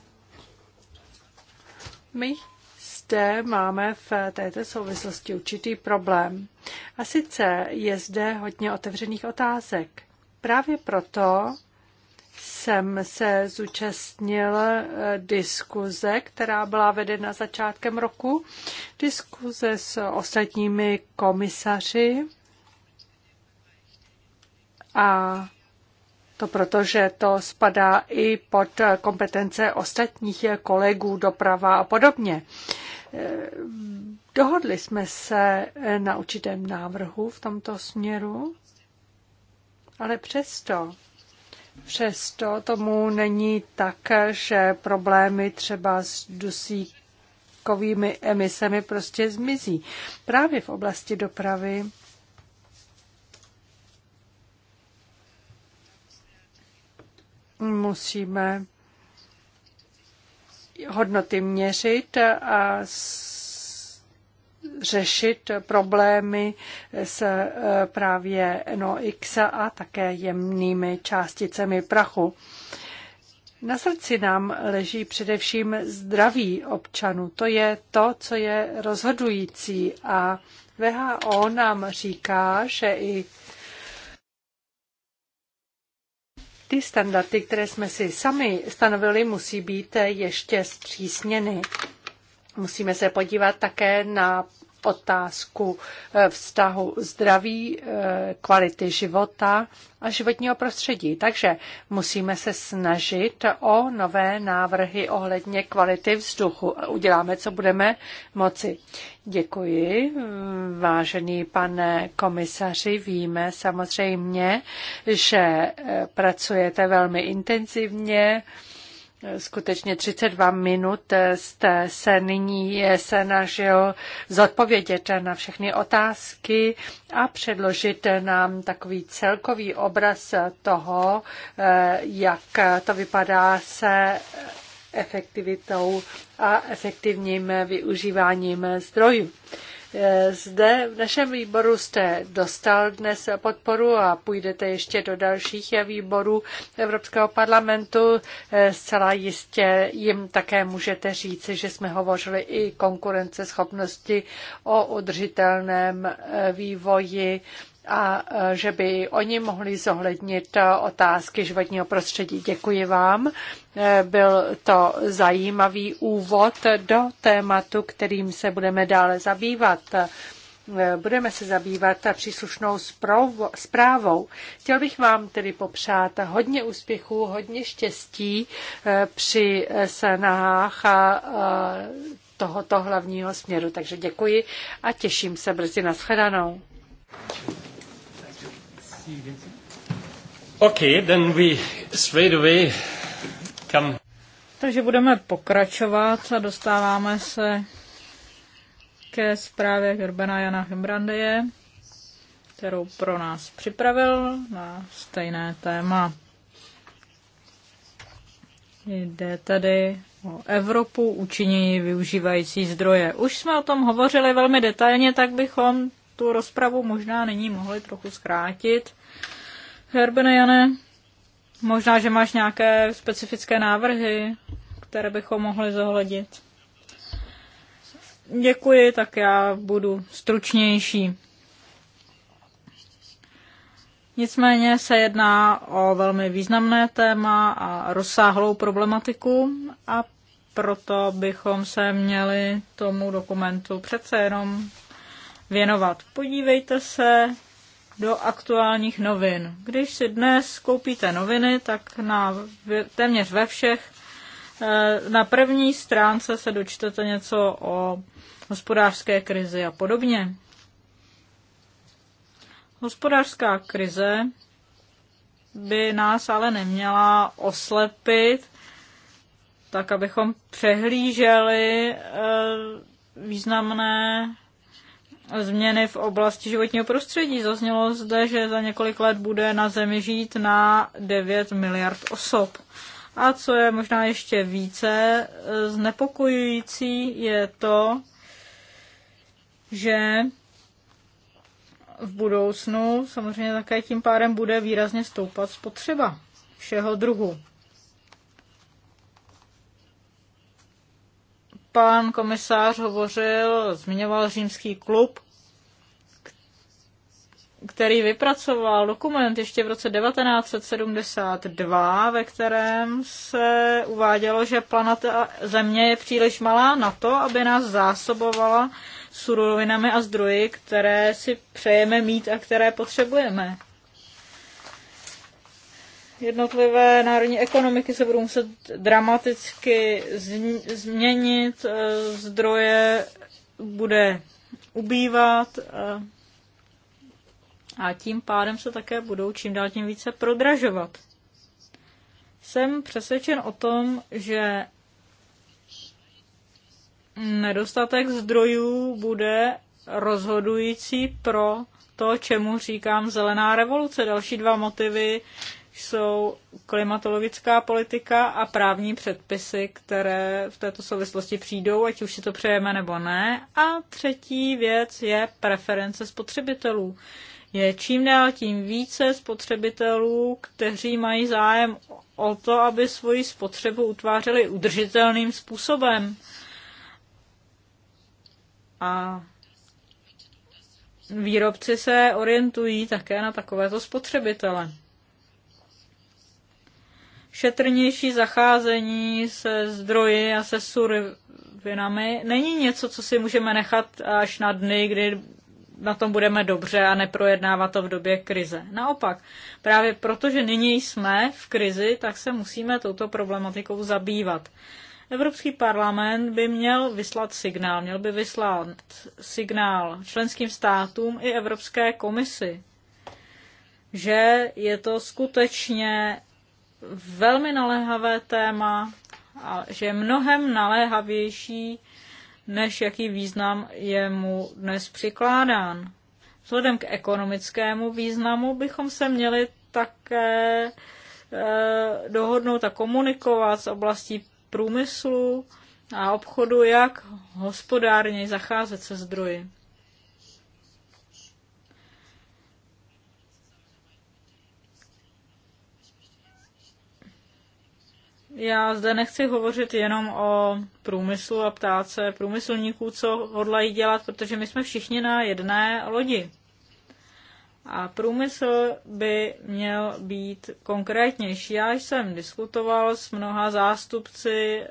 [SPEAKER 3] My zde máme v této souvislosti určitý problém. A sice je zde hodně otevřených otázek. Právě proto jsem se zúčastnil eh, diskuze, která byla vedena začátkem roku, diskuze s ostatními komisaři a to proto, že to spadá i pod kompetence ostatních kolegů, doprava a podobně. Eh, dohodli jsme se eh, na určitém návrhu v tomto směru, ale přesto Přesto tomu není tak, že problémy třeba s dusíkovými emisemi prostě zmizí. Právě v oblasti dopravy musíme hodnoty měřit a řešit problémy s eh, právě NOx a také jemnými částicemi prachu. Na srdci nám leží především zdraví občanů. To je to, co je rozhodující. A VHO nám říká, že i ty standardy, které jsme si sami stanovili, musí být ještě zpřísněny. Musíme se podívat také na otázku eh, vztahu zdraví, eh, kvality života a životního prostředí. Takže musíme se snažit o nové návrhy ohledně kvality vzduchu. Uděláme, co budeme moci. Děkuji, mm, vážený pane komisaři. Víme samozřejmě, že eh, pracujete velmi intenzivně Skutečně 32 minut jste se nyní snažil zodpovědět na všechny otázky a předložit nám takový celkový obraz toho, eh, jak to vypadá se efektivitou a efektivním využíváním zdrojů. Eh, zde v našem výboru jste dostal dnes podporu a půjdete ještě do dalších výborů Evropského parlamentu. Eh, zcela jistě jim také můžete říci, že jsme hovořili i konkurenceschopnosti o udržitelném eh, vývoji a že by oni mohli zohlednit e, otázky životního prostředí. Děkuji vám. E, byl to zajímavý úvod do tématu, kterým se budeme dále zabývat. E, budeme se zabývat příslušnou zprávou. Chtěl bych vám tedy popřát hodně úspěchů, hodně štěstí při snahách tohoto hlavního směru. Takže děkuji a těším se brzy na shledanou. Okay, then we straight away come.
[SPEAKER 1] Takže budeme pokračovat a dostáváme se ke zprávě Herbena Jana Hembrandeje, kterou pro nás připravil na stejné téma. Jde tady o Evropu účinněji využívající zdroje. Už jsme o tom hovořili velmi detailně, tak bychom tu rozpravu možná nyní mohli trochu zkrátit. Herbene Jane, možná, že máš nějaké specifické návrhy, které bychom mohli zohlednit. Děkuji, tak já budu stručnější. Nicméně se jedná o velmi významné téma a rozsáhlou problematiku a proto bychom se měli tomu dokumentu přece jenom věnovat. Podívejte se do aktuálních novin. Když si dnes koupíte noviny, tak na, téměř ve všech eh, na první stránce se dočtete něco o hospodářské krizi a podobně. Hospodářská krize by nás ale neměla oslepit, tak abychom přehlíželi eh, významné změny v oblasti životního prostředí. Zaznělo zde, že za několik let bude na Zemi žít na 9 miliard osob. A co je možná ještě více znepokojující, je to, že v budoucnu samozřejmě také tím pádem bude výrazně stoupat spotřeba všeho druhu. Pan komisář hovořil, zmiňoval římský klub, který vypracoval dokument ještě v roce 1972, ve kterém se uvádělo, že planeta Země je příliš malá na to, aby nás zásobovala surovinami a zdroji, které si přejeme mít a které potřebujeme jednotlivé národní ekonomiky se budou muset dramaticky změnit, e, zdroje bude ubývat e, a tím pádem se také budou čím dál tím více prodražovat. Jsem přesvědčen o tom, že nedostatek zdrojů bude rozhodující pro to, čemu říkám zelená revoluce. Další dva motivy jsou klimatologická politika a právní předpisy, které v této souvislosti přijdou, ať už si to přejeme nebo ne. A třetí věc je preference spotřebitelů. Je čím dál tím více spotřebitelů, kteří mají zájem o to, aby svoji spotřebu utvářeli udržitelným způsobem. A výrobci se orientují také na takovéto spotřebitele šetrnější zacházení se zdroji a se surovinami není něco, co si můžeme nechat až na dny, kdy na tom budeme dobře a neprojednávat to v době krize. Naopak, právě protože nyní jsme v krizi, tak se musíme touto problematikou zabývat. Evropský parlament by měl vyslat signál, měl by vyslat signál členským státům i Evropské komisi, že je to skutečně velmi naléhavé téma a že je mnohem naléhavější, než jaký význam je mu dnes přikládán. Vzhledem k ekonomickému významu bychom se měli také e, dohodnout a komunikovat s oblastí průmyslu a obchodu, jak hospodárně zacházet se zdroji. já zde nechci hovořit jenom o průmyslu a ptát se průmyslníků, co hodlají dělat, protože my jsme všichni na jedné lodi. A průmysl by měl být konkrétnější. Já jsem diskutoval s mnoha zástupci e,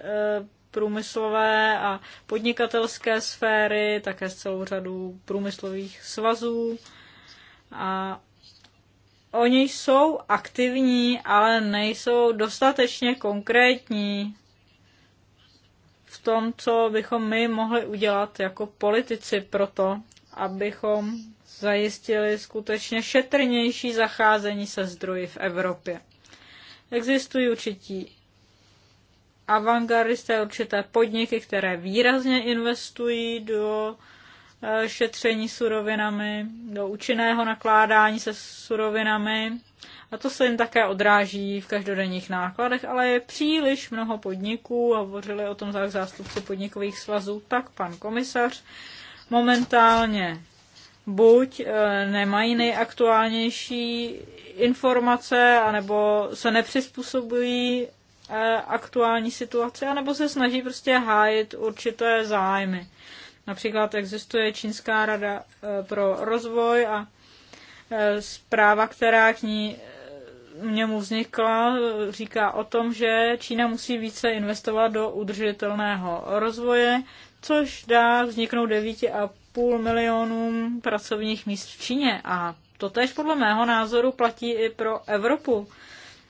[SPEAKER 1] průmyslové a podnikatelské sféry, také s celou řadou průmyslových svazů. A oni jsou aktivní, ale nejsou dostatečně konkrétní v tom, co bychom my mohli udělat jako politici pro to, abychom zajistili skutečně šetrnější zacházení se zdroji v Evropě. Existují určití avantgardisté, určité podniky, které výrazně investují do Eh, šetření surovinami, do účinného nakládání se surovinami. A to se jim také odráží v každodenních nákladech, ale je příliš mnoho podniků, a hovořili o tom jak zástupci podnikových svazů, tak pan komisař, momentálně buď eh, nemají nejaktuálnější informace, anebo se nepřizpůsobují eh, aktuální situaci, anebo se snaží prostě hájit určité zájmy. Například existuje Čínská rada e, pro rozvoj a e, zpráva, která k ní e, němu vznikla, říká o tom, že Čína musí více investovat do udržitelného rozvoje, což dá vzniknout 9,5 milionům pracovních míst v Číně. A to tež podle mého názoru platí i pro Evropu.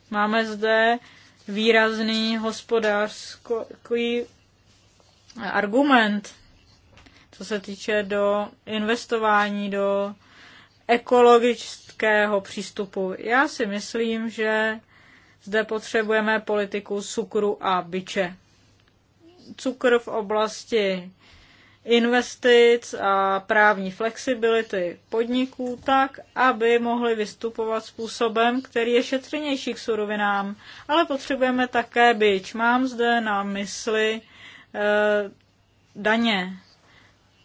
[SPEAKER 1] Máme zde výrazný hospodářský argument co se týče do investování do ekologického přístupu. Já si myslím, že zde potřebujeme politiku cukru a byče. Cukr v oblasti investic a právní flexibility podniků tak, aby mohli vystupovat způsobem, který je šetrnější k surovinám. Ale potřebujeme také byč. Mám zde na mysli e, daně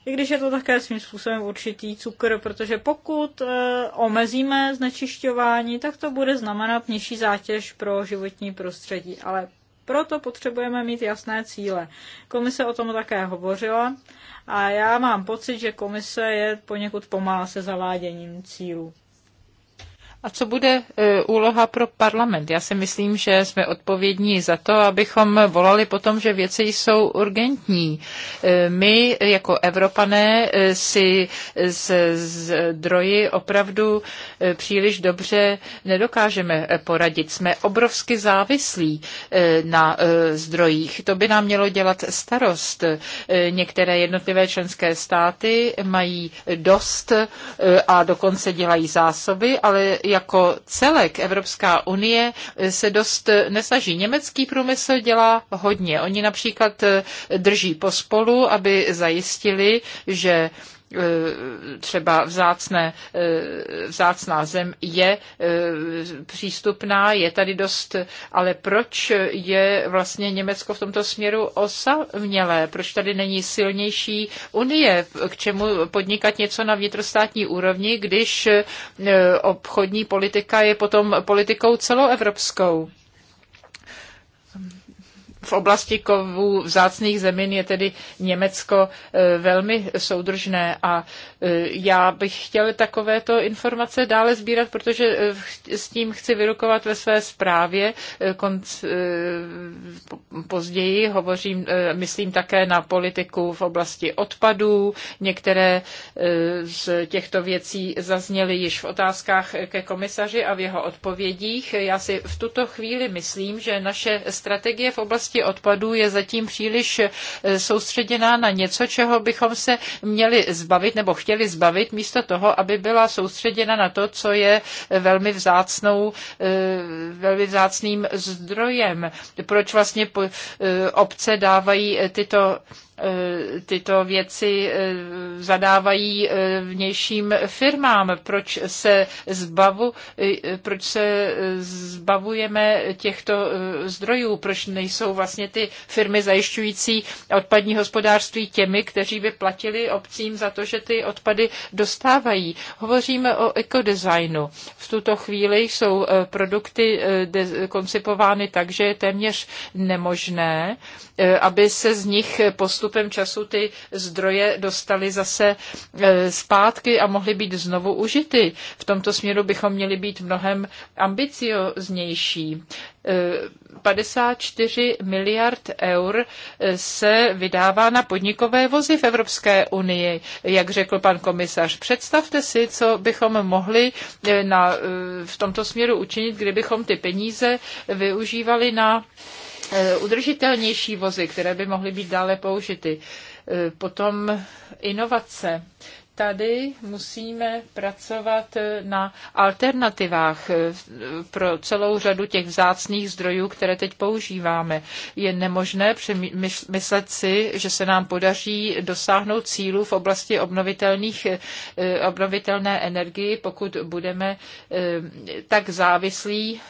[SPEAKER 1] i když je to také svým způsobem určitý cukr, protože pokud eh, omezíme znečišťování, tak to bude znamenat nižší zátěž pro životní prostředí. Ale proto potřebujeme mít jasné cíle. Komise o tom také hovořila a já mám pocit, že komise je poněkud pomalá se zaváděním cílů. A co bude eh,
[SPEAKER 2] úloha pro parlament? Já si myslím, že jsme odpovědní za to, abychom volali po tom, že věci jsou urgentní. Eh, my jako Evropané eh, si z droji opravdu příliš dobře nedokážeme poradit. Jsme obrovsky závislí na zdrojích. To by nám mělo dělat starost. Některé jednotlivé členské státy mají dost a dokonce dělají zásoby, ale já jako celek Evropská unie se dost nesnaží. Německý průmysl dělá hodně. Oni například eh, drží pospolu, aby zajistili, že Eh, třeba vzácné, eh, vzácná zem je eh, přístupná, je tady dost, ale proč je vlastně Německo v tomto směru osamělé? Proč tady není silnější unie? K čemu podnikat něco na vnitrostátní úrovni, když obchodní politika je potom politikou celoevropskou? v oblasti kovů vzácných zemin je tedy Německo eh, velmi soudržné a E, já bych chtěl takovéto informace dále sbírat, protože e, s tím chci vyrukovat ve své zprávě. E, konc, později hovořím, myslím také na politiku v oblasti odpadů. Některé z těchto věcí zazněly již v otázkách ke komisaři a v jeho odpovědích. Já si v tuto chvíli myslím, že naše strategie v oblasti odpadů je zatím příliš soustředěná na něco, čeho bychom se měli zbavit nebo chtěli chtěli zbavit místo toho, aby byla soustředěna na to, co je velmi vzácnou, eh, velmi vzácným zdrojem. Proč vlastně eh, obce dávají eh, tyto Eh, tyto věci eh, zadávají eh, vnějším firmám. Proč se, zbavu, proč se zbavujeme těchto zdrojů? Proč nejsou vlastně ty firmy zajišťující odpadní hospodářství těmi, kteří by platili obcím za to, že ty odpady dostávají? Hovoříme o ekodesignu. V tuto chvíli jsou produkty koncipovány tak, že je téměř nemožné, aby se z nich postupně postupem času ty zdroje dostali zase e, zpátky a mohly být znovu užity. V tomto směru bychom měli být mnohem ambicioznější. 54 e, miliard eur e, se vydává na podnikové vozy v Evropské unii, jak řekl pan komisař. Představte si, co bychom mohli na, v tomto směru učinit, kdybychom ty peníze využívali na Eh, udržitelnější vozy, které by mohly být dále použity. Eh, potom inovace tady musíme pracovat na alternativách eh, pro celou řadu těch vzácných zdrojů, které teď používáme. Je nemožné myslet si, že se nám podaří dosáhnout cílů v oblasti obnovitelných, eh, obnovitelné energii, pokud budeme eh, tak závislí,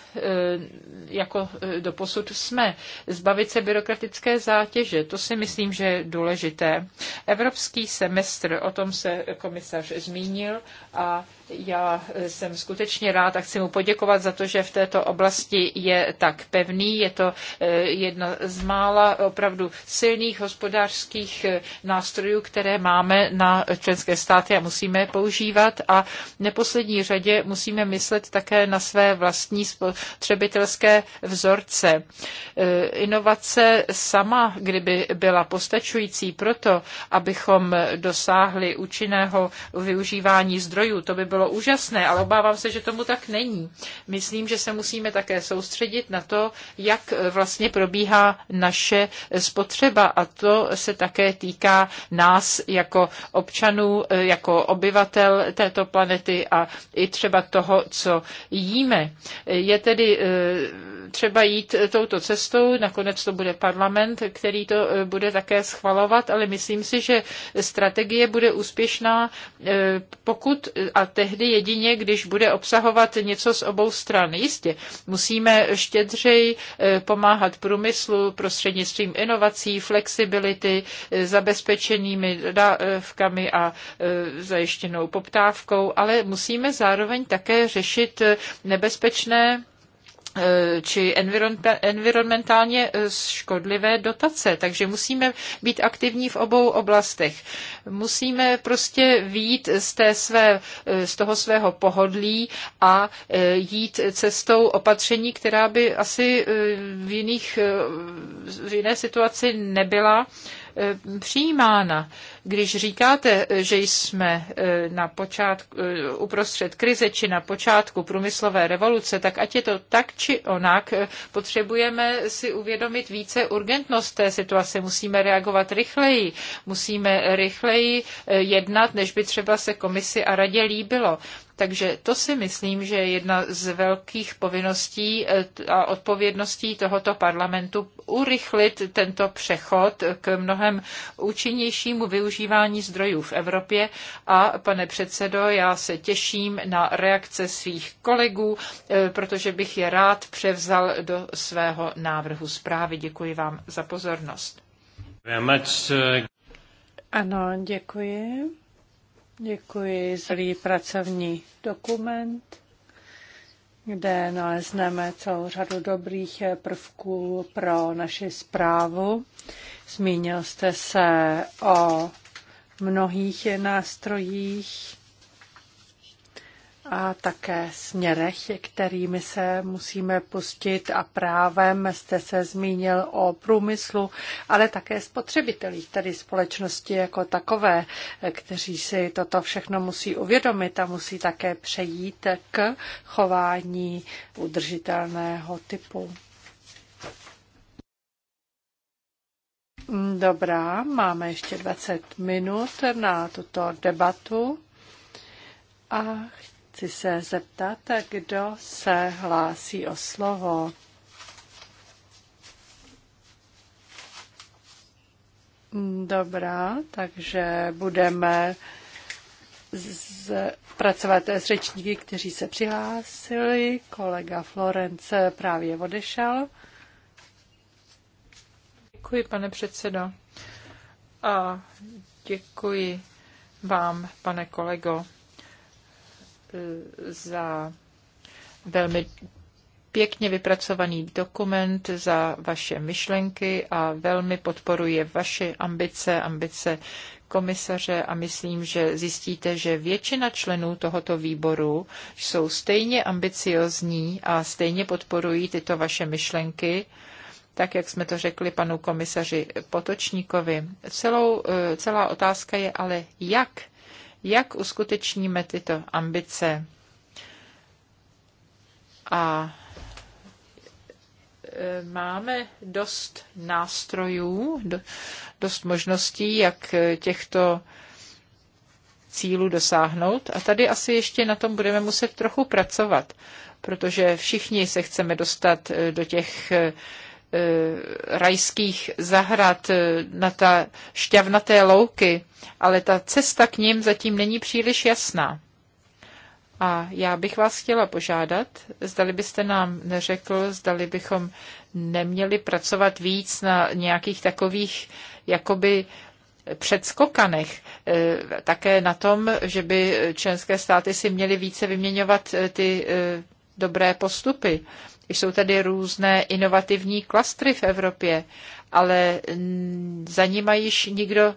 [SPEAKER 2] jako doposud jsme. Zbavit se byrokratické zátěže, to si myslím, že je důležité. Evropský semestr, o tom se komisař zmínil a já eh, jsem skutečně rád a chci mu poděkovat za to, že v této oblasti je tak pevný. Je to eh, jedna z mála opravdu silných hospodářských eh, nástrojů, které máme na členské státy a musíme používat. A v neposlední řadě musíme myslet také na své vlastní spotřebitelské vzorce. Inovace sama, kdyby byla postačující proto, abychom dosáhli účinného využívání zdrojů, to by bylo bylo úžasné, ale obávám se, že tomu tak není. Myslím, že se musíme také soustředit na to, jak eh, vlastně probíhá naše eh, spotřeba a to se také týká nás jako občanů, eh, jako obyvatel této planety a i třeba toho, co jíme. Je tedy třeba jít eh, touto cestou. Nakonec to bude parlament, který to eh, bude také schvalovat, ale myslím si, že strategie bude úspěšná eh, pokud a tehdy jedině, když bude obsahovat něco z obou stran. Jistě, musíme štědřej pomáhat průmyslu prostřednictvím inovací, flexibility, zabezpečenými dávkami a zajištěnou poptávkou, ale musíme zároveň také řešit nebezpečné Eh, či environmentálně eh, škodlivé dotace. Takže musíme být aktivní v obou oblastech. Musíme prostě výjít z, té své, eh, z toho svého pohodlí a jít cestou opatření, která by asi v, jiných, v jiné situaci nebyla Eh, přijímána. Když říkáte, eh, že jsme eh, na počátku, uprostřed krize či na počátku průmyslové revoluce, tak ať je to tak či onak, potřebujeme si uvědomit více urgentnost té situace. Musíme reagovat rychleji, musíme rychleji jednat, než by třeba se komisi a radě líbilo. Takže to si myslím, že je jedna z velkých povinností eh, a odpovědností tohoto parlamentu urychlit tento přechod k mnohem účinnějšímu využívání zdrojů v Evropě. A pane předsedo, já se těším na reakce svých kolegů, eh, protože bych je rád převzal do svého návrhu zprávy. Děkuji vám za pozornost.
[SPEAKER 3] Eh.
[SPEAKER 2] Ano, děkuji.
[SPEAKER 3] Děkuji celý pracovní dokument, kde nalezneme celou řadu dobrých prvků pro naši zprávu. Zmínil jste se o mnohých nástrojích, a také směrech, kterými se musíme pustit a právem jste se zmínil o průmyslu, ale také spotřebitelích, tedy společnosti jako takové, kteří si toto všechno musí uvědomit a musí také přejít k chování udržitelného typu. Dobrá, máme ještě 20 minut na tuto debatu a Chci se zeptat, kdo se hlásí o slovo. Dobrá, takže budeme z, pracovat s řečníky, kteří se přihlásili. Kolega
[SPEAKER 2] Florence právě odešel. Děkuji, pane předsedo. A děkuji vám, pane kolego, za velmi pěkně vypracovaný dokument za vaše myšlenky a velmi podporuje vaše ambice, ambice komisaře a myslím, že zjistíte, že většina členů tohoto výboru jsou stejně ambiciozní a stejně podporují tyto vaše myšlenky, tak jak jsme to řekli panu komisaři Potočníkovi. Celou, eh, celá otázka je ale jak jak uskutečníme tyto ambice. A e, máme dost nástrojů, dost možností, jak těchto cílu dosáhnout. A tady asi ještě na tom budeme muset trochu pracovat, protože všichni se chceme dostat e, do těch e, Eh, rajských zahrad, eh, na ta šťavnaté louky, ale ta cesta k ním zatím není příliš jasná. A já bych vás chtěla požádat, zdali byste nám neřekl, zdali bychom neměli pracovat víc na nějakých takových jakoby předskokanech, eh, také na tom, že by členské státy si měly více vyměňovat ty dobré postupy. Jsou tady různé inovativní klastry v Evropě, ale za nima již nikdo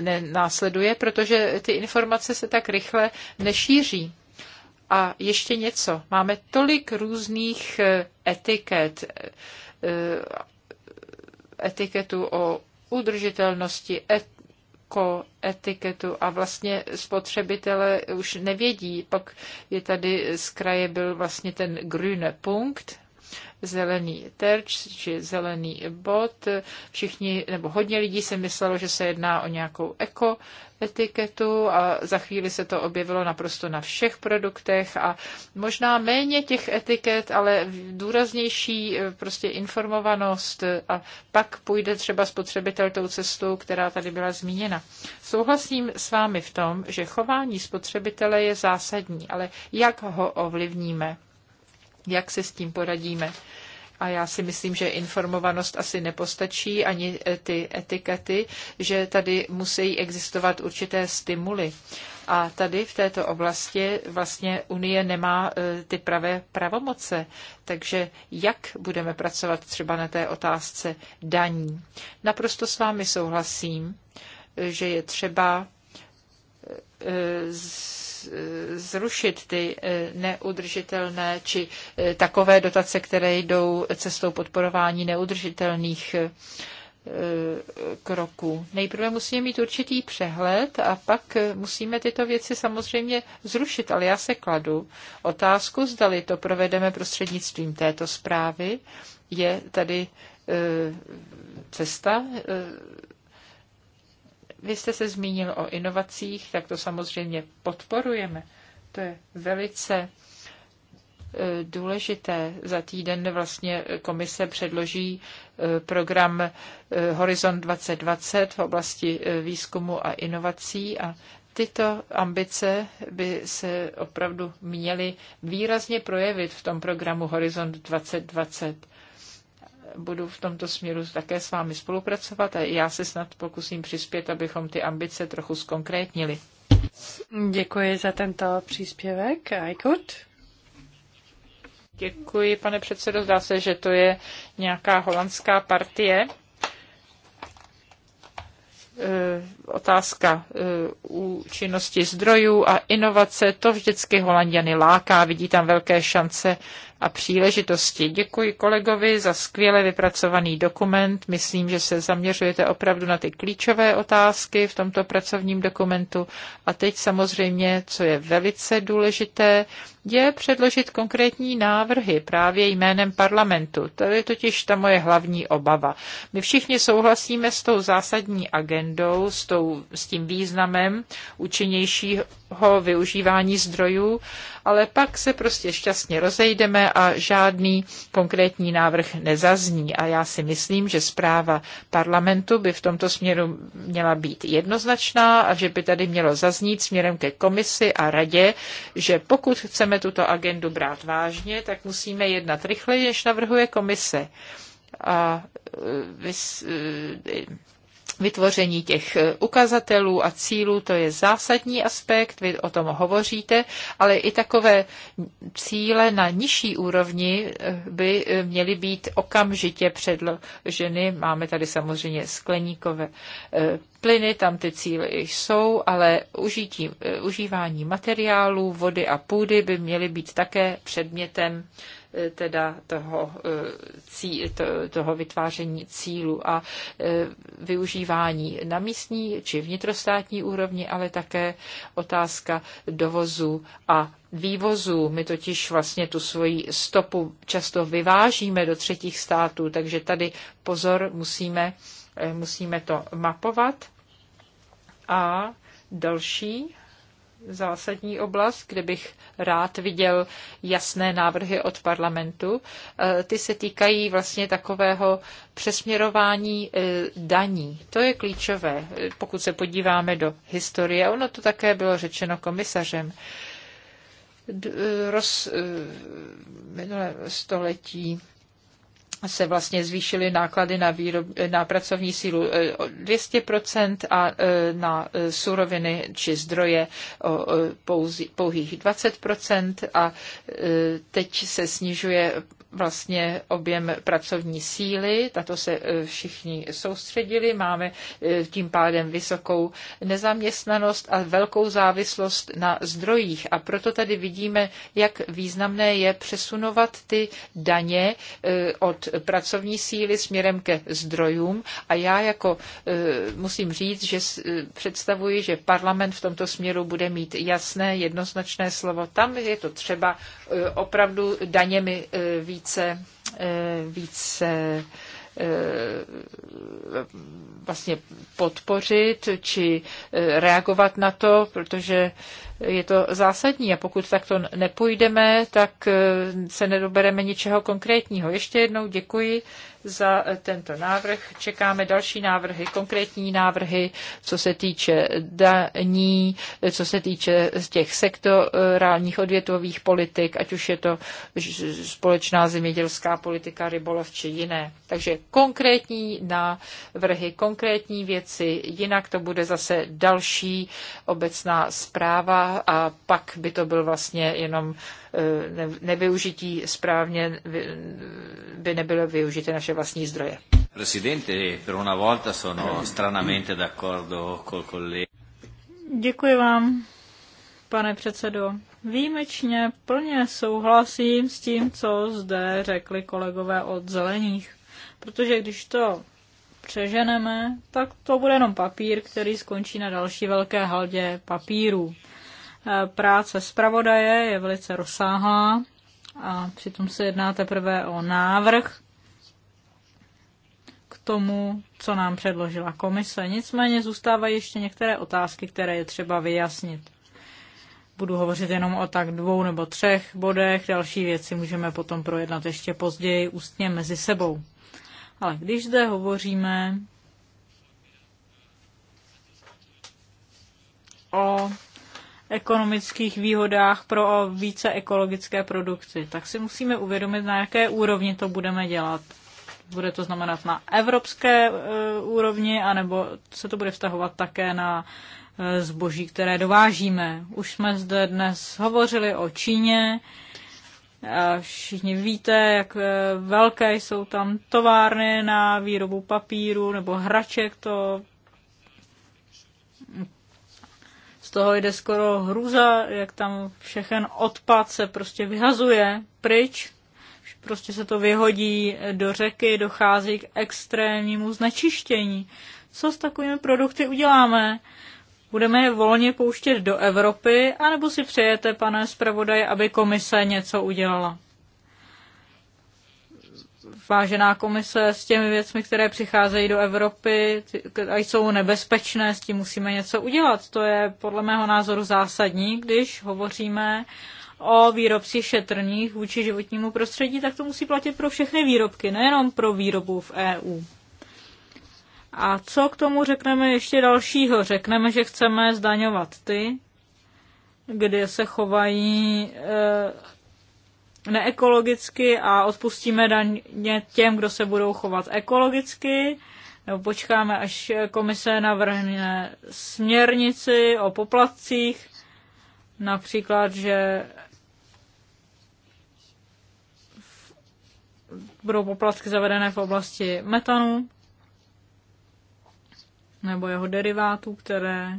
[SPEAKER 2] nenásleduje, protože ty informace se tak rychle nešíří. A ještě něco. Máme tolik různých eh, etiket, eh, eh, etiketu o udržitelnosti, et, ko jako etiketu a vlastně spotřebitele už nevědí. Pak je tady z kraje byl vlastně ten grüne punkt, zelený terč či zelený bod. Všichni, nebo hodně lidí si myslelo, že se jedná o nějakou eko etiketu a za chvíli se to objevilo naprosto na všech produktech a možná méně těch etiket, ale důraznější eh, prostě informovanost a pak půjde třeba spotřebitel tou cestou, která tady byla zmíněna. Souhlasím s vámi v tom, že chování spotřebitele je zásadní, ale jak ho ovlivníme? jak se s tím poradíme. A já si myslím, že informovanost asi nepostačí, ani eh, ty etikety, že tady musí existovat určité stimuly. A tady v této oblasti vlastně Unie nemá eh, ty pravé pravomoce. Takže jak budeme pracovat třeba na té otázce daní? Naprosto s vámi souhlasím, eh, že je třeba Eh, eh, zrušit ty eh, neudržitelné či takové dotace, které jdou cestou podporování neudržitelných kroků. Nejprve musíme mít určitý přehled a pak musíme tyto věci samozřejmě zrušit, ale já se kladu otázku, zdali to provedeme prostřednictvím této zprávy. Je tady cesta vy jste se zmínil o inovacích, tak to samozřejmě podporujeme. To je velice e, důležité. Za týden vlastně komise předloží e, program e, Horizon 2020 v oblasti výzkumu a inovací a tyto ambice by se opravdu měly výrazně projevit v tom programu Horizont 2020 budu v tomto směru také s vámi spolupracovat a já se snad pokusím přispět, abychom ty ambice trochu zkonkrétnili.
[SPEAKER 3] Děkuji za tento příspěvek. Aykut?
[SPEAKER 2] Děkuji, pane předsedo. Zdá se, že to je nějaká holandská partie. E, otázka účinnosti e, zdrojů a inovace, to vždycky Holandiany láká, vidí tam velké šance a příležitosti. Děkuji kolegovi za skvěle vypracovaný dokument. Myslím, že se zaměřujete opravdu na ty klíčové otázky v tomto pracovním dokumentu. A teď samozřejmě, co je velice důležité, je předložit konkrétní návrhy právě jménem parlamentu. To je totiž ta moje hlavní obava. My všichni souhlasíme s tou zásadní agendou, s, tou, s tím významem účinnějšího využívání zdrojů, ale pak se prostě šťastně rozejdeme a žádný konkrétní návrh nezazní. A já si myslím, že zpráva parlamentu by v tomto směru měla být jednoznačná a že by tady mělo zaznít směrem ke komisi a radě, že pokud chceme tuto agendu brát vážně, tak musíme jednat rychleji, než navrhuje komise. A e, vys, e, Vytvoření těch eh, ukazatelů a cílů, to je zásadní aspekt, vy o tom hovoříte, ale i takové cíle na nižší úrovni eh, by eh, měly být okamžitě předloženy. Máme tady samozřejmě skleníkové plyny, tam ty cíly jsou, ale užití, užívání materiálů, vody a půdy by měly být také předmětem Eh, teda toho, eh, cí, to, toho vytváření cílu a eh, využívání na místní či vnitrostátní úrovni, ale také otázka dovozu a vývozu. My totiž vlastně tu svoji stopu často vyvážíme do třetích států, takže tady pozor, musíme, musíme to mapovat. A další zásadní oblast, kde bych rád viděl jasné návrhy od parlamentu. E, ty se týkají vlastně takového přesměrování e, daní. To je klíčové, e, pokud se podíváme do historie. Ono to také bylo řečeno komisařem roz, minulé století se vlastně zvýšily náklady na, výrob, na pracovní sílu eh, o 200% a eh, na eh, suroviny či zdroje o pouhých 20% a teď se snižuje vlastně objem pracovní síly, tato se všichni soustředili, máme tím pádem vysokou nezaměstnanost a velkou závislost na zdrojích a proto tady vidíme, jak významné je přesunovat ty daně od pracovní síly směrem ke zdrojům a já jako e, musím říct, že e, představuji, že parlament v tomto směru bude mít jasné, jednoznačné slovo. Tam je to třeba e, opravdu daněmi více, více vlastně podpořit či reagovat na to, protože je to zásadní a pokud takto nepůjdeme, tak eh, se nedobereme ničeho konkrétního. Ještě jednou děkuji za eh, tento návrh. Čekáme další návrhy, konkrétní návrhy, co se týče daní, eh, co se týče z těch sektorálních odvětvových politik, ať už je to společná zemědělská politika, rybolov či jiné. Takže konkrétní návrhy, konkrétní věci, jinak to bude zase další obecná zpráva a pak by to byl vlastně jenom eh, nevyužití správně, by nebylo využité naše naše vlastní zdroje.
[SPEAKER 1] Presidente, per una volta sono stranamente d'accordo col collega. Děkuji vám, pane předsedo. Výjimečně plně souhlasím s tím, co zde řekli kolegové od zelených. Protože když to přeženeme, tak to bude jenom papír, který skončí na další velké haldě papíru. E, práce zpravodaje je velice rozsáhlá a přitom se jedná teprve o návrh, tomu, co nám předložila komise. Nicméně zůstávají ještě některé otázky, které je třeba vyjasnit. Budu hovořit jenom o tak dvou nebo třech bodech, další věci můžeme potom projednat ještě později ústně mezi sebou. Ale když zde hovoříme o ekonomických výhodách pro více ekologické produkci, tak si musíme uvědomit, na jaké úrovni to budeme dělat. Bude to znamenat na evropské e, úrovni, anebo se to bude vztahovat také na e, zboží, které dovážíme. Už jsme zde dnes hovořili o Číně. A všichni víte, jak e, velké jsou tam továrny na výrobu papíru nebo hraček. To z toho jde skoro hruza, jak tam všechen odpad se prostě vyhazuje pryč prostě se to vyhodí do řeky, dochází k extrémnímu znečištění. Co s takovými produkty uděláme? Budeme je volně pouštět do Evropy, anebo si přejete, pane zpravodaj, aby komise něco udělala? Vážená komise, s těmi věcmi, které přicházejí do Evropy a jsou nebezpečné, s tím musíme něco udělat. To je podle mého názoru zásadní, když hovoříme o výrobcích šetrných vůči životnímu prostředí, tak to musí platit pro všechny výrobky, nejenom pro výrobu v EU. A co k tomu řekneme ještě dalšího? Řekneme, že chceme zdaňovat ty, kde se chovají e, neekologicky a odpustíme daně těm, kdo se budou chovat ekologicky, nebo počkáme, až komise navrhne směrnici o poplatcích, například, že budou poplatky zavedené v oblasti metanu nebo jeho derivátů, které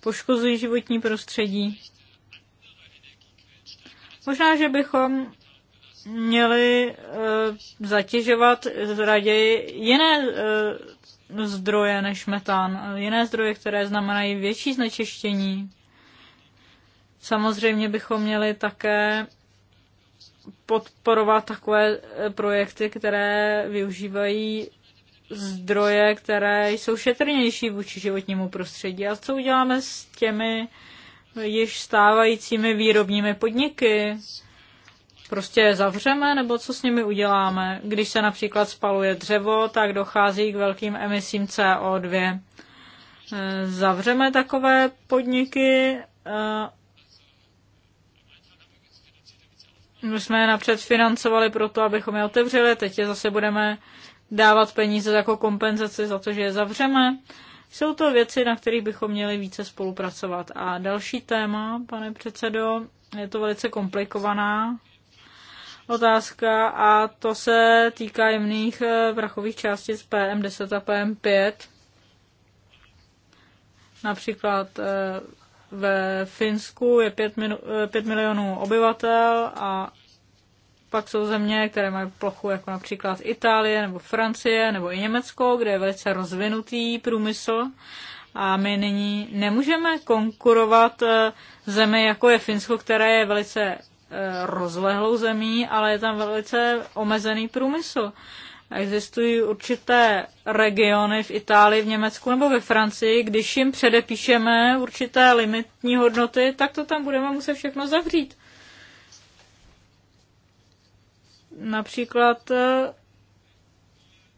[SPEAKER 1] poškozují životní prostředí. Možná, že bychom měli e, zatěžovat raději jiné e, zdroje než metan, jiné zdroje, které znamenají větší znečištění. Samozřejmě bychom měli také podporovat takové eh, projekty, které využívají zdroje, které jsou šetrnější vůči životnímu prostředí. A co uděláme s těmi již stávajícími výrobními podniky? Prostě je zavřeme, nebo co s nimi uděláme? Když se například spaluje dřevo, tak dochází k velkým emisím CO2. Eh, zavřeme takové podniky eh, My jsme je napřed financovali pro to, abychom je otevřeli, teď je zase budeme dávat peníze jako kompenzaci za to, že je zavřeme. Jsou to věci, na kterých bychom měli více spolupracovat. A další téma, pane předsedo, je to velice komplikovaná otázka a to se týká jemných eh, vrachových částic PM10 a PM5. Například eh, ve Finsku je 5, minu, 5 eh, milionů obyvatel a pak jsou země, které mají plochu jako například Itálie nebo Francie nebo i Německo, kde je velice rozvinutý průmysl a my nyní nemůžeme konkurovat eh, zemi, jako je Finsko, které je velice eh, rozlehlou zemí, ale je tam velice omezený průmysl. Existují určité regiony v Itálii, v Německu nebo ve Francii, když jim předepíšeme určité limitní hodnoty, tak to tam budeme muset všechno zavřít. Například eh,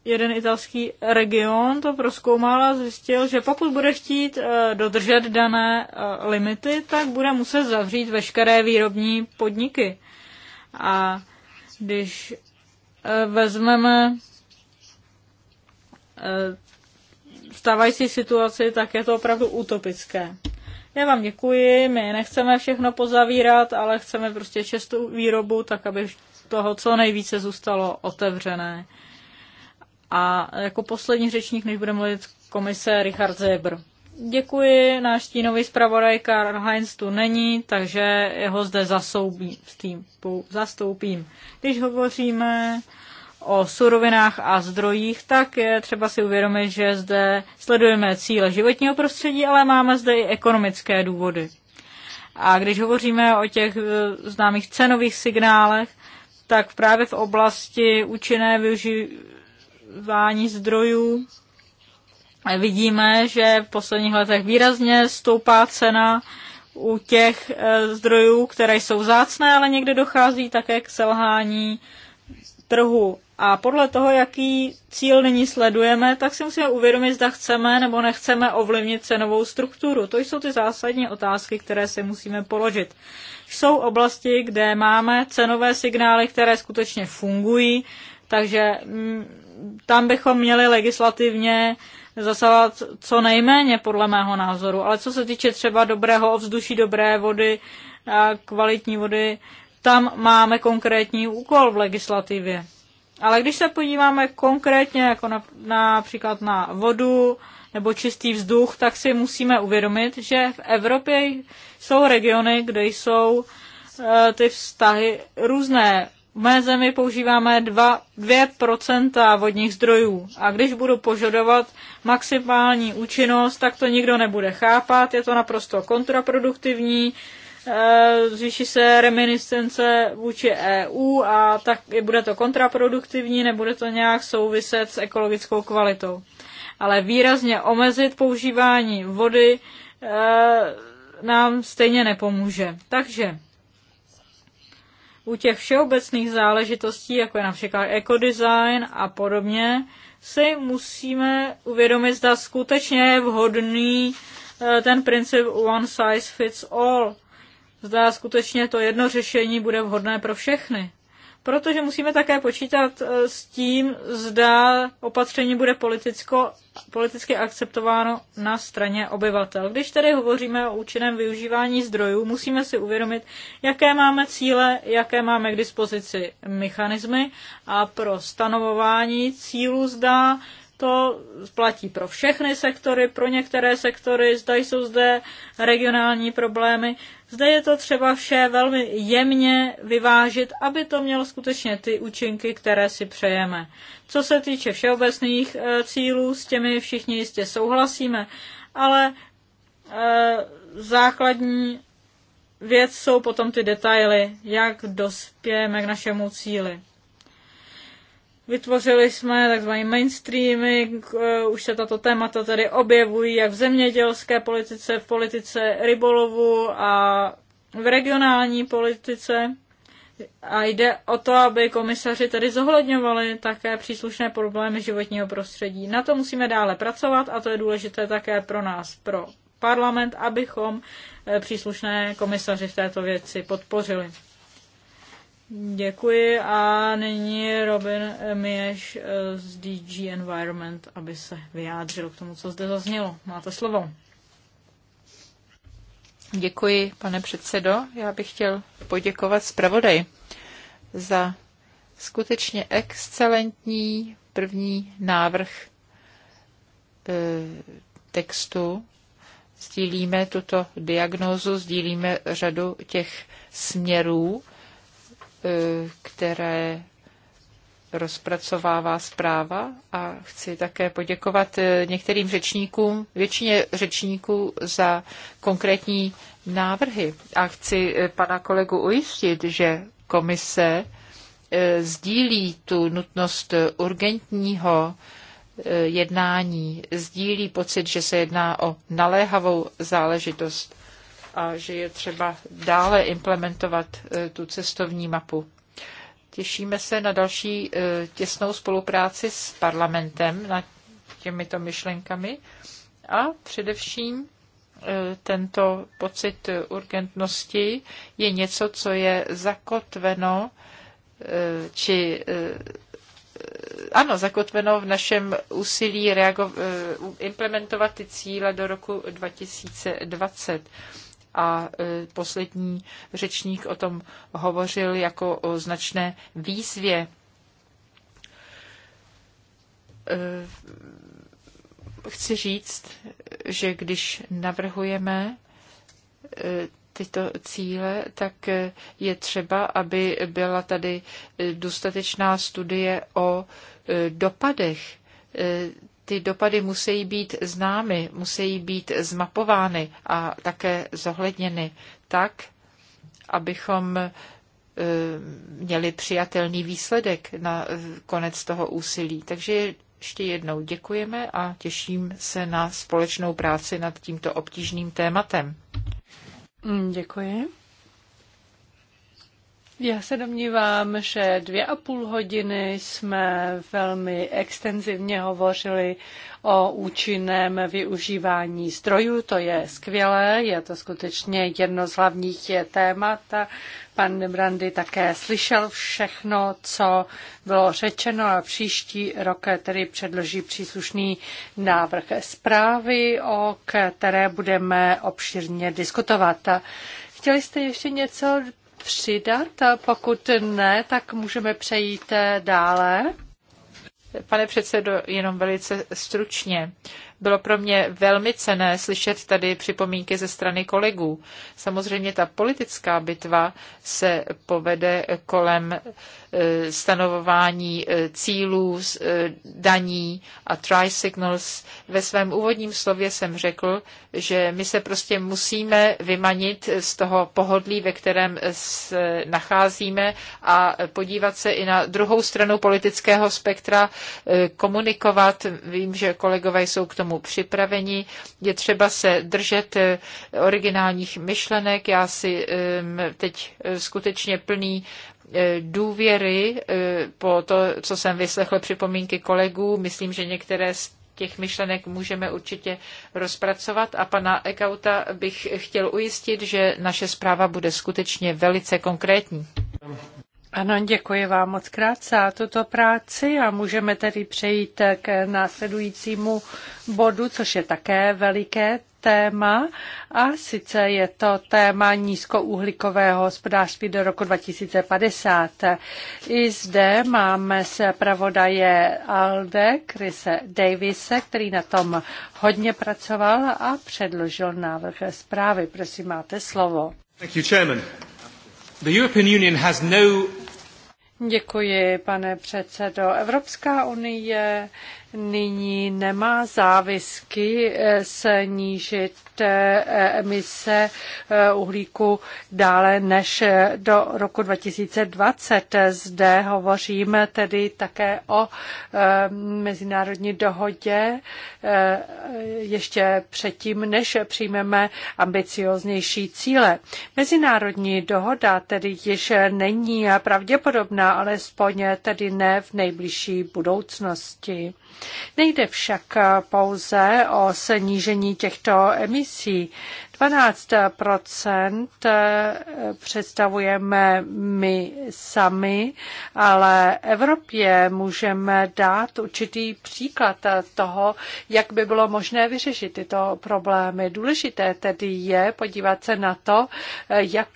[SPEAKER 1] jeden italský region to proskoumal a zjistil, že pokud bude chtít eh, dodržet dané eh, limity, tak bude muset zavřít veškeré výrobní podniky. A když Eh, vezmeme eh, stávající situaci, tak je to opravdu utopické. Já vám děkuji, my nechceme všechno pozavírat, ale chceme prostě čestou výrobu, tak aby toho co nejvíce zůstalo otevřené. A jako poslední řečník, než bude mluvit komise, Richard Zebr. Děkuji, náš stínový zpravodaj Karl Heinz tu není, takže ho zde zasoubí, zastoupím. Když hovoříme o surovinách a zdrojích, tak je třeba si uvědomit, že zde sledujeme cíle životního prostředí, ale máme zde i ekonomické důvody. A když hovoříme o těch e, známých cenových signálech, tak právě v oblasti účinné využívání zdrojů vidíme, že v posledních letech výrazně stoupá cena u těch eh, zdrojů, které jsou zácné, ale někde dochází také k selhání trhu. A podle toho, jaký cíl nyní sledujeme, tak si musíme uvědomit, zda chceme nebo nechceme ovlivnit cenovou strukturu. To jsou ty zásadní otázky, které si musíme položit. Jsou oblasti, kde máme cenové signály, které skutečně fungují, takže mm, tam bychom měli legislativně uh, zasahovat co nejméně, podle mého názoru. Ale co se týče třeba dobrého ovzduší, dobré vody a kvalitní vody, tam máme konkrétní úkol v legislativě. Ale když se podíváme konkrétně jako na, například na vodu nebo čistý vzduch, tak si musíme uvědomit, že v Evropě jsou regiony, kde jsou eh, ty vztahy různé. V mé zemi používáme 2, 2% vodních zdrojů a když budu požadovat maximální účinnost, tak to nikdo nebude chápat, je to naprosto kontraproduktivní, eh, zvýší se reminiscence vůči EU a tak bude to kontraproduktivní, nebude to nějak souviset s ekologickou kvalitou. Ale výrazně omezit používání vody eh, nám stejně nepomůže. Takže u těch všeobecných záležitostí, jako je například ekodesign a podobně, si musíme uvědomit, zda skutečně je vhodný eh, ten princip one size fits all. Zda skutečně to jedno řešení bude vhodné pro všechny protože musíme také počítat eh, s tím, zda opatření bude politicko, politicky akceptováno na straně obyvatel. Když tedy hovoříme o účinném využívání zdrojů, musíme si uvědomit, jaké máme cíle, jaké máme k dispozici mechanismy a pro stanovování cílů zda to platí pro všechny sektory, pro některé sektory, zda jsou zde regionální problémy. Zde je to třeba vše velmi jemně vyvážit, aby to mělo skutečně ty účinky, které si přejeme. Co se týče všeobecných eh, cílů, s těmi všichni jistě souhlasíme, ale eh, základní věc jsou potom ty detaily, jak dospějeme k našemu cíli. Vytvořili jsme takzvaný mainstreamy, e, už se tato témata tady objevují jak v zemědělské politice, v politice rybolovu a v regionální politice. A jde o to, aby komisaři tady zohledňovali také příslušné problémy životního prostředí. Na to musíme dále pracovat a to je důležité také pro nás, pro parlament, abychom e, příslušné komisaři v této věci podpořili. Děkuji a nyní Robin Mieš eh, z DG Environment, aby se vyjádřil k tomu, co zde zaznělo. Máte slovo. Děkuji,
[SPEAKER 2] pane předsedo. Já bych chtěl poděkovat zpravodaj za skutečně excelentní první návrh eh, textu. Sdílíme tuto diagnózu, sdílíme řadu těch směrů, E, které rozpracovává zpráva a chci také poděkovat e, některým řečníkům, většině řečníků za konkrétní návrhy. A chci e, pana kolegu ujistit, že komise sdílí tu nutnost urgentního jednání, sdílí pocit, že se jedná o naléhavou záležitost a že je třeba dále implementovat e, tu cestovní mapu. Těšíme se na další e, těsnou spolupráci s parlamentem nad těmito myšlenkami a především e, tento pocit urgentnosti je něco, co je zakotveno či ano, zakotveno v našem úsilí reago- implementovat ty cíle do roku 2020 a e, poslední řečník o tom hovořil jako o značné výzvě e, chci říct, že když navrhujeme e, tyto cíle, tak je třeba, aby byla tady dostatečná studie o dopadech ty dopady musí být známy, musí být zmapovány a také zohledněny tak, abychom e, měli přijatelný výsledek na e, konec toho úsilí. Takže ještě jednou děkujeme a těším se na společnou práci nad tímto obtížným tématem. Děkuji.
[SPEAKER 3] Já se domnívám, že dvě a půl hodiny jsme velmi extenzivně hovořili o účinném využívání zdrojů. To je skvělé, je to skutečně jedno z hlavních témat. Pan Brandy také slyšel všechno, co bylo řečeno a příští rok tedy předloží příslušný návrh zprávy, o které budeme obširně diskutovat. Chtěli jste ještě něco přidat? Pokud ne, tak můžeme
[SPEAKER 2] přejít eh, dále. Pane předsedo, jenom velice stručně. Bylo pro mě velmi cené slyšet tady připomínky ze strany kolegů. Samozřejmě ta politická bitva se povede kolem Eh, stanovování eh, cílů, eh, daní a tri-signals. Ve svém úvodním slově jsem řekl, že my se prostě musíme vymanit z toho pohodlí, ve kterém se nacházíme a podívat se i na druhou stranu politického spektra, komunikovat. Vím, že kolegové jsou k tomu připraveni. Je třeba se držet originálních myšlenek. Já si teď skutečně plný E, důvěry e, po to, co jsem vyslechl připomínky kolegů. Myslím, že některé z těch myšlenek můžeme určitě rozpracovat a pana Ekauta bych chtěl ujistit, že naše zpráva bude skutečně velice konkrétní. Ano, děkuji vám moc
[SPEAKER 3] krát za tuto práci a můžeme tedy přejít k následujícímu bodu, což je také veliké téma a sice je to téma nízkouhlíkového hospodářství do roku 2050. I zde máme se pravodaje Alde, Krise Davise, který na tom hodně pracoval a předložil návrh zprávy. Prosím, máte slovo.
[SPEAKER 1] Thank you, Chairman. The European Union has no
[SPEAKER 3] Děkuji, pane předsedo. Evropská unie nyní nemá závisky eh, snížit eh, emise eh, uhlíku dále než do roku 2020. Zde hovoříme tedy také o mezinárodní dohodě ještě předtím, než přijmeme ambicioznější cíle. Mezinárodní dohoda tedy již není pravděpodobná, alespoň tedy ne v nejbližší budoucnosti. Nejde však eh, pouze o snížení těchto emisí. 12 eh, eh, představujeme my sami, ale Evropě můžeme dát určitý příklad toho, jak by bylo možné vyřešit tyto problémy. Důležité tedy je podívat se na to, jak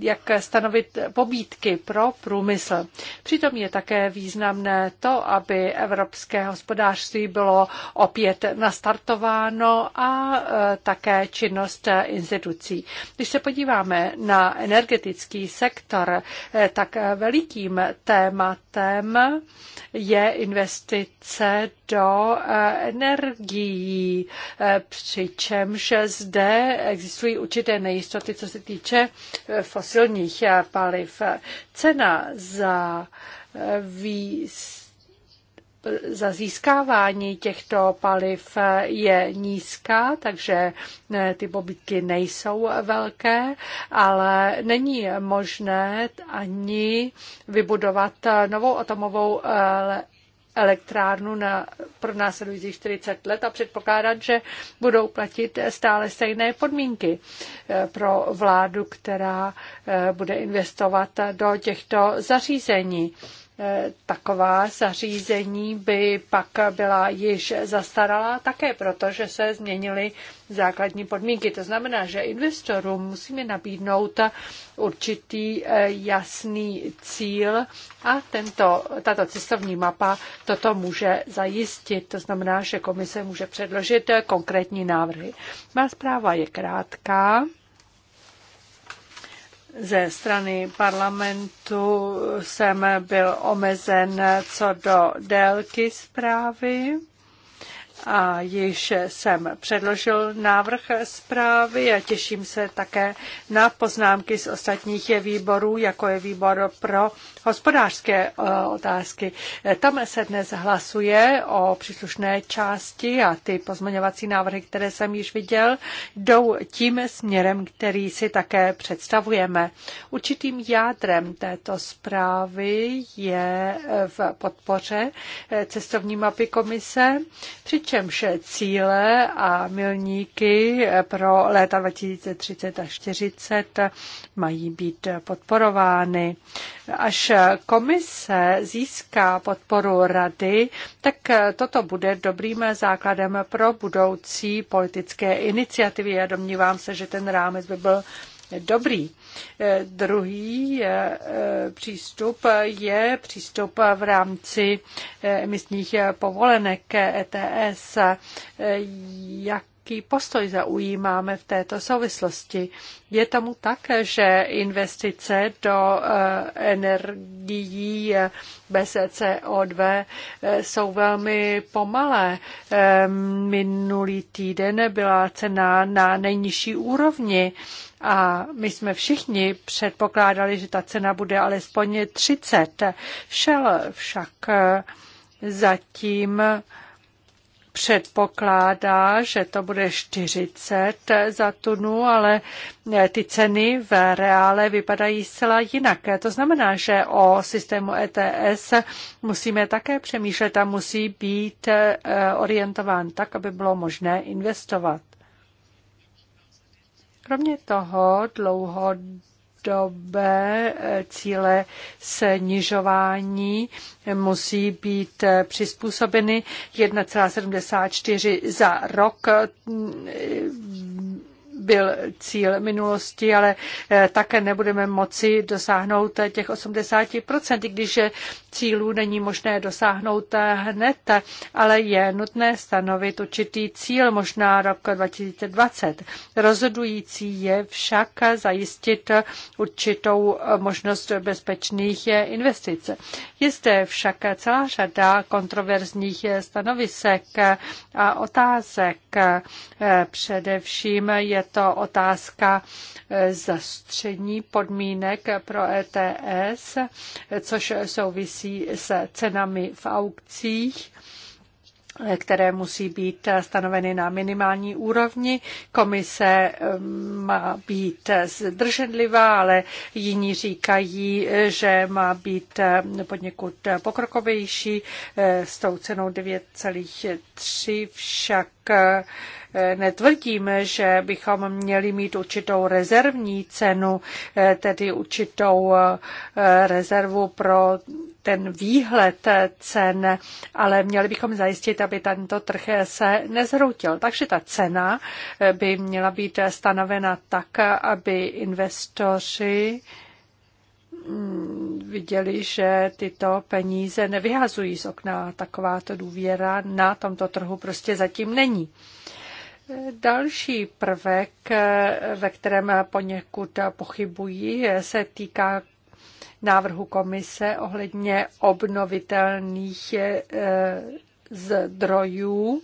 [SPEAKER 3] jak stanovit pobídky pro průmysl. Přitom je také významné to, aby evropské hospodářství bylo opět nastartováno a e, také činnost institucí. Když se podíváme na energetický sektor, e, tak velikým tématem je investice do energií, eh, přičemž zde existují určité nejistoty, co se týče eh, fosilních eh, paliv. Cena za výs za získávání těchto paliv je nízká, takže ty pobytky nejsou velké, ale není možné ani vybudovat novou atomovou elektrárnu na, pro následujících 40 let a předpokládat, že budou platit stále stejné podmínky eh, pro vládu, která eh, bude investovat do těchto zařízení. Eh, taková zařízení by pak byla již zastaralá také proto, že se změnily základní podmínky. To znamená, že investorům musíme nabídnout určitý eh, jasný cíl a tento, tato cestovní mapa toto může zajistit. To znamená, že komise může předložit eh, konkrétní návrhy. Má zpráva je krátká ze strany parlamentu jsem byl omezen co do délky zprávy a již jsem předložil návrh zprávy a těším se také na poznámky z ostatních výborů, jako je výbor pro hospodářské eh, otázky. Tam se dnes hlasuje o příslušné části a ty pozměňovací návrhy, které jsem již viděl, jdou tím směrem, který si také představujeme. Určitým jádrem této zprávy je v podpoře eh, cestovní mapy komise, přičemž přičemž cíle a milníky pro léta 2030 a 40 mají být podporovány. Až komise získá podporu rady, tak toto bude dobrým základem pro budoucí politické iniciativy. Já domnívám se, že ten rámec by byl dobrý. Eh, druhý eh, eh, přístup je přístup v rámci emisních povolenek ETS. E Jak jaký postoj zaujímáme v této souvislosti. Je tomu tak, že investice do energií bez CO2 jsou velmi pomalé. Minulý týden byla cena na nejnižší úrovni. A my jsme všichni předpokládali, že ta cena bude alespoň 30. Shell však eh, zatím předpokládá, že to bude 40 za tunu, ale eh, ty ceny v reále vypadají zcela jinak. To znamená, že o systému ETS musíme také přemýšlet a musí být eh, orientován tak, aby bylo možné investovat. Kromě toho dlouhodobé eh, cíle snižování musí být eh, přizpůsobeny 1,74 za rok mm, eh, byl cíl minulosti, ale eh, také nebudeme moci dosáhnout eh, těch 80%, i když eh, cílů není možné dosáhnout hned, ale je nutné stanovit určitý cíl, možná rok 2020. Rozhodující je však zajistit určitou možnost bezpečných investic. Je zde však celá řada kontroverzních stanovisek a otázek. Především je to to otázka e, zastření podmínek pro ETS, což souvisí s cenami v aukcích které musí být stanoveny na minimální úrovni. Komise um, má být zdrženlivá, ale jiní říkají, že má být um, poněkud pokrokovější eh, s tou cenou 9,3 však eh, netvrdím, že bychom měli mít určitou rezervní cenu, eh, tedy určitou rezervu pro ten výhled cen, ale měli bychom zajistit, aby tento trh se nezhroutil. Takže ta cena by měla být stanovena tak, aby investoři mm, viděli, že tyto peníze nevyhazují z okna. Takováto důvěra na tomto trhu prostě zatím není. Další prvek, ve kterém poněkud pochybují, se týká návrhu komise ohledně obnovitelných eh, zdrojů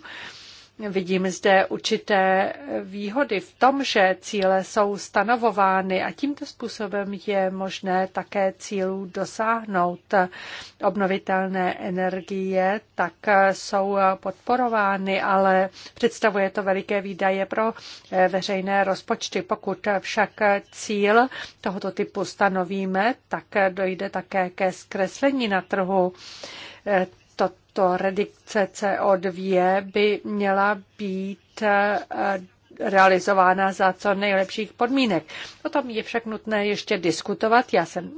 [SPEAKER 3] Vidím zde určité výhody v tom, že cíle jsou stanovovány a tímto způsobem je možné také cílů dosáhnout. Obnovitelné energie tak jsou podporovány, ale představuje to veliké výdaje pro veřejné rozpočty. Pokud však cíl tohoto typu stanovíme, tak dojde také ke zkreslení na trhu tato redikce CO2 by měla být eh, realizována za co nejlepších podmínek. O tom je však nutné ještě diskutovat. Já jsem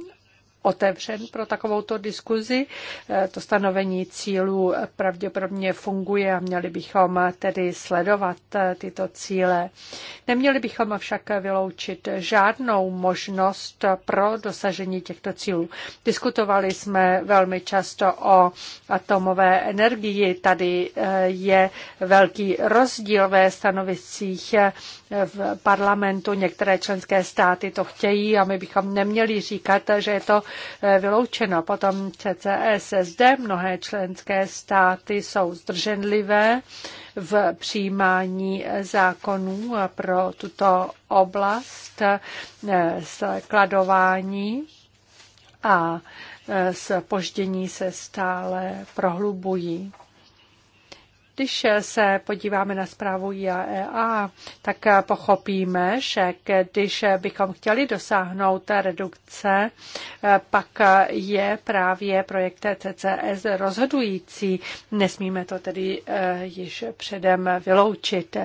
[SPEAKER 3] otevřen pro takovouto diskuzi. Eh, to stanovení cílů pravděpodobně funguje a měli bychom tedy sledovat eh, tyto cíle. Neměli bychom však vyloučit žádnou možnost pro dosažení těchto cílů. Diskutovali jsme velmi často o atomové energii. Tady eh, je velký rozdíl ve stanoviscích v parlamentu. Některé členské státy to chtějí a my bychom neměli říkat, že je to Eh, vyloučeno. Potom CCS. Zde mnohé členské státy jsou zdrženlivé v přijímání zákonů pro tuto oblast eh, skladování a eh, spoždění se stále prohlubují. Když se podíváme na zprávu IAEA, e tak pochopíme, že když bychom chtěli dosáhnout redukce, pak je právě projekt CCS rozhodující. Nesmíme to tedy eh, již předem vyloučit.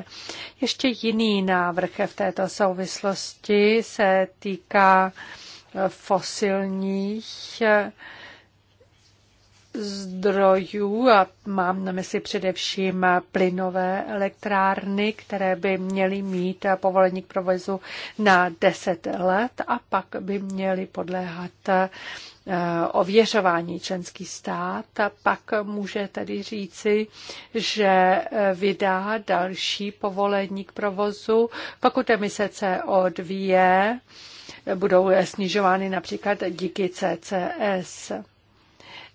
[SPEAKER 3] Ještě jiný návrh v této souvislosti se týká fosilních eh, zdrojů a mám na mysli především plynové elektrárny, které by měly mít povolení k provozu na 10 let a pak by měly podléhat eh, ověřování členský stát a pak může tedy říci, že eh, vydá další povolení k provozu, pokud emise CO2 budou eh, snižovány například díky CCS.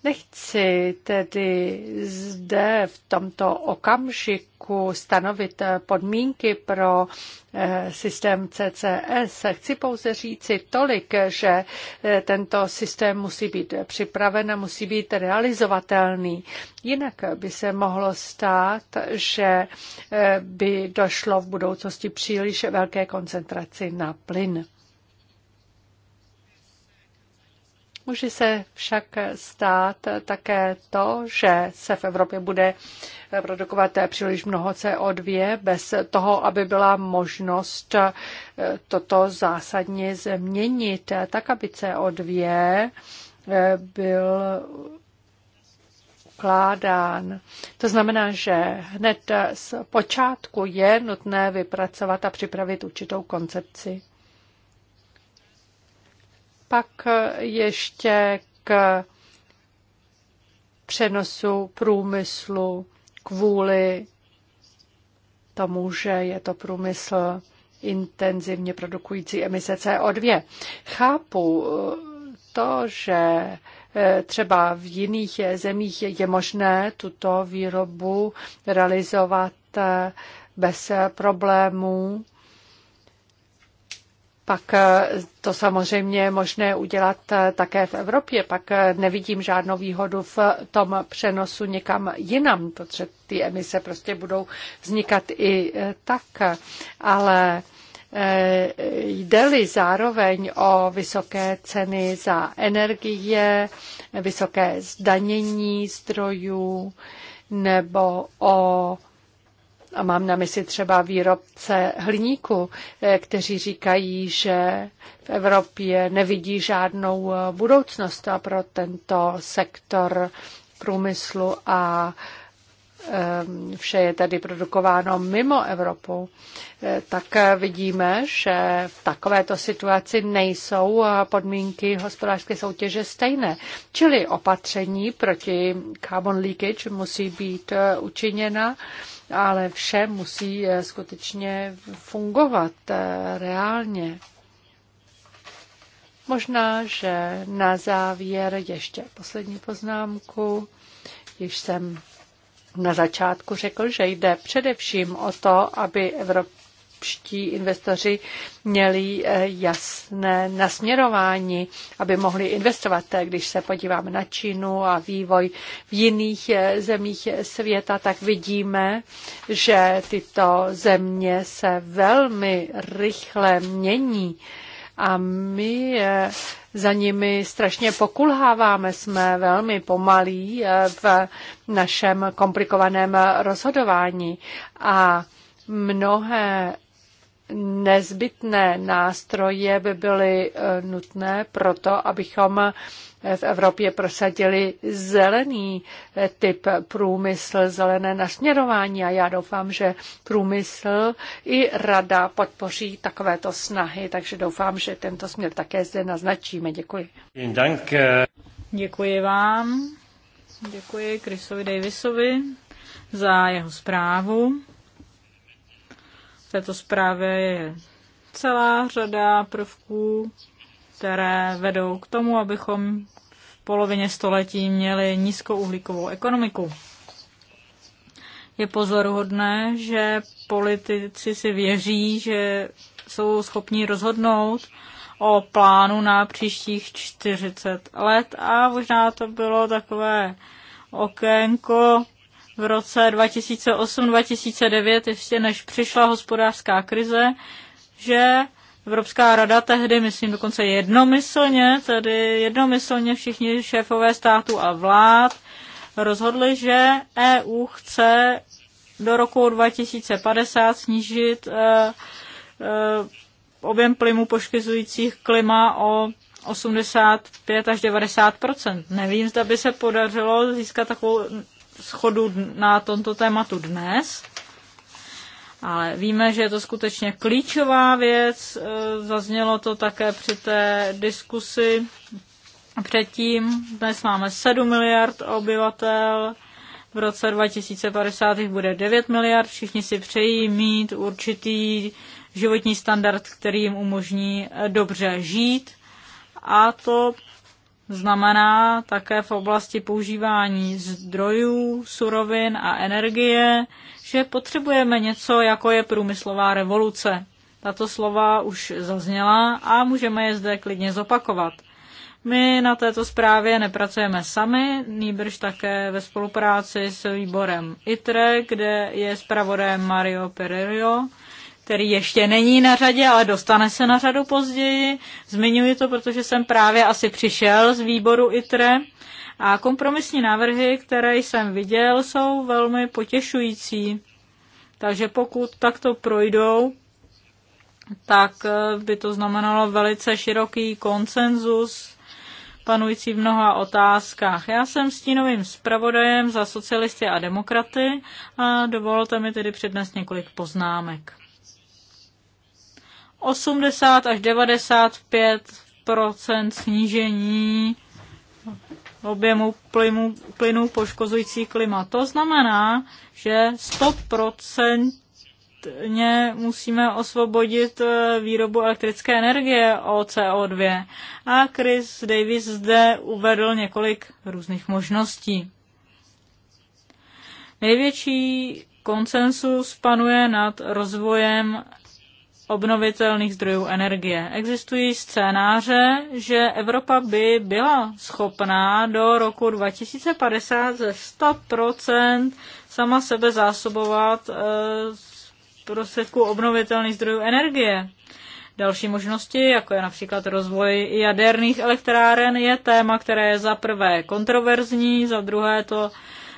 [SPEAKER 3] Nechci tedy zde v tomto okamžiku stanovit eh, podmínky pro eh, systém CCS. Chci pouze říci tolik, že eh, tento systém musí být připraven a musí být realizovatelný. Jinak by se mohlo stát, že by došlo v budoucnosti příliš velké koncentraci na plyn. Může se však stát také to, že se v Evropě bude produkovat příliš mnoho CO2 bez toho, aby byla možnost toto zásadně změnit, tak aby CO2 byl ukládán. To znamená, že hned z počátku je nutné vypracovat a připravit určitou koncepci. Pak ještě k přenosu průmyslu kvůli tomu, že je to průmysl intenzivně produkující emise CO2. Chápu eh, to, že eh, třeba v jiných zemích je možné tuto výrobu realizovat eh, bez problémů pak eh, to samozřejmě je možné udělat eh, také v Evropě. Pak eh, nevidím žádnou výhodu v tom přenosu někam jinam, protože ty emise prostě budou vznikat i tak. Ale Jde-li zároveň o vysoké ceny za energie, vysoké zdanění zdrojů nebo o a mám na mysli třeba výrobce hliníku, eh, kteří říkají, že v Evropě nevidí žádnou eh, budoucnost a pro tento sektor průmyslu a eh, vše je tady produkováno mimo Evropu, tak vidíme, že v takovéto situaci nejsou podmínky hospodářské soutěže stejné. Čili opatření proti carbon leakage musí být učiněna ale vše musí eh, skutečně fungovat eh, reálně. Možná, že na závěr ještě poslední poznámku, když jsem na začátku řekl, že jde především o to, aby Evropa evropští investoři měli eh, jasné nasměrování, aby mohli investovat. Eh, Když se podíváme na Čínu a vývoj v jiných eh, zemích světa, tak vidíme, že tyto země se velmi rychle mění a my za nimi strašně pokulháváme, jsme velmi pomalí v našem komplikovaném rozhodování a mnohé nezbytné nástroje by byly e, nutné proto, abychom v Evropě prosadili zelený e, typ průmysl, zelené nasměrování a já doufám, že průmysl i rada podpoří takovéto snahy, takže doufám, že tento směr také zde naznačíme. Děkuji. Eh.
[SPEAKER 1] Děkuji vám. Děkuji Chrisovi Davisovi za jeho zprávu této zprávě je celá řada prvků, které vedou k tomu, abychom v polovině století měli nízkouhlíkovou ekonomiku. Je pozoruhodné, že politici si věří, že jsou schopni rozhodnout o plánu na příštích 40 let a možná to bylo takové okénko v roce 2008-2009, ještě než přišla hospodářská krize, že Evropská rada tehdy, myslím dokonce jednomyslně, tedy jednomyslně všichni šéfové států a vlád rozhodli, že EU chce do roku 2050 snížit eh, eh, objem plynů poškizujících klima o 85 až 90 Nevím, zda by se podařilo získat takovou schodu na tomto tématu dnes, ale víme, že je to skutečně klíčová věc. E, zaznělo to také při té diskusi předtím. Dnes máme 7 miliard obyvatel, v roce 2050 jich bude 9 miliard. Všichni si přejí mít určitý životní standard, který jim umožní e, dobře žít. A to znamená také v oblasti používání zdrojů, surovin a energie, že potřebujeme něco, jako je průmyslová revoluce. Tato slova už zazněla a můžeme je zde klidně zopakovat. My na této zprávě nepracujeme sami, nýbrž také ve spolupráci s výborem ITRE, kde je zpravodajem Mario Pererio, který ještě není na řadě, ale dostane se na řadu později. Zmiňuji to, protože jsem právě asi přišel z výboru ITRE. A kompromisní návrhy, které jsem viděl, jsou velmi potěšující. Takže pokud takto projdou, tak eh, by to znamenalo velice široký konsenzus panující v mnoha otázkách. Já jsem stínovým zpravodajem za socialisty a demokraty a dovolte mi tedy přednést několik poznámek. 80 až 95 snížení objemu plynu plynu poškozující klima. To znamená, že 100% musíme osvobodit eh, výrobu elektrické energie o CO2. A Chris Davis zde uvedl několik různých možností. Největší konsensus panuje nad rozvojem obnovitelných zdrojů energie. Existují scénáře, že Evropa by byla schopná do roku 2050 ze 100% sama sebe zásobovat eh, z prostředků obnovitelných zdrojů energie. Další možnosti, jako je například rozvoj jaderných elektráren, je téma, které je za prvé kontroverzní, za druhé to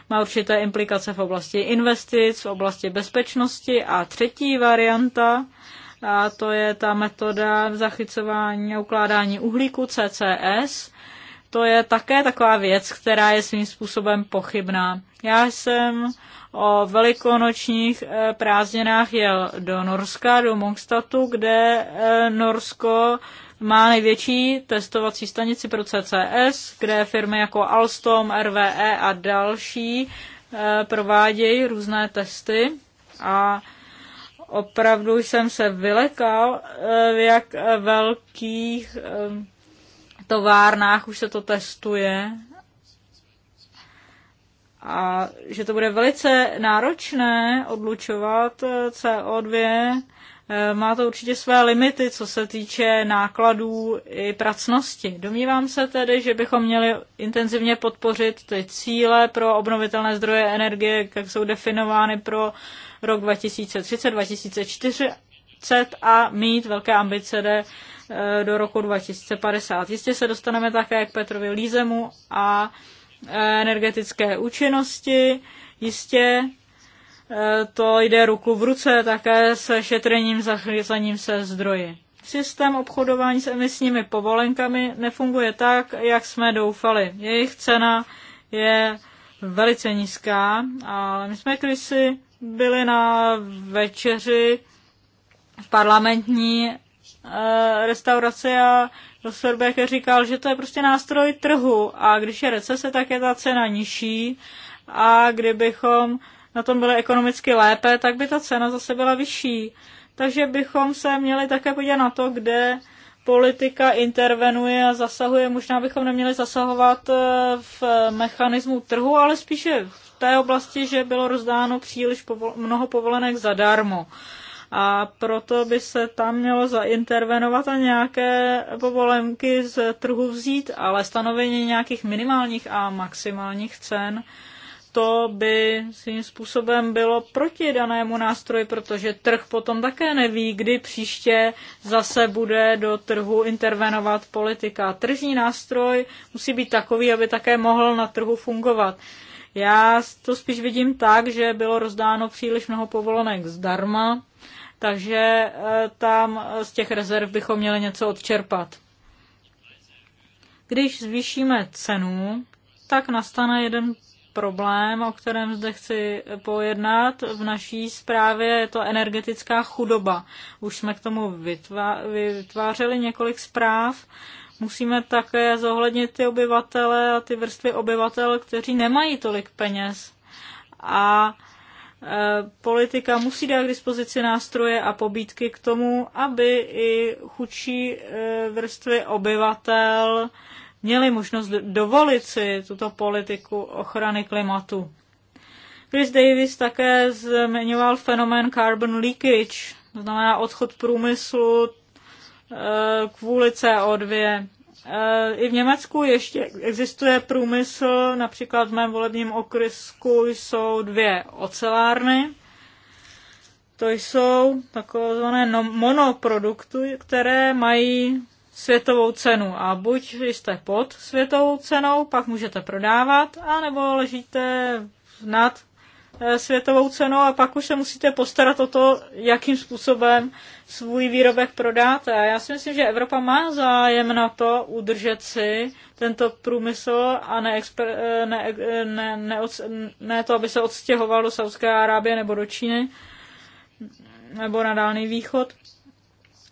[SPEAKER 1] má určité implikace v oblasti investic, v oblasti bezpečnosti a třetí varianta, a to je ta metoda zachycování a ukládání uhlíku CCS. To je také taková věc, která je svým způsobem pochybná. Já jsem o velikonočních eh, prázdninách jel do Norska, do Mongstatu, kde eh, Norsko má největší testovací stanici pro CCS, kde firmy jako Alstom, RVE a další eh, provádějí různé testy a opravdu jsem se vylekal, eh, v jak velkých eh, továrnách už se to testuje a že to bude velice náročné odlučovat eh, CO2. Má to určitě své limity, co se týče nákladů i pracnosti. Domnívám se tedy, že bychom měli intenzivně podpořit ty cíle pro obnovitelné zdroje energie, jak jsou definovány pro rok 2030, 2040 a mít velké ambice jde eh, do roku 2050. Jistě se dostaneme také k Petrovi Lízemu a eh, energetické účinnosti. Jistě eh, to jde ruku v ruce také se šetrením zachycením se zdroji. Systém obchodování s emisními povolenkami nefunguje tak, jak jsme doufali. Jejich cena je velice nízká, ale my jsme kdysi byli na večeři v parlamentní eh, restauraci a Rosberg říkal, že to je prostě nástroj trhu a když je recese, tak je ta cena nižší a kdybychom na tom byli ekonomicky lépe, tak by ta cena zase byla vyšší. Takže bychom se měli také podívat na to, kde politika intervenuje a zasahuje. Možná bychom neměli zasahovat eh, v mechanismu trhu, ale spíše té oblasti, že bylo rozdáno příliš povol- mnoho povolenek zadarmo. A proto by se tam mělo zaintervenovat a nějaké povolenky z trhu vzít, ale stanovení nějakých minimálních a maximálních cen to by svým způsobem bylo proti danému nástroji, protože trh potom také neví, kdy příště zase bude do trhu intervenovat politika. Tržní nástroj musí být takový, aby také mohl na trhu fungovat. Já to spíš vidím tak, že bylo rozdáno příliš mnoho povolenek zdarma, takže eh, tam eh, z těch rezerv bychom měli něco odčerpat. Když zvýšíme cenu, tak nastane jeden problém, o kterém zde chci pojednat. V naší zprávě je to energetická chudoba. Už jsme k tomu vytvářeli několik zpráv Musíme také zohlednit ty obyvatele a ty vrstvy obyvatel, kteří nemají tolik peněz. A e, politika musí dát k dispozici nástroje a pobídky k tomu, aby i chudší e, vrstvy obyvatel měli možnost dovolit si tuto politiku ochrany klimatu. Chris Davis také zmiňoval fenomén carbon leakage, to znamená odchod průmyslu Eh, kvůli CO2. Eh, I v Německu ještě existuje průmysl, například v mém volebním okrysku jsou dvě ocelárny. To jsou takové monoprodukty, které mají světovou cenu. A buď jste pod světovou cenou, pak můžete prodávat, anebo ležíte nad Eh, světovou cenu a pak už se musíte postarat o to, jakým způsobem svůj výrobek prodáte. A já si myslím, že Evropa má zájem na to udržet si tento průmysl a ne, eh, eh, ne, ne, ne, ne to, aby se odstěhoval do Saudské Arábie nebo do Číny nebo na Dálný východ.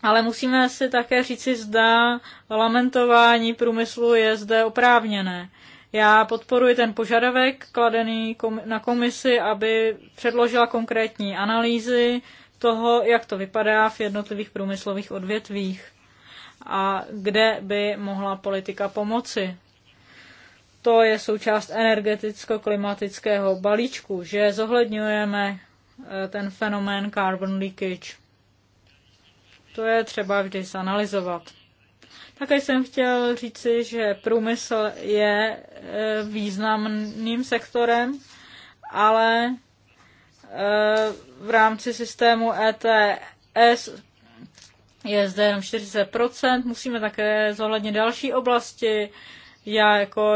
[SPEAKER 1] Ale musíme si také říci, zda lamentování průmyslu je zde oprávněné. Já podporuji ten požadavek kladený na komisi, aby předložila konkrétní analýzy toho, jak to vypadá v jednotlivých průmyslových odvětvích a kde by mohla politika pomoci. To je součást energeticko-klimatického balíčku, že zohledňujeme eh, ten fenomén carbon leakage. To je třeba vždy zanalizovat. Také jsem chtěl říci, že průmysl je eh, významným sektorem, ale eh, v rámci systému ETS je zde jenom 40%. Musíme také zohlednit další oblasti, jako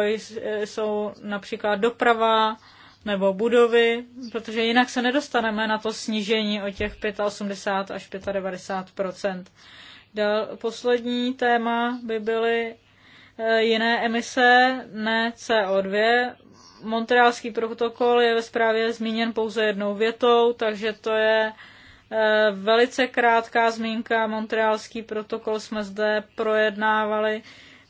[SPEAKER 1] jsou například doprava nebo budovy, protože jinak se nedostaneme na to snížení o těch 85 až 95 Dal, poslední téma by byly eh, jiné emise, ne CO2. Montrealský protokol je ve zprávě zmíněn pouze jednou větou, takže to je eh, velice krátká zmínka. Montrealský protokol jsme zde projednávali,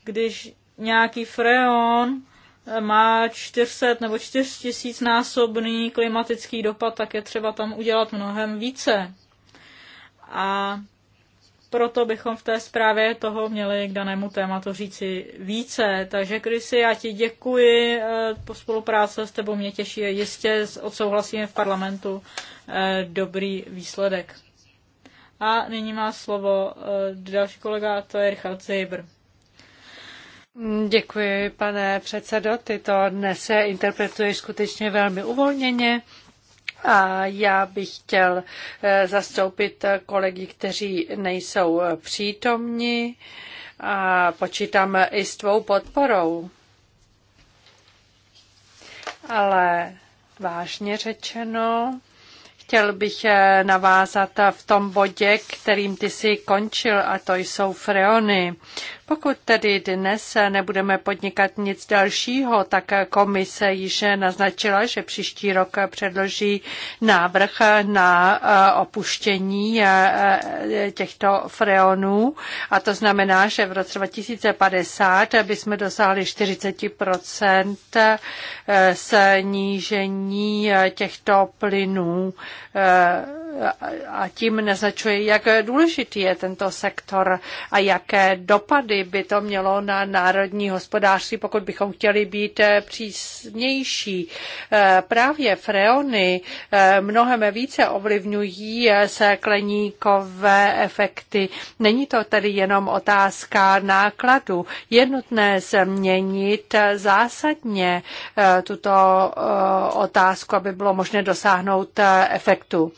[SPEAKER 1] když nějaký freon eh, má 400 nebo 4000 násobný klimatický dopad, tak je třeba tam udělat mnohem více. A proto bychom v té zprávě toho měli k danému tématu říci více. Takže Krysi, já ti děkuji, eh, po spolupráce s tebou mě těší jistě odsouhlasíme v parlamentu eh, dobrý výsledek. A nyní má slovo eh, další kolega, to je Richard Zeber. Děkuji, pane
[SPEAKER 3] předsedo. Ty to dnes interpretuješ skutečně velmi uvolněně. A já bych chtěl eh, zastoupit kolegy, kteří nejsou eh, přítomni a počítám eh, i s tvou podporou. Ale vážně řečeno, chtěl bych navázat v tom bodě, kterým ty jsi končil, a to jsou freony. Pokud tedy dnes nebudeme podnikat nic dalšího, tak komise již naznačila, že příští rok předloží návrh na eh, opuštění eh, těchto freonů a to znamená, že v roce 2050 bychom dosáhli 40 eh, snížení těchto plynů a tím naznačuje, jak důležitý je tento sektor a jaké dopady by to mělo na národní hospodářství, pokud bychom chtěli být přísnější. Eh, právě freony eh, mnohem více ovlivňují eh, skleníkové efekty. Není to tedy jenom otázka nákladu. Je nutné změnit zásadně tuto otázku, aby bylo možné dosáhnout efektu.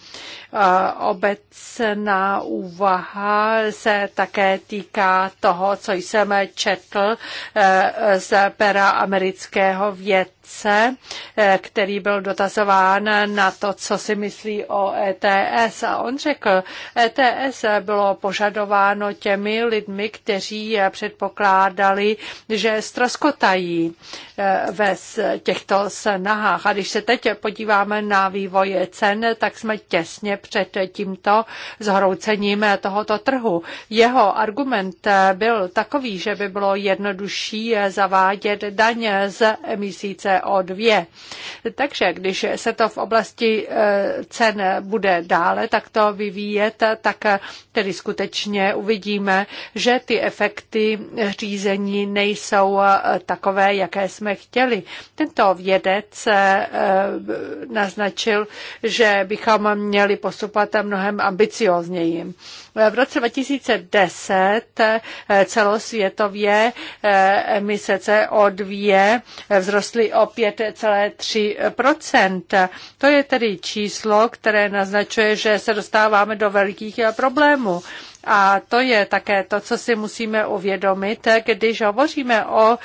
[SPEAKER 3] Eh, obecná úvaha se také týká toho, co jsem četl eh, z pera amerického věd Tejce, eh, který byl dotazován na to, co si myslí o ETS. A on řekl, ETS bylo požadováno těmi lidmi, kteří předpokládali, že stroskotají eh, ve těchto snahách. A když se teď podíváme na vývoj cen, tak jsme těsně před tímto zhroucením tohoto trhu. Jeho argument byl takový, že by bylo jednodušší zavádět daně z emisí CO2 CO2. Takže když se to v oblasti eh, cen bude dále takto vyvíjet, tak eh, tedy skutečně uvidíme, že ty efekty řízení nejsou eh, takové, jaké jsme chtěli. Tento vědec naznačil, že bychom měli postupovat mnohem ambiciozněji. V roce 2010 eh, celosvětově eh, emise CO2 vzrostly o 5,3 To je tedy číslo, které naznačuje, že se dostáváme do velikých eh, problémů. A to je také to, co si musíme uvědomit, když hovoříme o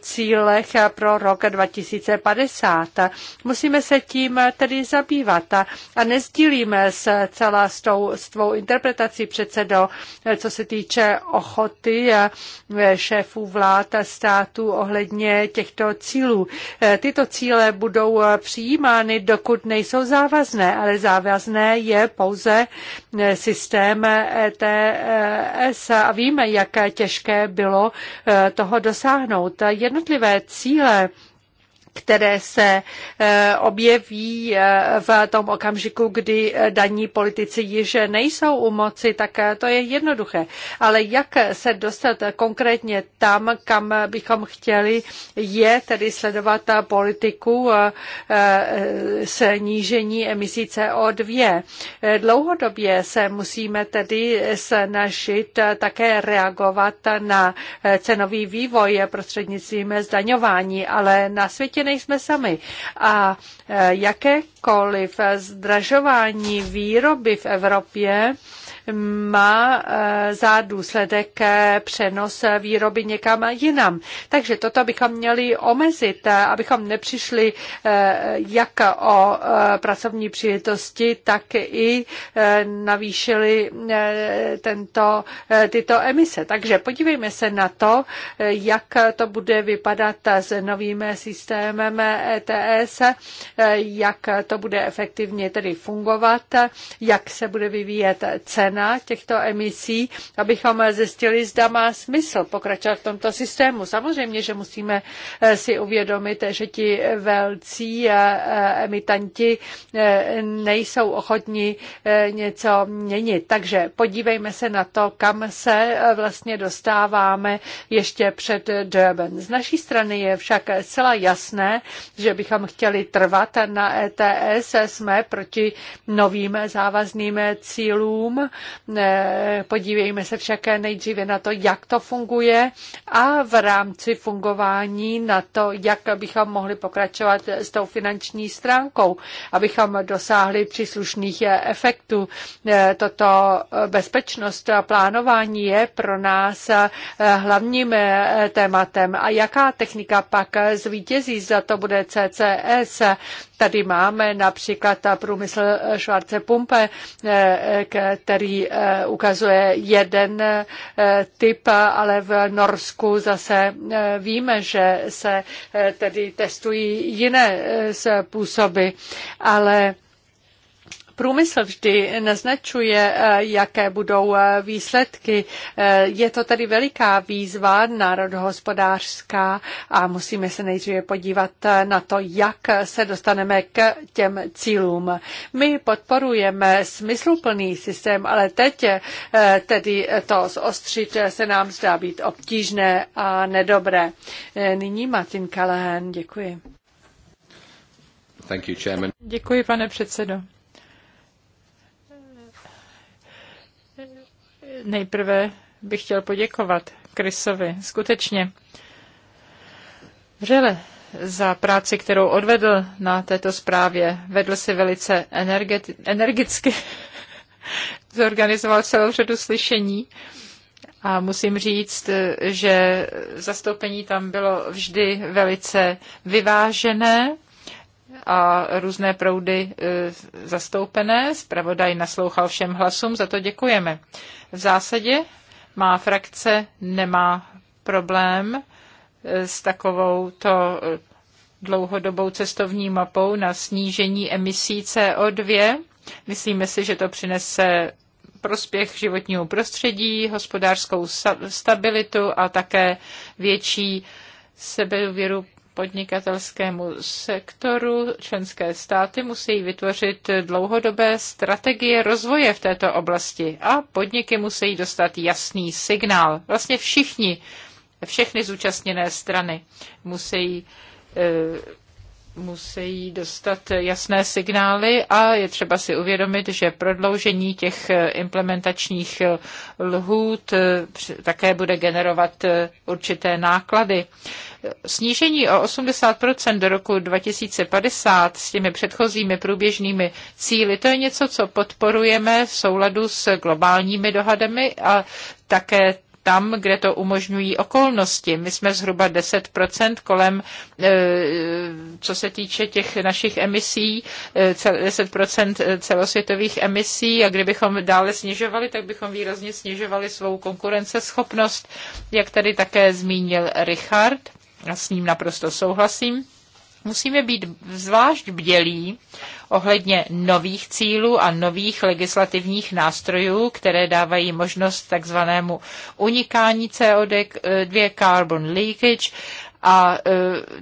[SPEAKER 3] cílech pro rok 2050. Musíme se tím tedy zabývat a nezdílíme se celá s tou s tvou interpretací předsedo, co se týče ochoty eh, šéfů vlád a států ohledně těchto cílů. Eh, tyto cíle budou eh, přijímány, dokud nejsou závazné, ale závazné je pouze systém ETS ETS a víme, jak těžké bylo eh, toho dosáhnout. Jednotlivé cíle které se eh, objeví eh, v tom okamžiku, kdy eh, daní politici již nejsou u moci, tak to je jednoduché. Ale jak se dostat konkrétně tam, kam bychom chtěli, je tedy sledovat politiku snížení emisí CO2. Dlouhodobě se musíme tedy snažit také reagovat na cenový vývoj prostřednictvím zdaňování, ale na světě nejsme sami. A eh, jakékoliv zdražování výroby v Evropě má eh, za důsledek eh, přenos eh, výroby někam jinam. Takže toto bychom měli omezit, abychom nepřišli jak o pracovní příležitosti, tak i navýšili tento, tyto emise. Takže podívejme se na to, jak to bude vypadat s novým systémem ETS, jak to bude efektivně tedy fungovat, jak se bude vyvíjet cena cena těchto emisí, abychom zjistili, zda má smysl pokračovat v tomto systému. Samozřejmě, že musíme eh, si uvědomit, že ti velcí eh, eh, emitanti nejsou ochotní něco měnit. Takže podívejme se na to, kam se vlastně dostáváme ještě před Durban. Z naší strany je však zcela jasné, že bychom chtěli trvat na ETS, jsme proti novým závazným cílům Podívejme se však nejdříve na to, jak to funguje a v rámci fungování na to, jak bychom mohli pokračovat s tou finanční stránkou, abychom dosáhli příslušných efektů. Toto bezpečnost a plánování je pro nás hlavním tématem. A jaká technika pak zvítězí, za to bude CCS. Tady máme například průmysl Schwarze Pumpe, který Eh, ukazuje jeden eh, typ, ale v Norsku zase eh, víme, že se tedy testují jiné způsoby, ale Průmysl vždy naznačuje, eh, jaké budou eh, výsledky. Eh, je to tedy veliká výzva národohospodářská a musíme se nejdříve podívat na to, jak se dostaneme k těm cílům. My podporujeme smysluplný systém, ale teď tedy to zostřit se nám zdá být obtížné a nedobré. Nyní Martin Callahan, děkuji. You, Děkuji, pane předsedo.
[SPEAKER 2] Nejprve bych chtěl poděkovat Krysovi skutečně vřele za práci, kterou odvedl na této zprávě. Vedl si velice energicky, [LAUGHS] zorganizoval celou řadu slyšení a musím říct, že zastoupení tam bylo vždy velice vyvážené a různé proudy eh, zastoupené. Spravodaj naslouchal všem hlasům, za to děkujeme. V zásadě má frakce nemá problém eh, s takovou to eh, dlouhodobou cestovní mapou na snížení emisí CO2. Myslíme si, že to přinese prospěch životního prostředí, hospodářskou stabilitu a také větší sebevěru podnikatelskému sektoru členské státy musí vytvořit dlouhodobé strategie rozvoje v této oblasti a podniky musí dostat jasný signál. Vlastně všichni, všechny zúčastněné strany musí eh, musí dostat jasné signály a je třeba si uvědomit, že prodloužení těch eh, implementačních eh, lhůt také bude generovat určité náklady snížení o 80% do roku 2050 s těmi předchozími průběžnými cíly, to je něco, co podporujeme v souladu s globálními dohadami a také tam, kde to umožňují okolnosti. My jsme zhruba 10% kolem, eh, co se týče těch našich emisí, 10% eh, eh, celosvětových emisí a kdybychom dále snižovali, tak bychom výrazně snižovali svou konkurenceschopnost, jak tady také zmínil Richard já s ním naprosto souhlasím. Musíme být zvlášť bdělí ohledně nových cílů a nových legislativních nástrojů, které dávají možnost takzvanému unikání CO2 eh, carbon leakage a e,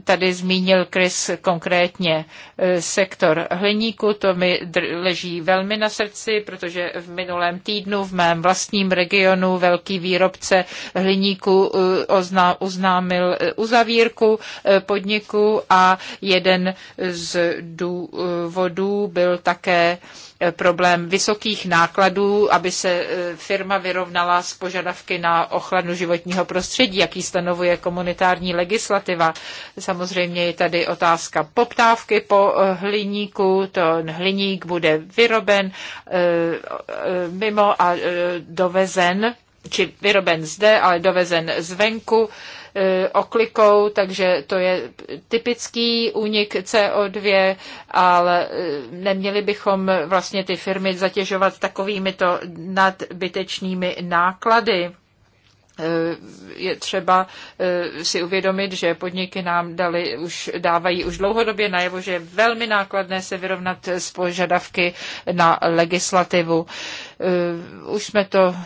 [SPEAKER 2] tady zmínil Chris konkrétně e, sektor hliníku, to mi leží velmi na srdci, protože v minulém týdnu v mém vlastním regionu velký výrobce hliníku e, oznámil uzavírku podniku a jeden z důvodů byl také Eh, problém vysokých nákladů, aby se eh, firma vyrovnala s požadavky na ochranu životního prostředí, jaký stanovuje komunitární legislativa. Samozřejmě je tady otázka poptávky po eh, hliníku, to hliník bude vyroben mimo a dovezen či vyroben zde, ale dovezen zvenku E, oklikou, takže to je typický únik CO2, ale e, neměli bychom vlastně ty firmy zatěžovat takovými to nadbytečnými náklady. Eh, je třeba eh, si uvědomit, že podniky nám dali, už dávají už dlouhodobě najevo, že je velmi nákladné se vyrovnat s požadavky na legislativu. Eh, už jsme to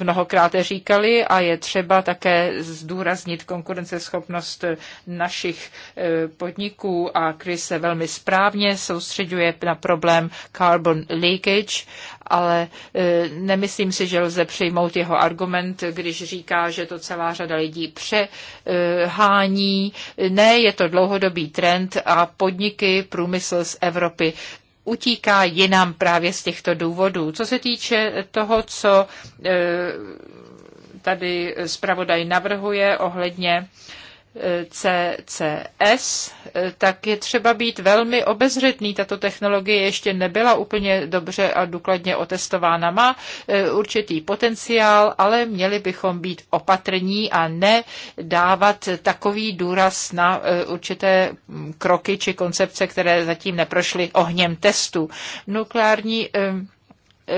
[SPEAKER 2] mnohokrát říkali a je třeba také zdůraznit konkurenceschopnost našich podniků a Chris se velmi správně soustředuje na problém carbon leakage ale e, nemyslím si, že lze přijmout jeho argument, když říká, že to celá řada lidí přehání. Ne, je to dlouhodobý trend a podniky, průmysl z Evropy utíká jinam právě z těchto důvodů. Co se týče toho, co e, tady zpravodaj navrhuje ohledně CCS, tak je třeba být velmi obezřetný. Tato technologie ještě nebyla úplně dobře a důkladně otestována. Má e, určitý potenciál, ale měli bychom být opatrní a ne dávat takový důraz na e, určité kroky či koncepce, které zatím neprošly ohněm testu. Nukleární e, Eh,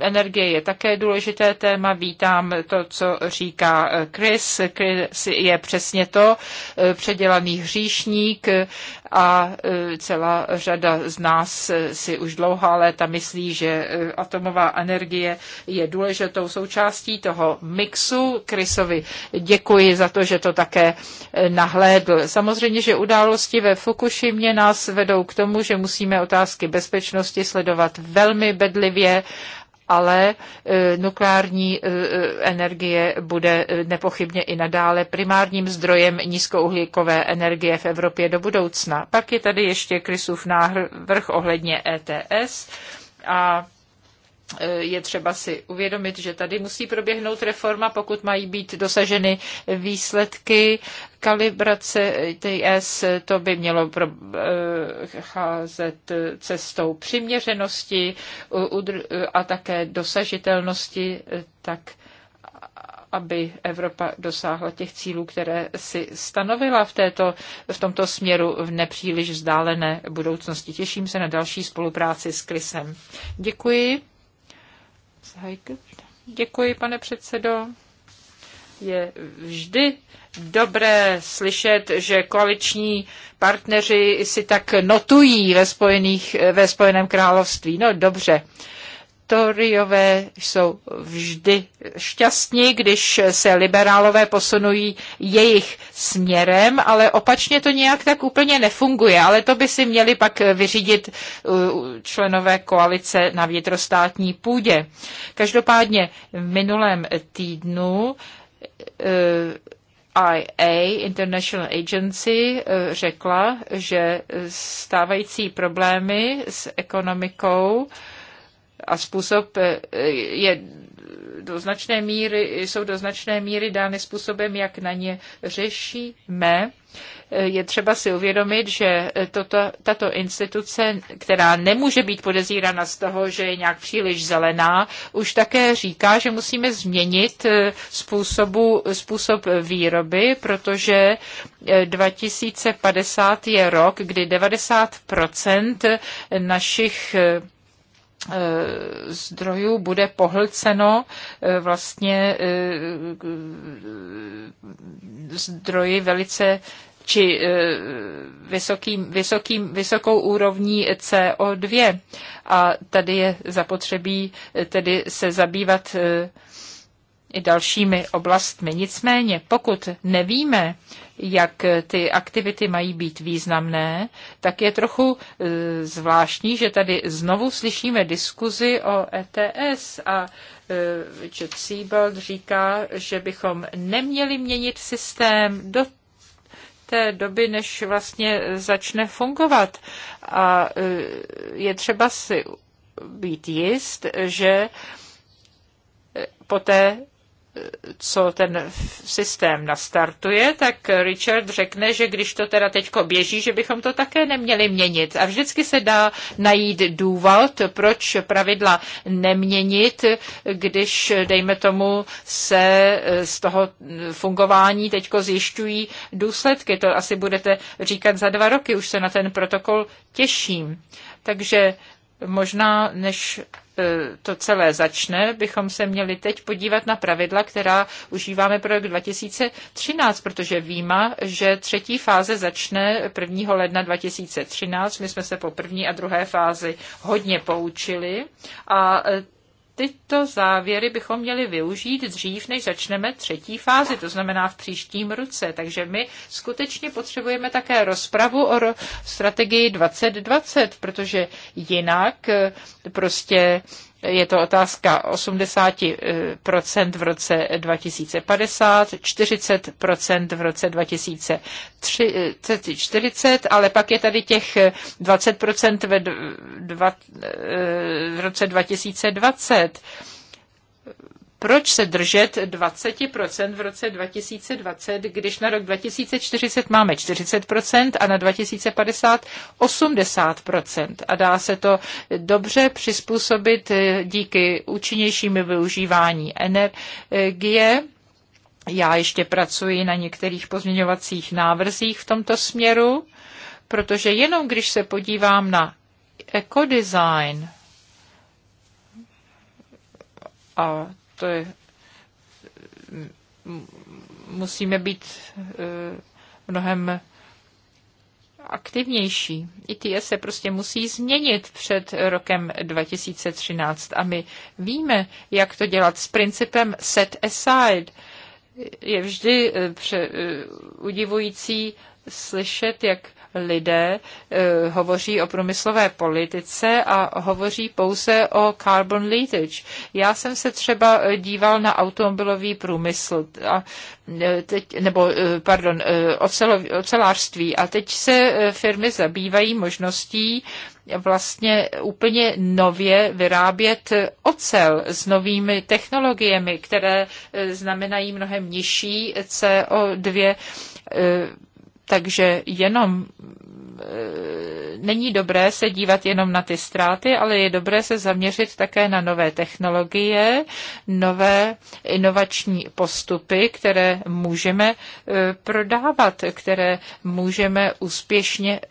[SPEAKER 2] energie je také důležité téma. Vítám to, co říká eh, Chris. Chris je přesně to, eh, předělaný hříšník a e, celá řada z nás e, si už dlouhá léta myslí, že e, atomová energie je důležitou součástí toho mixu. Krysovi děkuji za to, že to také nahlédl. Samozřejmě, že události ve Fukushimě nás vedou k tomu, že musíme otázky bezpečnosti sledovat velmi bedlivě ale e, nukleární e, energie bude e, nepochybně i nadále primárním zdrojem nízkouhlíkové energie v Evropě do budoucna. Pak je tady ještě Krysův návrh ohledně ETS a je třeba si uvědomit, že tady musí proběhnout reforma, pokud mají být dosaženy výsledky kalibrace TS, to by mělo procházet eh, cestou přiměřenosti a také dosažitelnosti, tak aby Evropa dosáhla těch cílů, které si stanovila v, této, v tomto směru v nepříliš vzdálené budoucnosti. Těším se na další spolupráci s Krisem. Děkuji. Děkuji, pane předsedo. Je vždy dobré slyšet, že koaliční partneři si tak notují ve, spojených, ve Spojeném království. No dobře konzervatoriové jsou vždy šťastní, když se liberálové posunují jejich směrem, ale opačně to nějak tak úplně nefunguje. Ale to by si měli pak vyřídit uh, členové koalice na vnitrostátní půdě. Každopádně v minulém týdnu uh, IA, International Agency, uh, řekla, že stávající problémy s ekonomikou a způsob eh, je do značné míry, jsou do značné míry dány způsobem, jak na ně řešíme. Eh, je třeba si uvědomit, že toto, tato instituce, která nemůže být podezírána z toho, že je nějak příliš zelená, už také říká, že musíme změnit eh, způsobu, způsob výroby, protože 2050 je rok, kdy 90 našich Eh, zdrojů bude pohlceno eh, vlastně eh, zdroji velice či vysokým, vysokým, vysokou úrovní CO2. A tady je zapotřebí tedy se zabývat i dalšími oblastmi. Nicméně, pokud nevíme, jak ty aktivity mají být významné, tak je trochu e, zvláštní, že tady znovu slyšíme diskuzi o ETS a Richard e, Siebold říká, že bychom neměli měnit systém do té doby, než vlastně začne fungovat. A e, je třeba si být jist, že poté co ten systém nastartuje, tak Richard řekne, že když to teda teďko běží, že bychom to také neměli měnit. A vždycky se dá najít důvod, proč pravidla neměnit, když, dejme tomu, se e, z toho fungování teďko zjišťují důsledky. To asi budete říkat za dva roky, už se na ten protokol těším. Takže možná, než E, to celé začne, bychom se měli teď podívat na pravidla, která užíváme pro rok 2013, protože víma, že třetí fáze začne 1. ledna 2013. My jsme se po první a druhé fázi hodně poučili a e, tyto závěry bychom měli využít dřív, než začneme třetí fázi, to znamená v příštím roce. Takže my skutečně potřebujeme také rozpravu o strategii 2020, protože jinak eh, prostě je to otázka 80% eh, v roce 2050, 40% v roce 2040, eh, ale pak je tady těch 20% eh, ve dva, v roce 2020 proč se držet 20% v roce 2020, když na rok 2040 máme 40% a na 2050 80%. A dá se to dobře přizpůsobit eh, díky účinnějšímu využívání energie. Já ještě pracuji na některých pozměňovacích návrzích v tomto směru, protože jenom když se podívám na ekodesign, a to je, musíme být eh, mnohem aktivnější. ITS se prostě musí změnit před rokem 2013 a my víme, jak to dělat s principem set aside. Je vždy eh, pře- eh, udivující slyšet, jak lidé eh, hovoří o průmyslové politice a hovoří pouze o carbon leakage. Já jsem se třeba eh, díval na automobilový průmysl a eh, teď, nebo pardon, ocelo, ocelářství a teď se firmy zabývají možností vlastně úplně nově vyrábět ocel s novými technologiemi, které znamenají mnohem nižší CO2 takže jenom eh, není dobré se dívat jenom na ty ztráty, ale je dobré se zaměřit také na nové technologie, nové inovační postupy, které můžeme eh, prodávat, které můžeme úspěšně eh,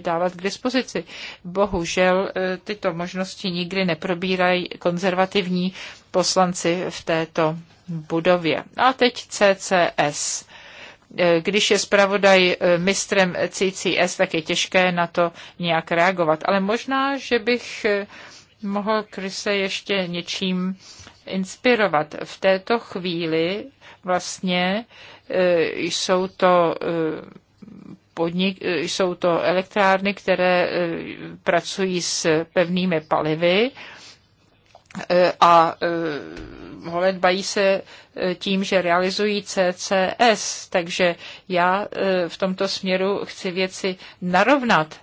[SPEAKER 2] dávat k dispozici. Bohužel tyto možnosti nikdy neprobírají konzervativní poslanci v této budově. A teď CCS. Eh, když je zpravodaj eh, mistrem CCS, tak je těžké na to nějak reagovat. Ale možná, že bych eh, mohl Krise ještě něčím inspirovat. V této chvíli vlastně jsou to podnik, jsou to elektrárny, které pracují s pevnými palivy E, a e, holedbají se e, tím, že realizují CCS, takže já v tomto směru chci věci narovnat,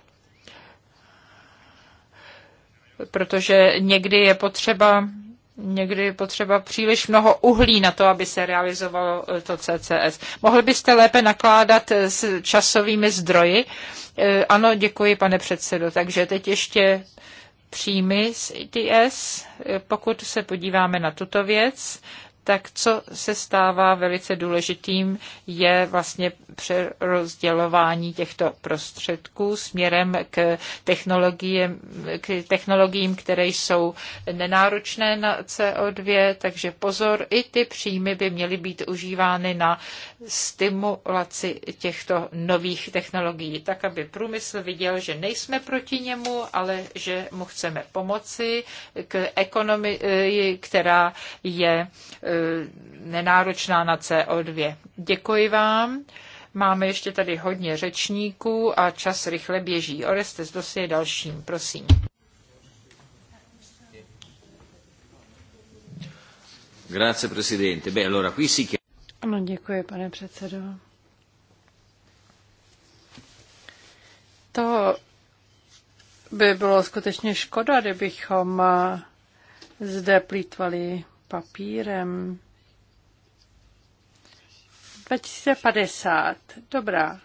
[SPEAKER 2] protože někdy je potřeba někdy je potřeba příliš mnoho uhlí na to, aby se realizovalo to CCS. Mohl byste lépe nakládat s časovými zdroji? Ano, děkuji, pane předsedo. Takže teď ještě příjmy z ITS, pokud se podíváme na tuto věc, tak co se stává velice důležitým, je vlastně přerozdělování těchto prostředků směrem k technologiím, k technologiím, které jsou nenáročné na CO2, takže pozor, i ty příjmy by měly být užívány na stimulaci těchto nových technologií, tak aby průmysl viděl, že nejsme proti němu, ale že mu chceme pomoci k ekonomii, která je Eh, nenáročná na CO2. Děkuji vám. Máme ještě tady hodně řečníků a čas rychle běží. Orestes Dosy je dalším, prosím.
[SPEAKER 1] Grazie, presidente. Beh, allora, qui si...
[SPEAKER 3] Ano, děkuji, pane předsedo. To by bylo skutečně škoda, kdybychom eh, zde plítvali papírem. 2050, dobrá.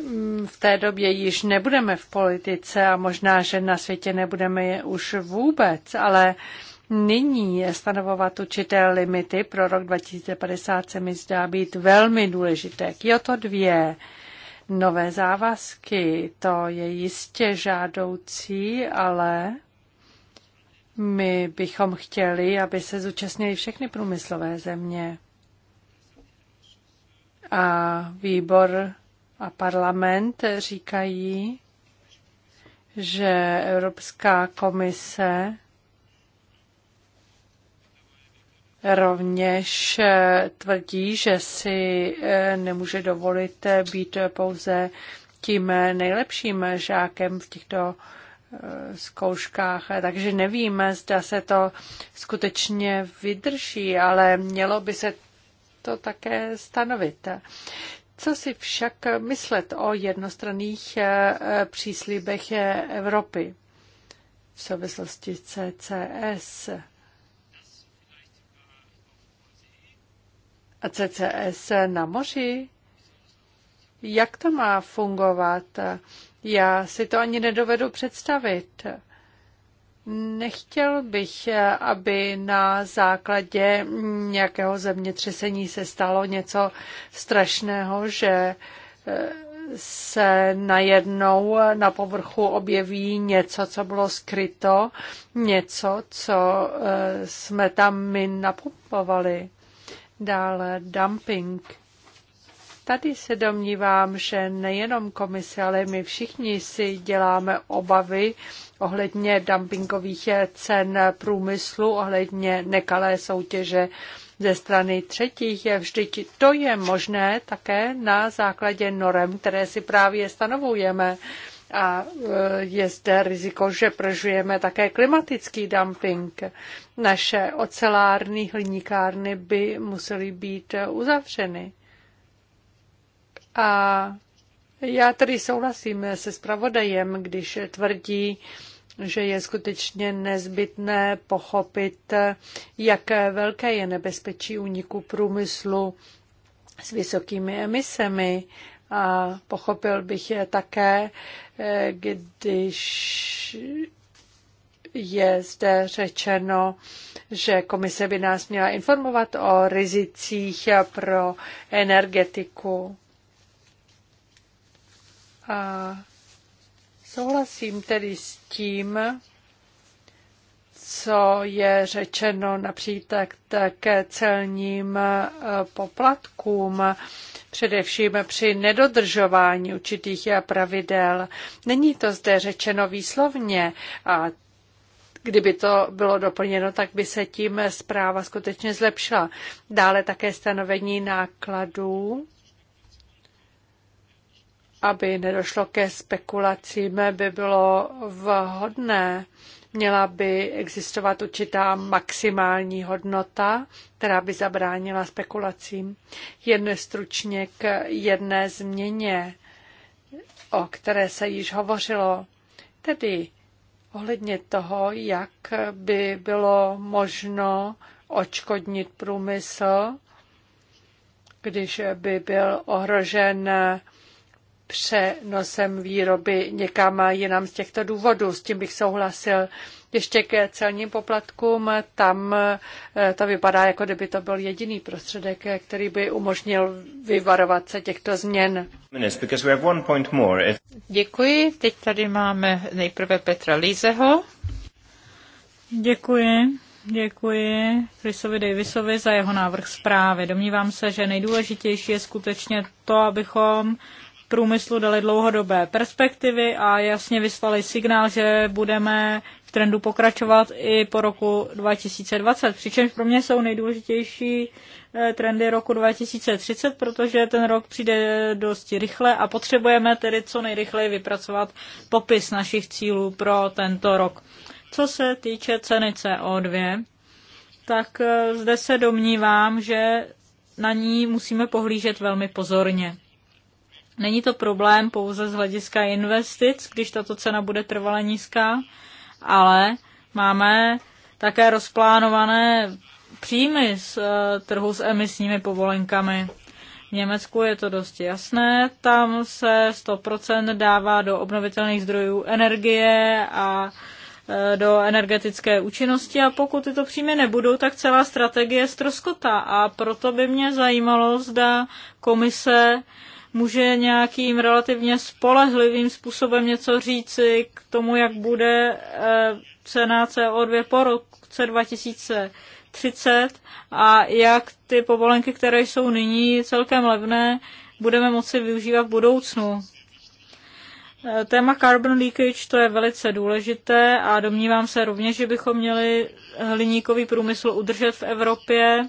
[SPEAKER 3] Mm, v té době již nebudeme v politice a možná, že na světě nebudeme je už vůbec, ale nyní stanovovat určité limity pro rok 2050 se mi zdá být velmi důležité. Kyoto 2, nové závazky, to je jistě žádoucí, ale my bychom chtěli, aby se zúčastnili všechny průmyslové země. A výbor a parlament říkají, že Evropská komise rovněž eh, tvrdí, že si eh, nemůže dovolit eh, být pouze tím nejlepším žákem v těchto zkouškách, takže nevím, zda se to skutečně vydrží, ale mělo by se to také stanovit. Co si však myslet o jednostranných eh, příslíbech Evropy v souvislosti CCS? A CCS na moři? Jak to má fungovat? Já si to ani nedovedu představit. Nechtěl bych, aby na základě nějakého zemětřesení se stalo něco strašného, že eh, se najednou na povrchu objeví něco, co bylo skryto, něco, co eh, jsme tam my napumpovali. Dále dumping. Tady se domnívám, že nejenom komise, ale my všichni si děláme obavy ohledně dumpingových cen průmyslu, ohledně nekalé soutěže ze strany třetích je vždyť to je možné také na základě norem, které si právě stanovujeme. A e, je zde riziko, že prožujeme také klimatický dumping. Naše ocelárny, hliníkárny by musely být uzavřeny. A já tedy souhlasím se zpravodajem, když tvrdí, že je skutečně nezbytné pochopit, jak velké je nebezpečí úniku průmyslu s vysokými emisemi. A pochopil bych je také, když je zde řečeno, že komise by nás měla informovat o rizicích pro energetiku. A souhlasím tedy s tím, co je řečeno například také celním e, poplatkům, především při nedodržování určitých pravidel. Není to zde řečeno výslovně a Kdyby to bylo doplněno, tak by se tím zpráva skutečně zlepšila. Dále také stanovení nákladů aby nedošlo ke spekulacím, by bylo vhodné. Měla by existovat určitá maximální hodnota, která by zabránila spekulacím. Jen stručně k jedné změně, o které se již hovořilo, tedy ohledně toho, jak by bylo možno očkodnit průmysl, když by byl ohrožen přenosem výroby někam jinam z těchto důvodů. S tím bych souhlasil. Ještě ke celním poplatkům, tam eh, to vypadá, jako kdyby to byl jediný prostředek, eh, který by umožnil vyvarovat
[SPEAKER 2] se těchto změn. Děkuji. Teď tady máme
[SPEAKER 1] nejprve Petra Lízeho. Děkuji. Děkuji Chrisovi Davisovi za jeho návrh zprávy. Domnívám se, že nejdůležitější je skutečně to, abychom průmyslu dali dlouhodobé perspektivy a jasně vyslali signál, že budeme v trendu pokračovat i po roku 2020. Přičemž pro mě jsou nejdůležitější eh, trendy roku 2030, protože ten rok přijde dosti rychle a potřebujeme tedy co nejrychleji vypracovat popis našich cílů pro tento rok. Co se týče ceny CO2, tak eh, zde se domnívám, že na ní musíme pohlížet velmi pozorně. Není to problém pouze z hlediska investic, když tato cena bude trvale nízká, ale máme také rozplánované příjmy z eh, trhu s emisními povolenkami. V Německu je to dost jasné, tam se 100% dává do obnovitelných zdrojů energie a eh, do energetické účinnosti a pokud tyto příjmy nebudou, tak celá strategie je ztroskotá a proto by mě zajímalo, zda komise může nějakým relativně spolehlivým způsobem něco říci k tomu, jak bude eh, cena CO2 po roce 2030 a jak ty povolenky, které jsou nyní celkem levné, budeme moci využívat v budoucnu. Eh, téma carbon leakage to je velice důležité a domnívám se rovněž, že bychom měli hliníkový průmysl udržet v Evropě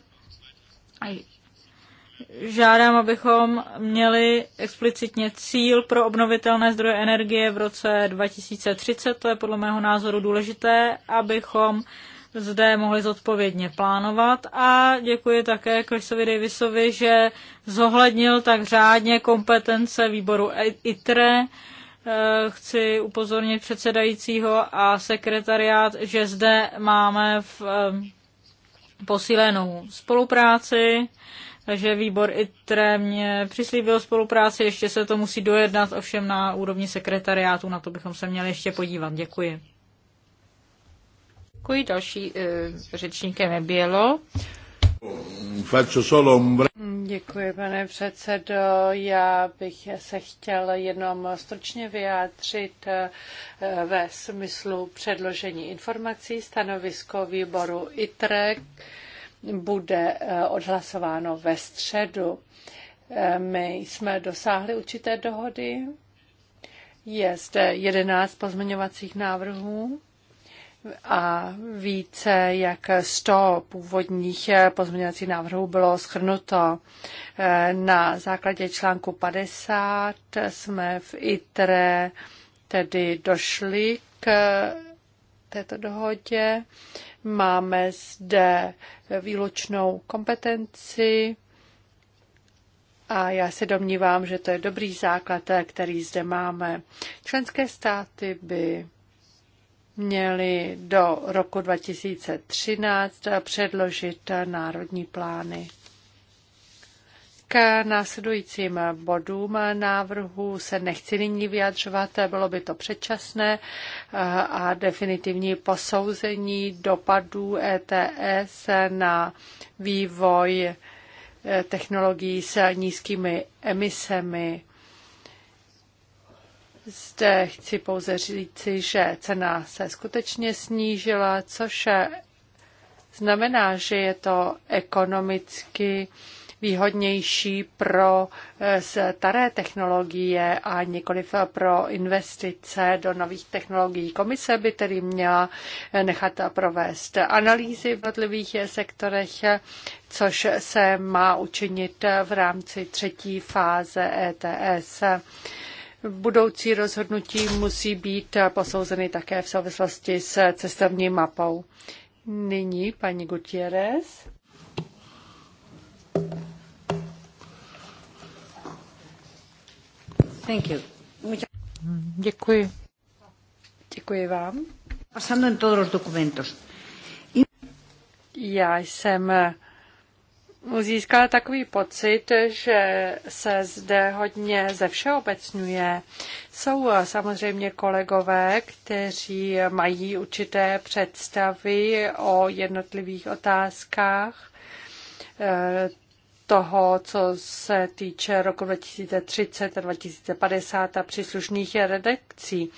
[SPEAKER 1] žádám, abychom měli explicitně cíl pro obnovitelné zdroje energie v roce 2030. To je podle mého názoru důležité, abychom zde mohli zodpovědně plánovat a děkuji také Chrisovi Davisovi, že zohlednil tak řádně kompetence výboru ITRE. Eh, chci upozornit předsedajícího a sekretariát, že zde máme v eh, posílenou spolupráci takže výbor ITRE mě přislíbil spolupráci, ještě se to musí dojednat, ovšem na úrovni sekretariátu, na to bychom se měli ještě podívat. Děkuji.
[SPEAKER 2] Děkuji, další e, řečníkem je Bělo.
[SPEAKER 3] Děkuji, pane předsedo. Já bych se chtěl jenom stručně vyjádřit eh, ve smyslu předložení informací stanovisko výboru ITREK bude eh, odhlasováno ve středu. Eh, my jsme dosáhli určité dohody. Je zde 11 pozměňovacích návrhů a více jak 100 původních eh, pozměňovacích návrhů bylo schrnuto. Na základě článku 50 jsme v ITRE tedy došli k této dohodě. Máme zde výločnou kompetenci a já se domnívám, že to je dobrý základ, který zde máme. Členské státy by měly do roku 2013 předložit národní plány následujícím bodům návrhu se nechci nyní vyjadřovat, bylo by to předčasné a definitivní posouzení dopadů ETS na vývoj eh, technologií s nízkými emisemi. Zde chci pouze říci, že cena se skutečně snížila, což znamená, že je to ekonomicky výhodnější pro eh, staré technologie a nikoliv pro investice do nových technologií. Komise by tedy měla eh, nechat provést analýzy v jednotlivých sektorech, což se má učinit v rámci třetí fáze ETS. Budoucí rozhodnutí musí být posouzeny také v souvislosti s cestovní mapou. Nyní paní Gutierrez. Thank you. Děkuji. Děkuji vám.
[SPEAKER 1] Pasando en todos los documentos.
[SPEAKER 3] Já jsem získala takový pocit, že se zde hodně ze všeobecňuje. Jsou samozřejmě kolegové, kteří mají určité představy o jednotlivých otázkách toho, co se týče roku 2030 a 2050 a příslušných redakcí.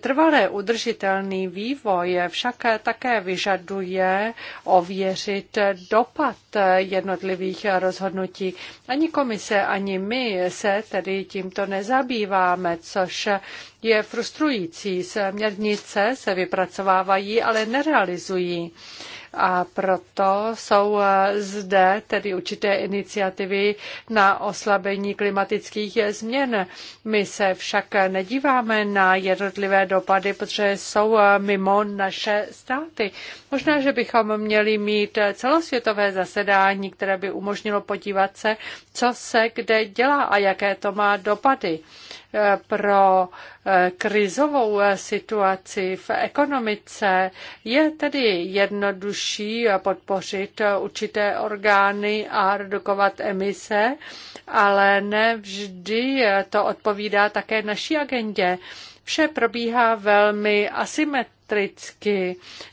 [SPEAKER 3] Trvalé udržitelný vývoj však také vyžaduje ověřit dopad jednotlivých rozhodnutí. Ani komise, ani my se tedy tímto nezabýváme, což je frustrující. Směrnice se vypracovávají, ale nerealizují a proto jsou eh, zde tedy určité iniciativy na oslabení klimatických změn. My se však nedíváme na jednotlivé dopady, protože jsou eh, mimo naše státy. Možná, že bychom měli mít celosvětové zasedání, které by umožnilo podívat se, co se kde dělá a jaké to má dopady pro eh, krizovou eh, situaci v ekonomice je tedy jednodušší podpořit určité orgány a redukovat emise, ale ne vždy to odpovídá také naší agendě. Vše probíhá velmi asymetricky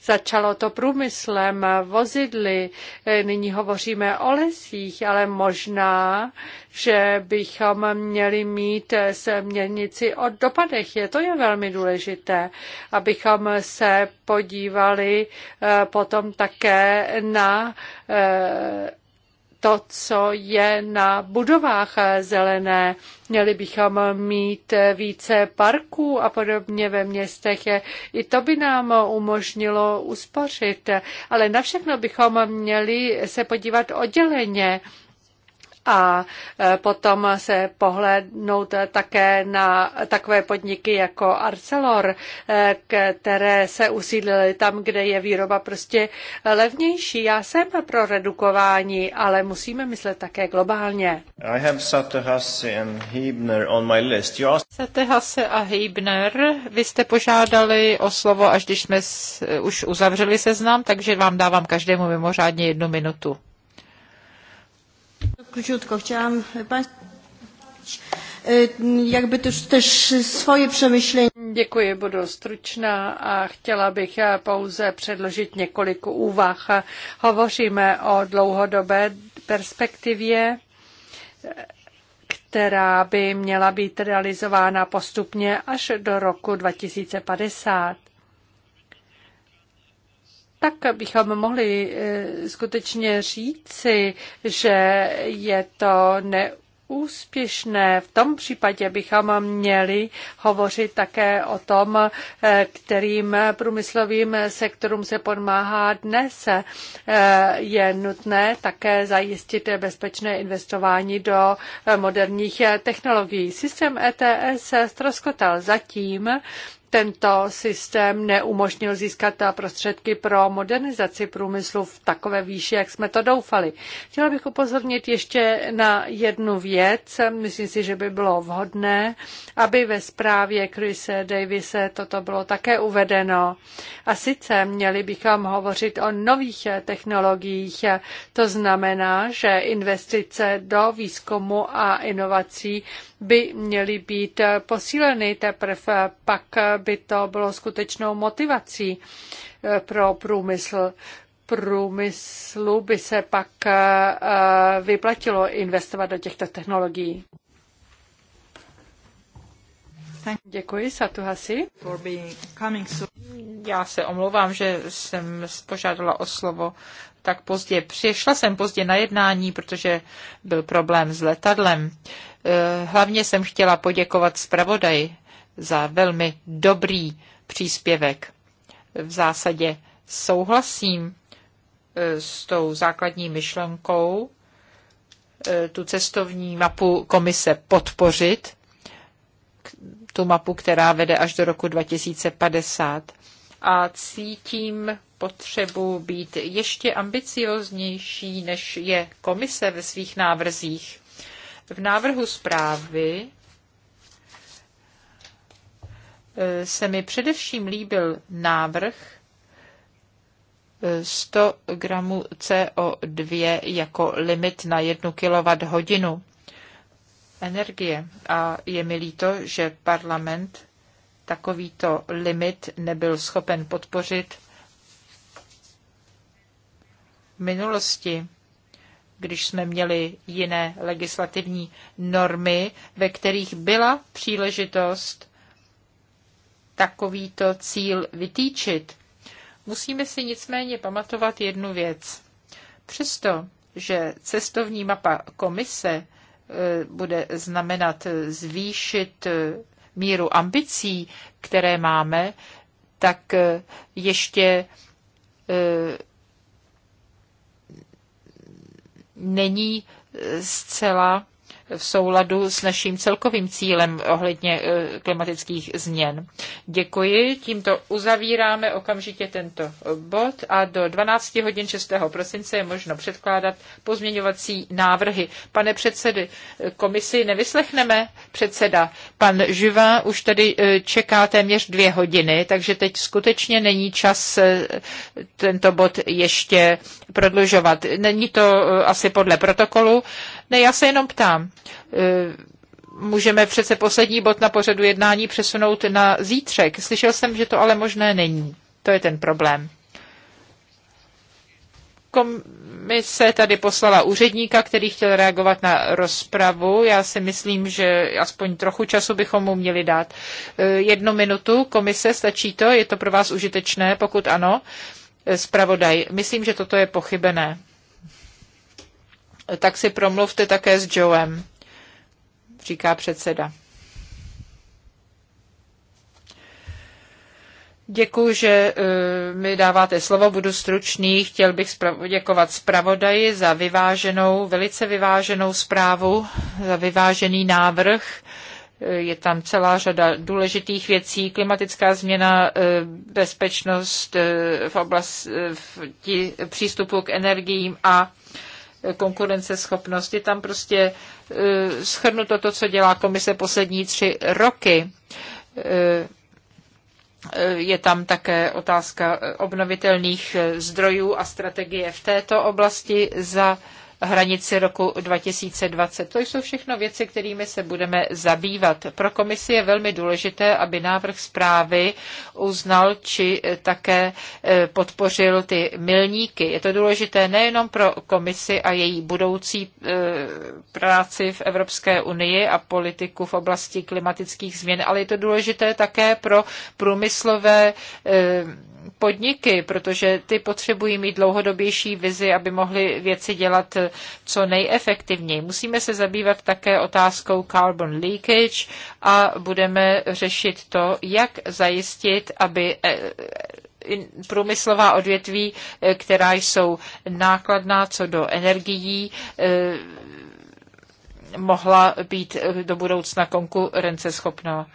[SPEAKER 3] Začalo to průmyslem, vozidly, eh, nyní hovoříme o lesích, ale možná, že bychom měli mít eh, směrnici o dopadech. Je to je velmi důležité, abychom se podívali eh, potom také na to, co je na budovách zelené. Měli bychom mít více parků a podobně ve městech. I to by nám umožnilo uspořit. Ale na všechno bychom měli se podívat odděleně a e, potom se pohlednout také na takové podniky jako Arcelor, e, které se usídlily tam, kde je výroba prostě levnější. Já jsem pro redukování, ale musíme myslet také globálně.
[SPEAKER 2] I have Satehase
[SPEAKER 1] and Hibner on my list. You
[SPEAKER 2] Satehase a Heibner, vy jste požádali o slovo, až když jsme s, už uzavřeli seznam, takže vám dávám každému mimořádně jednu minutu
[SPEAKER 1] króciutko. Chciałam e, jakby to też swoje přemýšlení. Děkuji, budu
[SPEAKER 3] stručná a chtěla bych pouze předložit několik úvah. Hovoříme o dlouhodobé perspektivě která by měla být realizována postupně až do roku 2050 tak bychom mohli eh, skutečně říci, že je to ne úspěšné. V tom případě bychom měli hovořit také o tom, eh, kterým průmyslovým sektorům se podmáhá dnes. Eh, je nutné také zajistit bezpečné investování do moderních technologií. Systém ETS ztroskotal zatím, tento systém neumožnil získat prostředky pro modernizaci průmyslu v takové výši, jak jsme to doufali. Chtěla bych upozornit ještě na jednu věc. Myslím si, že by bylo vhodné, aby ve zprávě Chrise Davise toto bylo také uvedeno. A sice měli bychom hovořit o nových technologiích. To znamená, že investice do výzkumu a inovací by měly být posíleny teprve pak by to bylo skutečnou motivací eh, pro průmysl průmyslu by se pak eh, eh, vyplatilo investovat do těchto technologií.
[SPEAKER 2] Děkuji, Satuhasi. Já se omlouvám, že jsem požádala o slovo tak pozdě. Přišla jsem pozdě na jednání, protože byl problém s letadlem. Hlavně jsem chtěla poděkovat zpravodaji za velmi dobrý příspěvek. V zásadě souhlasím e, s tou základní myšlenkou e, tu cestovní mapu komise podpořit, tu mapu, která vede až do roku 2050. A cítím potřebu být ještě ambicioznější, než je komise ve svých návrzích. V návrhu zprávy Eh, se mi především líbil návrh 100 eh, gramů CO2 jako limit na 1 kWh energie. A je mi líto, že parlament takovýto limit nebyl schopen podpořit v minulosti, když jsme měli jiné legislativní normy, ve kterých byla příležitost takovýto cíl vytýčit. Musíme si nicméně pamatovat jednu věc. Přesto, že cestovní mapa komise e, bude znamenat zvýšit e, míru ambicí, které máme, tak e, ještě není zcela v souladu s naším celkovým cílem ohledně eh, klimatických změn. Děkuji. Tímto uzavíráme okamžitě tento eh, bod a do 12 hodin 6. prosince je možno předkládat pozměňovací návrhy. Pane předsedy, eh, komisi nevyslechneme předseda. Pan Živin už tady čeká téměř dvě hodiny, takže teď skutečně není čas tento bod ještě prodlužovat. Není to eh, asi podle protokolu. Ne, já se jenom ptám. Eh, můžeme přece poslední bod na pořadu jednání přesunout na zítřek. Slyšel jsem, že to ale možné není. To je ten problém komise tady poslala úředníka, který chtěl reagovat na rozpravu. Já si myslím, že aspoň trochu času bychom mu měli dát. Eh, jednu minutu komise, stačí to? Je to pro vás užitečné? Pokud ano, zpravodaj. Myslím, že toto je pochybené. Tak si promluvte také s Joem, říká předseda. Děkuji, že eh, mi dáváte slovo, budu stručný. Chtěl bych děkovat zpravodaji za vyváženou, velice vyváženou zprávu, za vyvážený návrh. Je tam celá řada důležitých věcí, klimatická změna, eh, bezpečnost eh, v oblasti eh, přístupu k energiím a konkurenceschopnost. Je tam prostě schrnuto to, co dělá komise poslední tři roky. Je tam také otázka obnovitelných zdrojů a strategie v této oblasti za hranici roku 2020. To jsou všechno věci, kterými se budeme zabývat. Pro komisi je velmi důležité, aby návrh zprávy uznal či eh, také eh, podpořil ty milníky. Je to důležité nejenom pro komisi a její budoucí eh, práci v Evropské unii a politiku v oblasti klimatických změn, ale je to důležité také pro průmyslové podniky, protože ty potřebují mít dlouhodobější vizi, aby mohly věci dělat co nejefektivněji. Musíme se zabývat také otázkou carbon leakage a budeme řešit to, jak zajistit, aby eh, eh, průmyslová odvětví, eh, která jsou nákladná co do energií, mohla být do budoucna konkurenceschopná.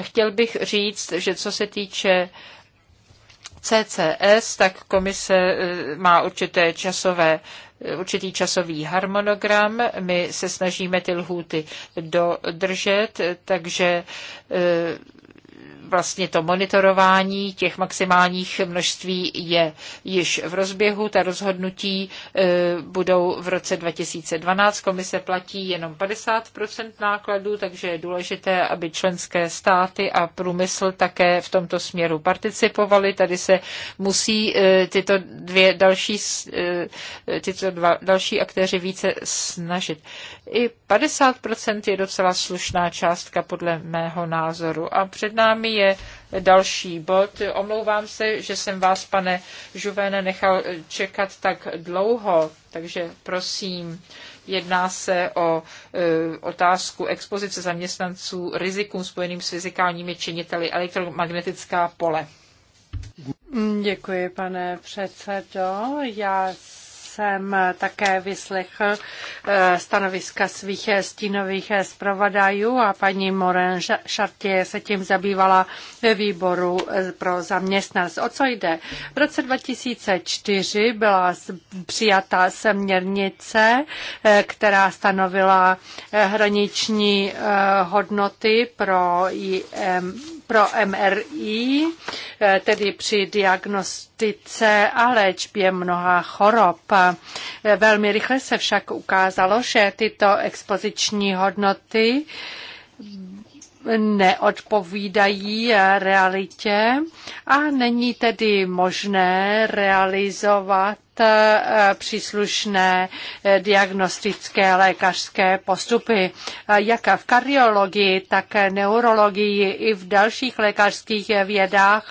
[SPEAKER 2] Chtěl bych říct, že co se týče uh, CCS, tak komise eh, má určité časové eh, určitý časový harmonogram. My se snažíme ty lhůty dodržet, eh, takže vlastně to monitorování těch maximálních množství je již v rozběhu. Ta rozhodnutí e, budou v roce 2012. Komise platí jenom 50 nákladů, takže je důležité, aby členské státy a průmysl také v tomto směru participovali. Tady se musí e, tyto, dvě další, e, tyto dva další aktéři více snažit. I 50% je docela slušná částka podle mého názoru. A před námi je další bod. Omlouvám se, že jsem vás, pane Žuvene, nechal čekat tak dlouho, takže prosím, jedná se o e, otázku expozice zaměstnanců rizikům spojeným s fyzikálními činiteli elektromagnetická pole.
[SPEAKER 3] Děkuji, pane předsedo. Já jsem také vyslechl eh, stanoviska svých stínových zpravodajů a paní Moren Šartě se tím zabývala ve výboru eh, pro zaměstnanost. O co jde? V roce 2004 byla přijata směrnice, eh, která stanovila hraniční hodnoty pro pro MRI, eh, tedy při diagnostice a léčbě mnoha chorob. Eh, velmi rychle se však ukázalo, že tyto expoziční hodnoty neodpovídají eh, realitě a není tedy možné realizovat E, příslušné e, diagnostické lékařské postupy. Jak v kardiologii, tak neurologii i v dalších lékařských vědách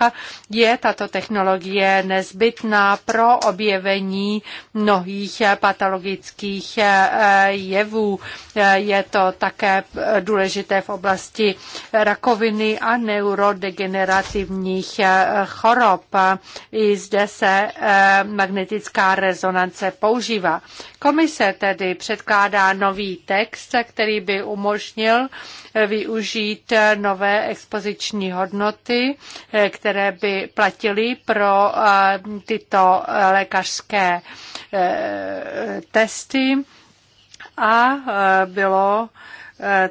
[SPEAKER 3] je tato technologie nezbytná pro objevení mnohých patologických e, jevů. Je to také důležité v oblasti rakoviny a neurodegenerativních chorob. I zde se magnetická magnetická rezonance používá. Komise tedy předkládá nový text, který by umožnil využít nové expoziční hodnoty, které by platily pro eh, tyto lékařské eh, testy a eh, bylo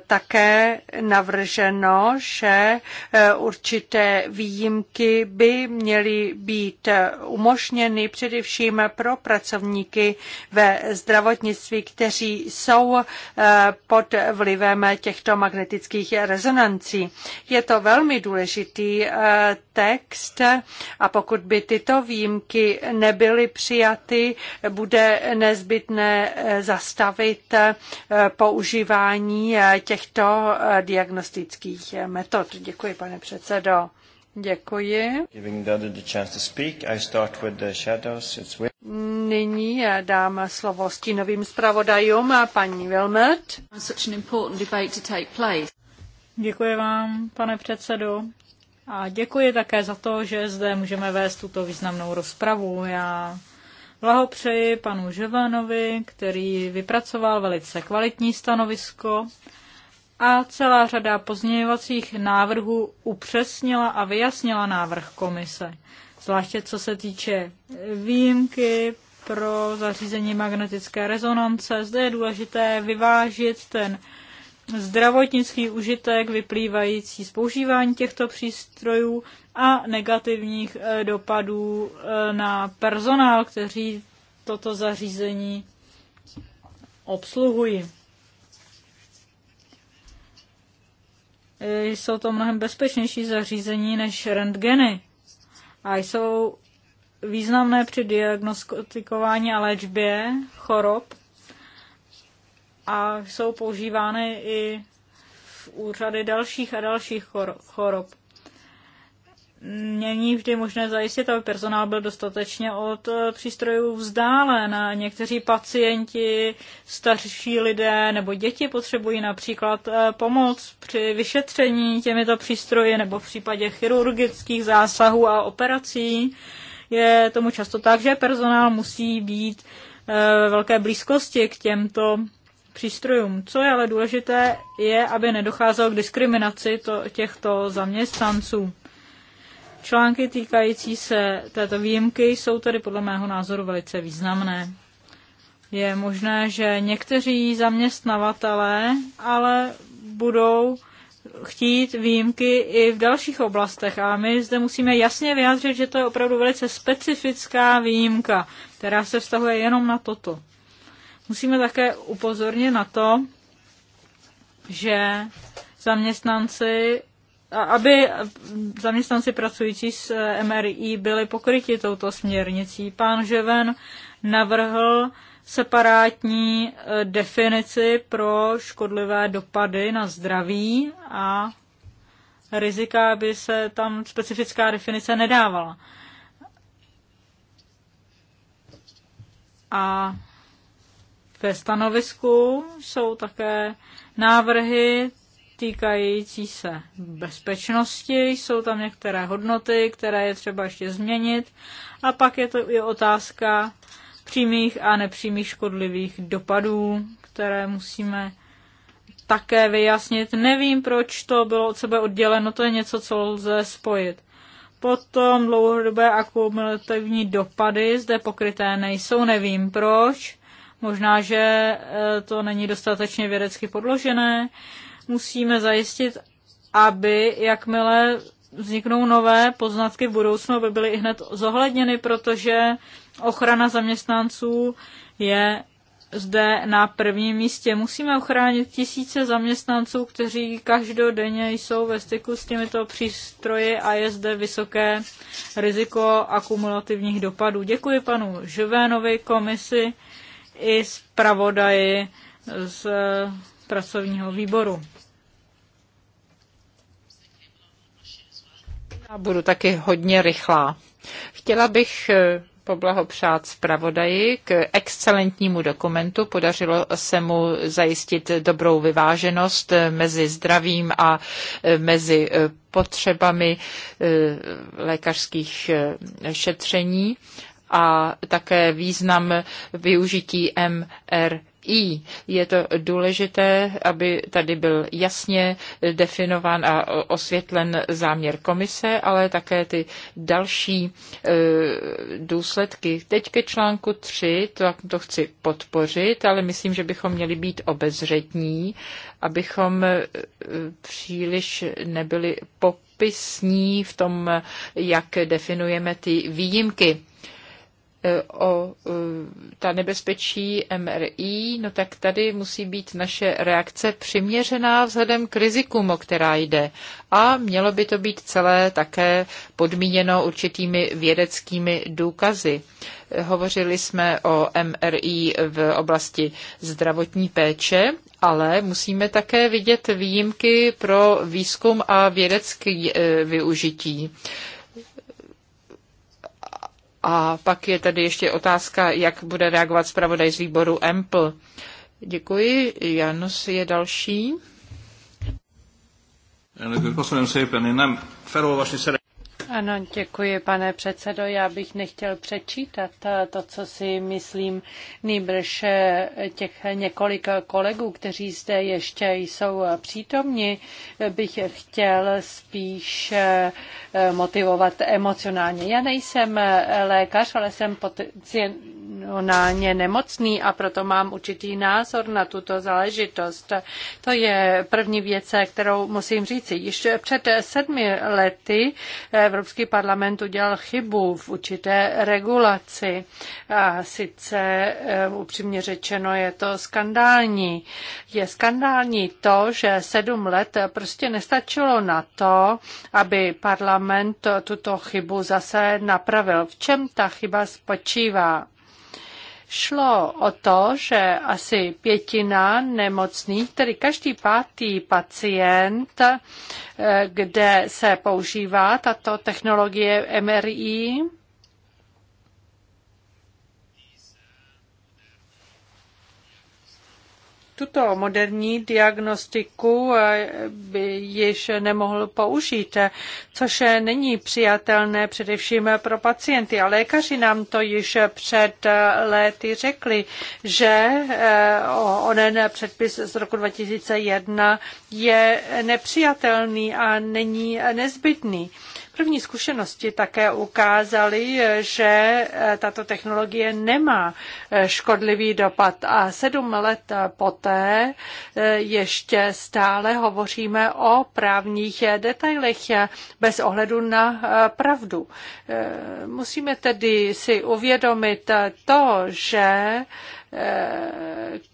[SPEAKER 3] také navrženo, že eh, určité výjimky by měly být eh, umožněny především pro pracovníky ve zdravotnictví, kteří jsou eh, pod vlivem těchto magnetických rezonancí. Je to velmi důležitý text a pokud by tyto výjimky nebyly přijaty, bude nezbytné zastavit používání těchto eh, diagnostických eh, metod. Děkuji, pane předsedo. Děkuji. Nyní dám slovo stínovým zpravodajům, eh, paní Wilmert.
[SPEAKER 1] Děkuji vám, pane předsedo. A děkuji také za to, že zde můžeme vést tuto významnou rozpravu. Já Blahopřeji panu Ževanovi, který vypracoval velice kvalitní stanovisko a celá řada pozměňovacích návrhů upřesnila a vyjasnila návrh komise. Zvláště co se týče výjimky pro zařízení magnetické rezonance, zde je důležité vyvážit ten zdravotnický užitek vyplývající z používání těchto přístrojů a negativních eh, dopadů eh, na personál, kteří toto zařízení obsluhují. Eh, jsou to mnohem bezpečnější zařízení než rentgeny a jsou významné při diagnostikování a léčbě chorob a jsou používány i v úřady dalších a dalších chorob není vždy možné zajistit, aby personál byl dostatečně od eh, přístrojů vzdálen. Někteří pacienti, starší lidé nebo děti potřebují například eh, pomoc při vyšetření těmito přístroji nebo v případě chirurgických zásahů a operací. Je tomu často tak, že personál musí být eh, ve velké blízkosti k těmto přístrojům. Co je ale důležité, je, aby nedocházelo k diskriminaci to, těchto zaměstnanců. Články týkající se této výjimky jsou tedy podle mého názoru velice významné. Je možné, že někteří zaměstnavatelé ale budou chtít výjimky i v dalších oblastech. A my zde musíme jasně vyjádřit, že to je opravdu velice specifická výjimka, která se vztahuje jenom na toto. Musíme také upozornit na to, že zaměstnanci aby zaměstnanci pracující s eh, MRI byli pokryti touto směrnicí. Pán Ževen navrhl separátní eh, definici pro škodlivé dopady na zdraví a rizika, aby se tam specifická definice nedávala. A ve stanovisku jsou také návrhy týkající se bezpečnosti, jsou tam některé hodnoty, které je třeba ještě změnit a pak je to i otázka přímých a nepřímých škodlivých dopadů, které musíme také vyjasnit. Nevím, proč to bylo od sebe odděleno, to je něco, co lze spojit. Potom dlouhodobé akumulativní dopady zde pokryté nejsou, nevím proč. Možná, že eh, to není dostatečně vědecky podložené musíme zajistit, aby jakmile vzniknou nové poznatky v budoucnu, aby byly i hned zohledněny, protože ochrana zaměstnanců je zde na prvním místě. Musíme ochránit tisíce zaměstnanců, kteří každodenně jsou ve styku s těmito přístroji a je zde vysoké riziko akumulativních dopadů. Děkuji panu Živénovi, komisi i zpravodaji z pracovního výboru. Já budu taky
[SPEAKER 2] hodně rychlá. Chtěla bych eh, poblahopřát zpravodaji k excelentnímu dokumentu. Podařilo se mu zajistit dobrou vyváženost eh, mezi zdravím a eh, mezi potřebami lékařských šetření a také význam využití MR i. Je to důležité, aby tady byl jasně definován a osvětlen záměr komise, ale také ty další e, důsledky. Teď ke článku 3, to, to chci podpořit, ale myslím, že bychom měli být obezřetní, abychom e, příliš nebyli popisní v tom, jak definujeme ty výjimky. E, o ta nebezpečí MRI, no tak tady musí být naše reakce přiměřená vzhledem k rizikům, o která jde. A mělo by to být celé také podmíněno určitými vědeckými důkazy. Hovořili jsme o MRI v oblasti zdravotní péče, ale musíme také vidět výjimky pro výzkum a vědecké eh, využití a pak je tady ještě otázka, jak bude reagovat zpravodaj z výboru EMPL. Děkuji. Janus je další. děkuji, szépen. Én nem felolvasni ano,
[SPEAKER 3] děkuji, pane předsedo. Já bych nechtěl přečítat to, co si myslím nýbrž eh, těch několik kolegů, kteří zde ještě jsou přítomni, bych chtěl spíš eh, motivovat emocionálně. Já nejsem lékař, ale jsem potenciální ně nemocný a proto mám určitý názor na tuto záležitost. To je první věc, kterou musím říci. Ještě před sedmi lety Evropský parlament udělal chybu v určité regulaci. A sice eh, upřímně řečeno je to skandální. Je skandální to, že sedm let prostě nestačilo na to, aby parlament tuto chybu zase napravil. V čem ta chyba spočívá? Šlo o to, že asi pětina nemocných, tedy každý pátý pacient, eh, kde se používá tato technologie MRI, tuto moderní diagnostiku eh, by již nemohl použít, eh, což není přijatelné především pro pacienty. A lékaři nám to již před eh, léty řekli, že onen předpis z roku 2001 je nepřijatelný a není nezbytný. První zkušenosti také ukázaly, že eh, tato technologie nemá eh, škodlivý dopad a sedm let poté eh, ještě stále hovoříme o právních detailech bez ohledu na pravdu. Musíme tedy si uvědomit to, že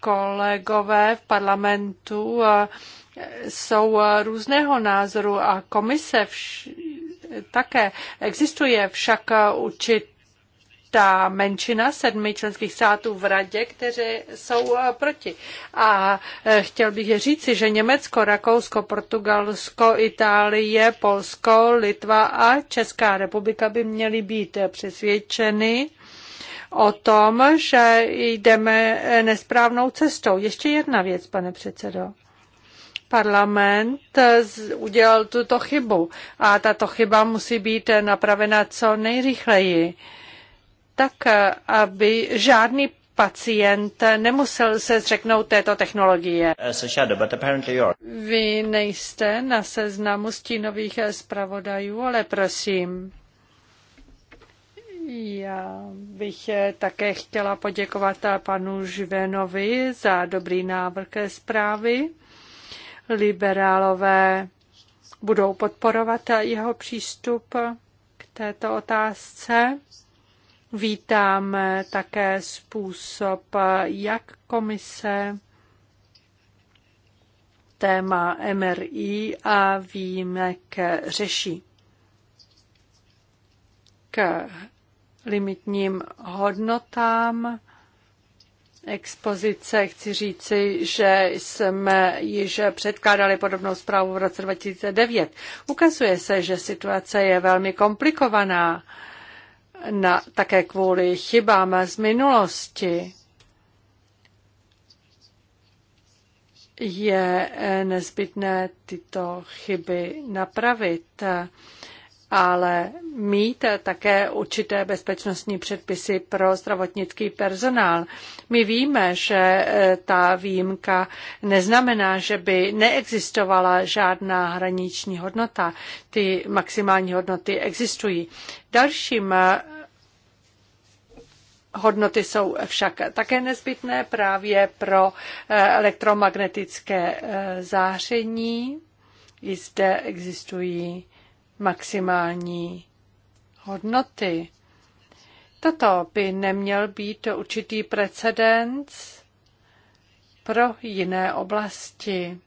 [SPEAKER 3] kolegové v parlamentu jsou různého názoru a komise vš- také. Existuje však určitě ta menšina sedmi členských států v radě, kteří jsou eh, proti. A eh, chtěl bych říci, že Německo, Rakousko, Portugalsko, Itálie, Polsko, Litva a Česká republika by měly být přesvědčeny o tom, že jdeme eh, nesprávnou cestou. Ještě jedna věc, pane předsedo parlament eh, udělal tuto chybu a tato chyba musí být eh, napravena co nejrychleji, tak eh, aby žádný pacient nemusel se zřeknout této technologie.
[SPEAKER 1] Uh,
[SPEAKER 3] Vy nejste na seznamu stínových zpravodajů, ale prosím. Já bych také chtěla poděkovat panu Žvenovi za dobrý návrh zprávy. Liberálové budou podporovat jeho přístup k této otázce. Vítám také způsob, jak komise téma MRI a výjimek řeší. K limitním hodnotám expozice chci říci, že jsme již předkládali podobnou zprávu v roce 2009. Ukazuje se, že situace je velmi komplikovaná na, také kvůli chybám z minulosti. Je nezbytné tyto chyby napravit ale mít také určité bezpečnostní předpisy pro zdravotnický personál. My víme, že e, ta výjimka neznamená, že by neexistovala žádná hraniční hodnota. Ty maximální hodnoty existují. Dalším e, Hodnoty jsou však také nezbytné právě pro e, elektromagnetické záření. I zde existují maximální hodnoty. Toto by neměl být určitý precedens pro jiné oblasti.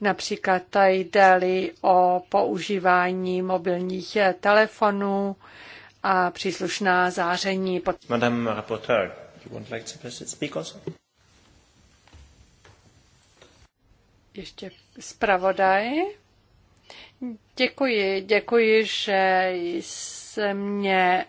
[SPEAKER 3] Například tady o používání mobilních telefonů a příslušná záření. Madame rapporteur, you would like to speak also? Ještě zpravodaj. Děkuji, děkuji, že jsi mě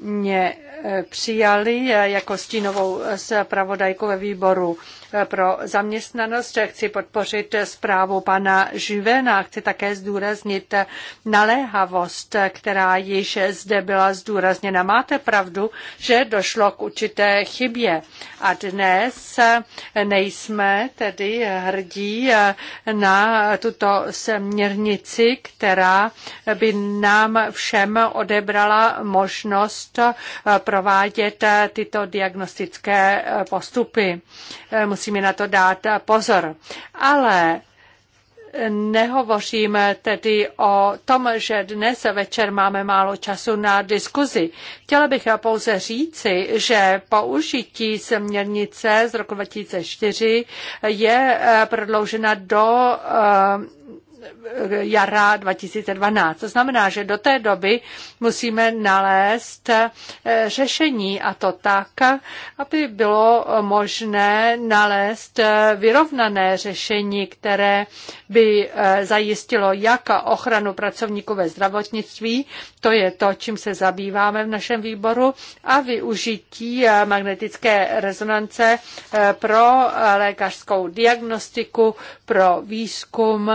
[SPEAKER 3] mě eh, přijali eh, jako stínovou eh, zpravodajku ve výboru pro zaměstnanost. Chci podpořit zprávu pana Živena. Chci také zdůraznit naléhavost, která již zde byla zdůrazněna. Máte pravdu, že došlo k určité chybě. A dnes nejsme tedy hrdí na tuto směrnici, která by nám všem odebrala možnost možnost eh, provádět eh, tyto diagnostické eh, postupy. Musíme na to dát pozor. Ale nehovoříme tedy o tom, že dnes večer máme málo času na diskuzi. Chtěla bych pouze říci, že použití směrnice z roku 2004 je prodloužena do jara 2012. To znamená, že do té doby musíme nalézt eh, řešení a to tak, aby bylo možné nalézt eh, vyrovnané řešení, které by eh, zajistilo jak ochranu pracovníků ve zdravotnictví, to je to, čím se zabýváme v našem výboru, a využití magnetické rezonance pro lékařskou diagnostiku, pro výzkum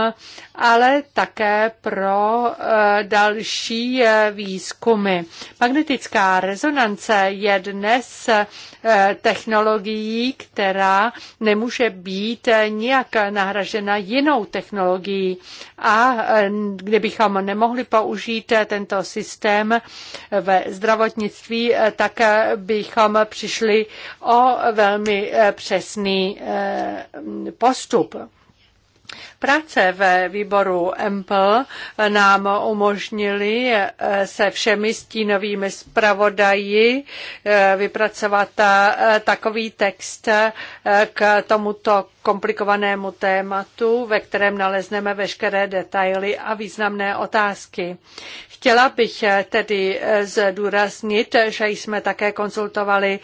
[SPEAKER 3] ale také pro eh, další eh, výzkumy. Magnetická rezonance je dnes eh, technologií, která nemůže být nijak nahražena jinou technologií. A kdybychom nemohli použít tento systém ve zdravotnictví, tak bychom přišli o velmi přesný postup. Práce ve výboru MPL nám umožnili eh, se všemi stínovými zpravodaji eh, vypracovat eh, takový text k tomuto komplikovanému tématu, ve kterém nalezneme veškeré detaily a významné otázky. Chtěla bych tedy zdůraznit, že jsme také konzultovali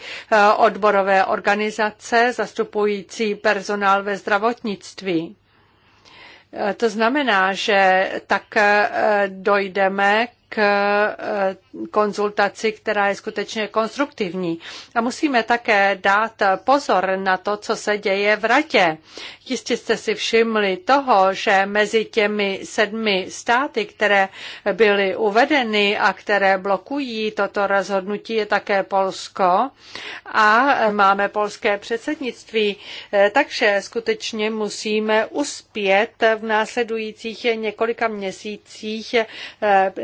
[SPEAKER 3] odborové organizace zastupující personál ve zdravotnictví. To znamená, že tak eh, dojdeme k e, konzultaci, která je skutečně konstruktivní. A musíme také dát pozor na to, co se děje v Radě. Jistě jste si všimli toho, že mezi těmi sedmi státy, které byly uvedeny a které blokují toto rozhodnutí, je také Polsko a máme polské předsednictví. E, takže skutečně musíme uspět v následujících několika měsících, e,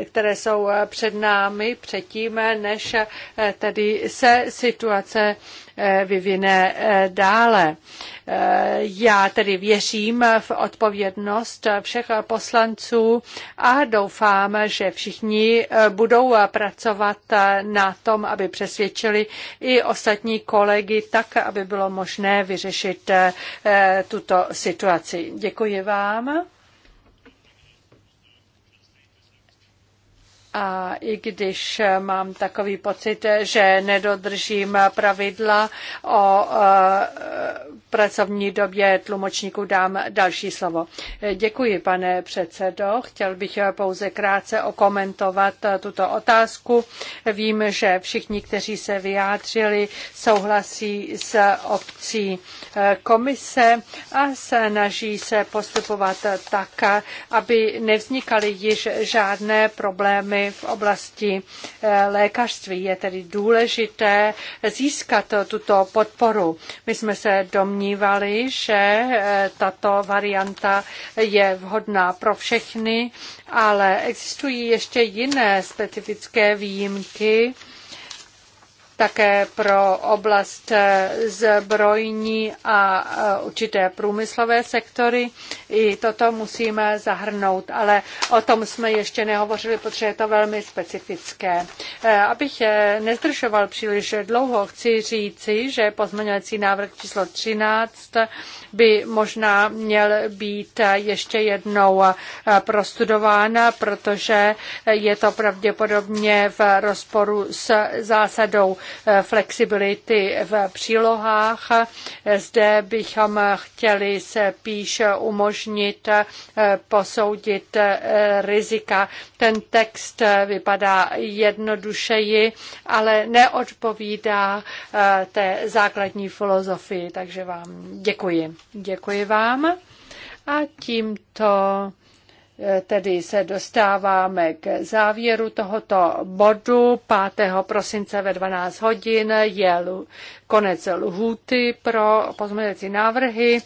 [SPEAKER 3] které jsou eh, před námi předtím, eh, než eh, tedy se situace vyvine dále. Já tedy věřím v odpovědnost všech poslanců a doufám, že všichni budou pracovat na tom, aby přesvědčili i ostatní kolegy tak, aby bylo možné vyřešit tuto situaci. Děkuji vám. A i když mám takový pocit, že nedodržím pravidla o e, pracovní době tlumočníků, dám další slovo. Děkuji, pane předsedo. Chtěl bych pouze krátce okomentovat tuto otázku. Vím, že všichni, kteří se vyjádřili, souhlasí s opcí komise a snaží se postupovat tak, aby nevznikaly již žádné problémy v oblasti eh, lékařství. Je tedy důležité získat tuto podporu. My jsme se domnívali, že eh, tato varianta je vhodná pro všechny, ale existují ještě jiné specifické výjimky, také pro oblast zbrojní a e, určité průmyslové sektory. I toto musíme zahrnout, ale o tom jsme ještě nehovořili, protože je to velmi specifické. E, abych e, nezdržoval příliš dlouho, chci říci, že pozměňovací návrh číslo 13 by možná měl být ještě jednou prostudován, protože je to pravděpodobně v rozporu s zásadou flexibility v přílohách. Zde bychom chtěli se píš umožnit eh, posoudit eh, rizika. Ten text vypadá jednodušeji, ale neodpovídá eh, té základní filozofii, takže vám děkuji. Děkuji vám. A tímto Eh, tedy se dostáváme k závěru tohoto bodu. 5. prosince ve 12 hodin je konec lhůty pro pozměňovací návrhy.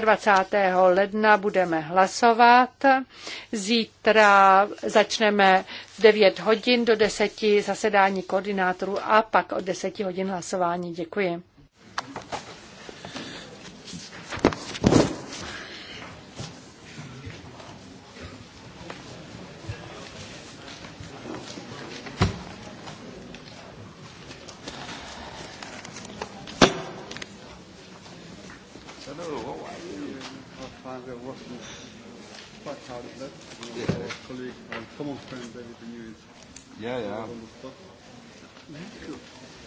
[SPEAKER 3] 25. ledna budeme hlasovat. Zítra začneme v 9 hodin do 10 zasedání koordinátorů a pak od 10 hodin hlasování. Děkuji.
[SPEAKER 1] I've worked quite hard at that. Yeah. Our colleague, our common friend David New is yeah, yeah. on the spot.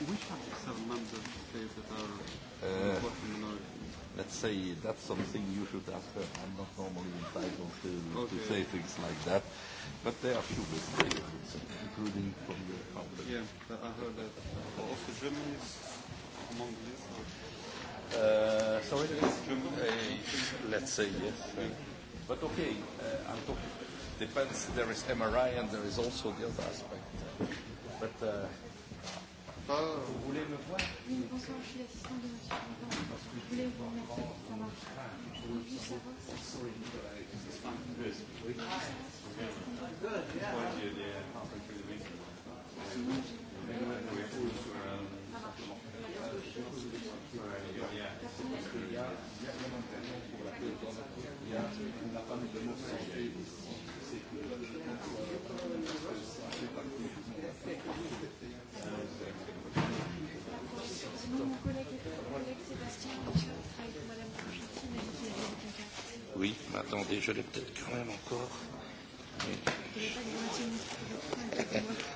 [SPEAKER 1] Which are the seven members of the state that are uh, working minority?
[SPEAKER 3] Let's say that's something you should ask her. I'm not normally entitled to, okay. to say things like that. But there are few mistakes, including from your company. Yeah, I heard that. Also, Germany is among the Uh, sorry? Uh, let's say yes. But okay, uh, I'm talking. Depends, there is MRI and there is also the other aspect. But, uh,
[SPEAKER 1] vous voulez me voir Oui, bonsoir, je suis l'assistante de monsieur. Je voulais vous remercier pour ça marche. Je voulais juste savoir si... Good, yeah. Sinon, j'ai... Ça
[SPEAKER 3] marche notamment pour la cohérence, il y a, on n'a pas notamment changé c'est que ça fait partie Mon collègue Sébastien mais Oui, attendez, je l'ai peut-être quand même encore.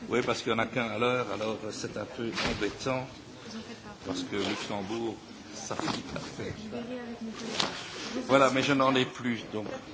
[SPEAKER 3] Oui, parce qu'il n'y en a qu'un à l'heure, alors c'est un peu embêtant, parce que
[SPEAKER 1] Luxembourg ça. Voilà, mais je n'en ai plus, donc.